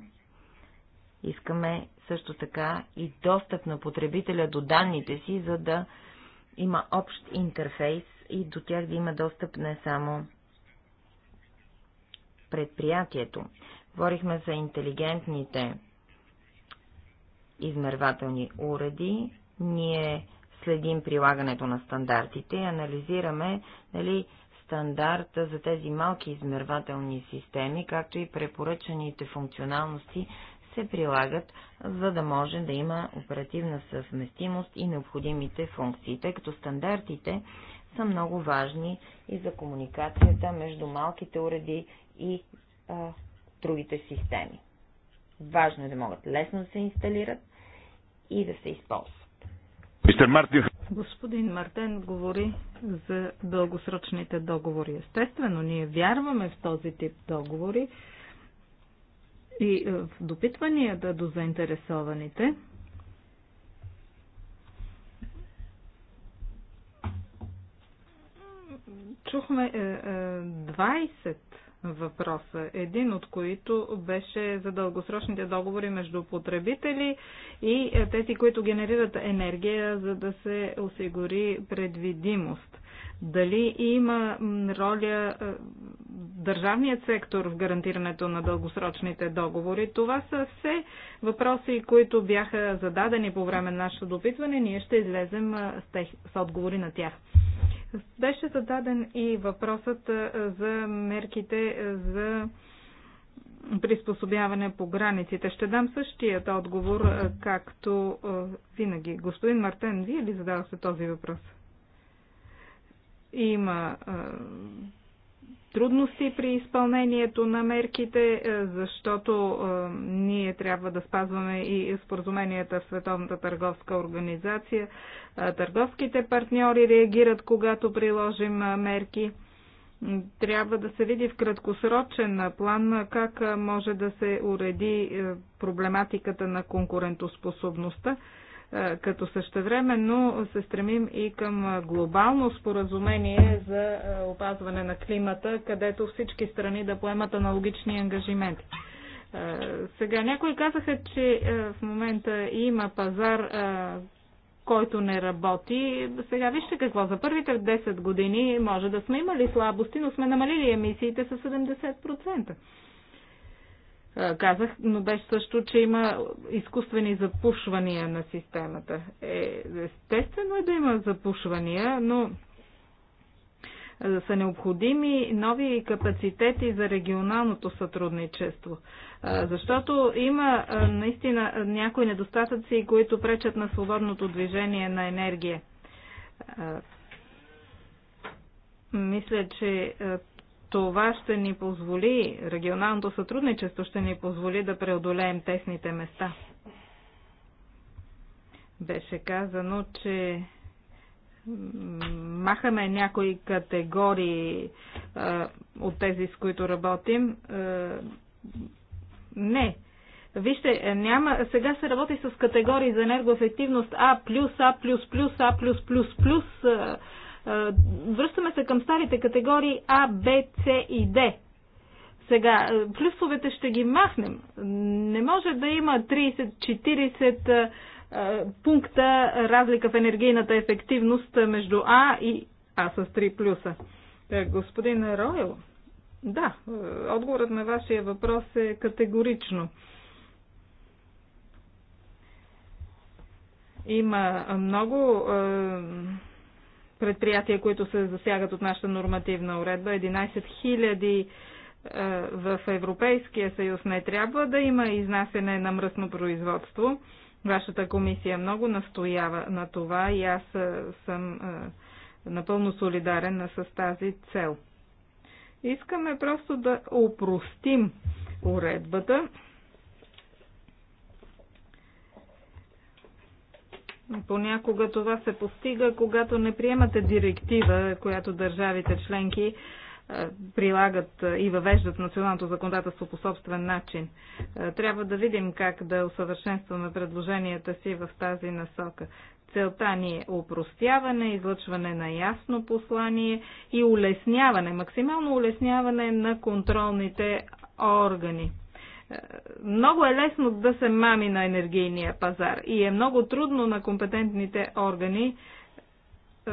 Искаме също така и достъп на потребителя до данните си, за да има общ интерфейс и до тях да има достъп не само предприятието. Говорихме за интелигентните измервателни уреди. Ние следим прилагането на стандартите и анализираме дали стандарта за тези малки измервателни системи, както и препоръчаните функционалности се прилагат, за да може да има оперативна съвместимост и необходимите функции, тъй като стандартите са много важни и за комуникацията между малките уреди и а, другите системи. Важно е да могат лесно да се инсталират и да се използват. Мистер Мартин. Господин Мартен говори за дългосрочните договори. Естествено, ние вярваме в този тип договори и е, в допитванията до заинтересованите чухме 20 е, е, въпроса, един от които беше за дългосрочните договори между потребители и тези, които генерират енергия, за да се осигури предвидимост. Дали има роля държавният сектор в гарантирането на дългосрочните договори. Това са все въпроси, които бяха зададени по време на нашето допитване. Ние ще излезем с, тех, с отговори на тях. Беше зададен и въпросът за мерките за приспособяване по границите. Ще дам същият отговор, както винаги. Господин Мартен, вие ли задавахте този въпрос? Има трудности при изпълнението на мерките, е, защото е, ние трябва да спазваме и споразуменията в Световната търговска организация. Е, търговските партньори реагират, когато приложим мерки. Трябва да се види в краткосрочен план как може да се уреди проблематиката на конкурентоспособността е, като същевременно се стремим и към е, глобално споразумение за е, опазване на климата, където всички страни да поемат аналогични ангажименти. Сега някои казаха, че в момента има пазар, който не работи. Сега вижте какво. За първите 10 години може да сме имали слабости, но сме намалили емисиите с 70%. Е, казах, но беше също, че има изкуствени запушвания на системата. Е, естествено е да има запушвания, но са необходими нови капацитети за регионалното сътрудничество. Е, защото има е, наистина някои недостатъци, които пречат на свободното движение на енергия. Мисля, че това ще ни позволи, регионалното сътрудничество ще ни позволи да преодолеем тесните места. Беше казано, че махаме някои категории а, от тези, с които работим. А, не. Вижте, няма, сега се работи с категории за енергоефективност А+, А++, А++++, Връщаме се към старите категории А, Б, С и Д. Сега, плюсовете ще ги махнем. Не може да има 30-40 пункта разлика в енергийната ефективност между А и А с 3 плюса. Е, господин Ройл, да, е, отговорът на вашия въпрос е категорично. Има много е, предприятия, които се засягат от нашата нормативна уредба. 11 000 е, в Европейския съюз не трябва да има изнасене на мръсно производство. Вашата комисия много настоява на това и аз е, съм е, напълно солидарен с тази цел. Искаме просто да опростим уредбата, Понякога това се постига, когато не приемате директива, която държавите членки е, прилагат е, и въвеждат националното законодателство по собствен начин. Е, трябва да видим как да усъвършенстваме предложенията си в тази насока. Целта ни е упростяване, излъчване на ясно послание и улесняване, максимално улесняване на контролните органи. Много е лесно да се мами на енергийния пазар и е много трудно на компетентните органи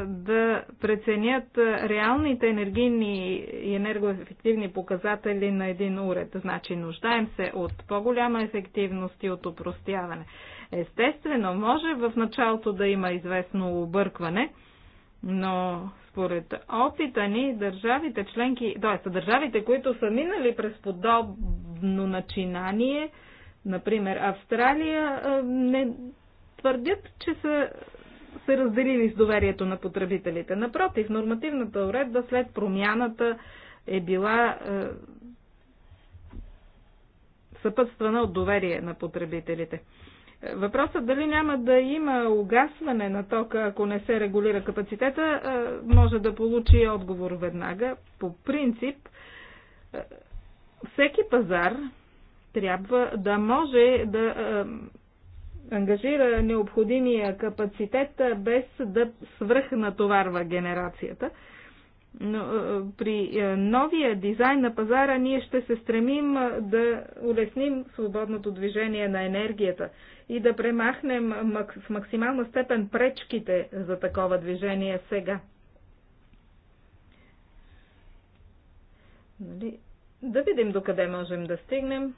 да преценят реалните енергийни и енергоефективни показатели на един уред. Значи нуждаем се от по-голяма ефективност и от упростяване. Естествено, може в началото да има известно объркване – но според опита ни, държавите членки, т.е. държавите, които са минали през подобно начинание, например Австралия, не твърдят, че са се разделили с доверието на потребителите. Напротив, нормативната уредба след промяната е била е, съпътствана от доверие на потребителите. Въпросът дали няма да има угасване на тока, ако не се регулира капацитета, може да получи отговор веднага. По принцип, всеки пазар трябва да може да ангажира необходимия капацитет без да свръхнатоварва генерацията. Но, при новия дизайн на пазара ние ще се стремим да улесним свободното движение на енергията и да премахнем в максимална степен пречките за такова движение сега. Нали? Да видим докъде можем да стигнем.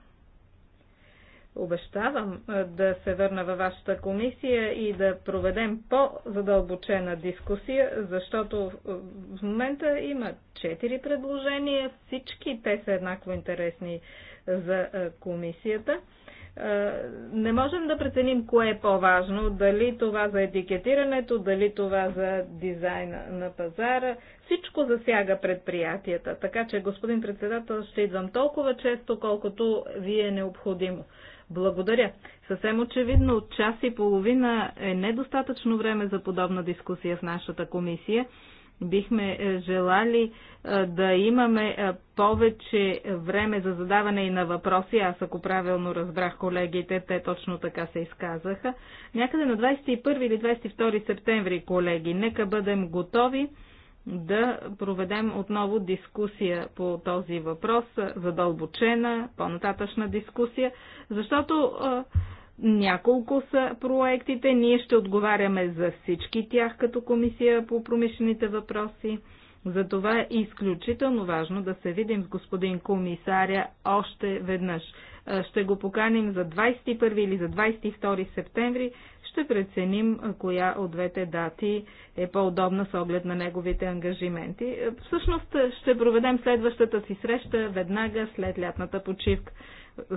Обещавам да се върна във вашата комисия и да проведем по-задълбочена дискусия, защото в момента има четири предложения, всички те са еднакво интересни за комисията. Е, не можем да преценим кое е по-важно, дали това за етикетирането, дали това за дизайна на пазара. Всичко засяга предприятията, така че, господин председател, ще идвам толкова често, колкото ви е необходимо. Благодаря. Съвсем очевидно, от час и половина е недостатъчно време за подобна дискусия в нашата комисия. Бихме е, желали е, да имаме е, повече време за задаване и на въпроси. Аз, ако правилно разбрах колегите, те точно така се изказаха. Някъде на 21 или 22 септември, колеги, нека бъдем готови да проведем отново дискусия по този въпрос, задълбочена, по-нататъчна дискусия, защото няколко са проектите. Ние ще отговаряме за всички тях като комисия по промишлените въпроси. Затова е изключително важно да се видим с господин комисаря още веднъж. Е, ще го поканим за 21 или за 22 септември. Ще преценим е, коя от двете дати е по-удобна с оглед на неговите ангажименти. Е, всъщност ще проведем следващата си среща веднага след лятната почивка.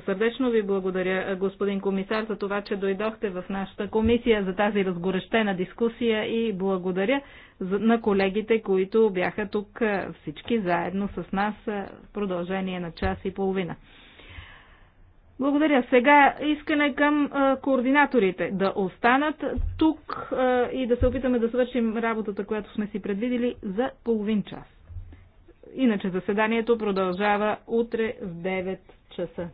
Сърдечно ви благодаря, господин комисар, за това, че дойдохте в нашата комисия за тази разгорещена дискусия и благодаря на колегите, които бяха тук всички заедно с нас в продължение на час и половина. Благодаря. Сега искане към координаторите да останат тук и да се опитаме да свършим работата, която сме си предвидели за половин час. Иначе заседанието продължава утре в 9 часа.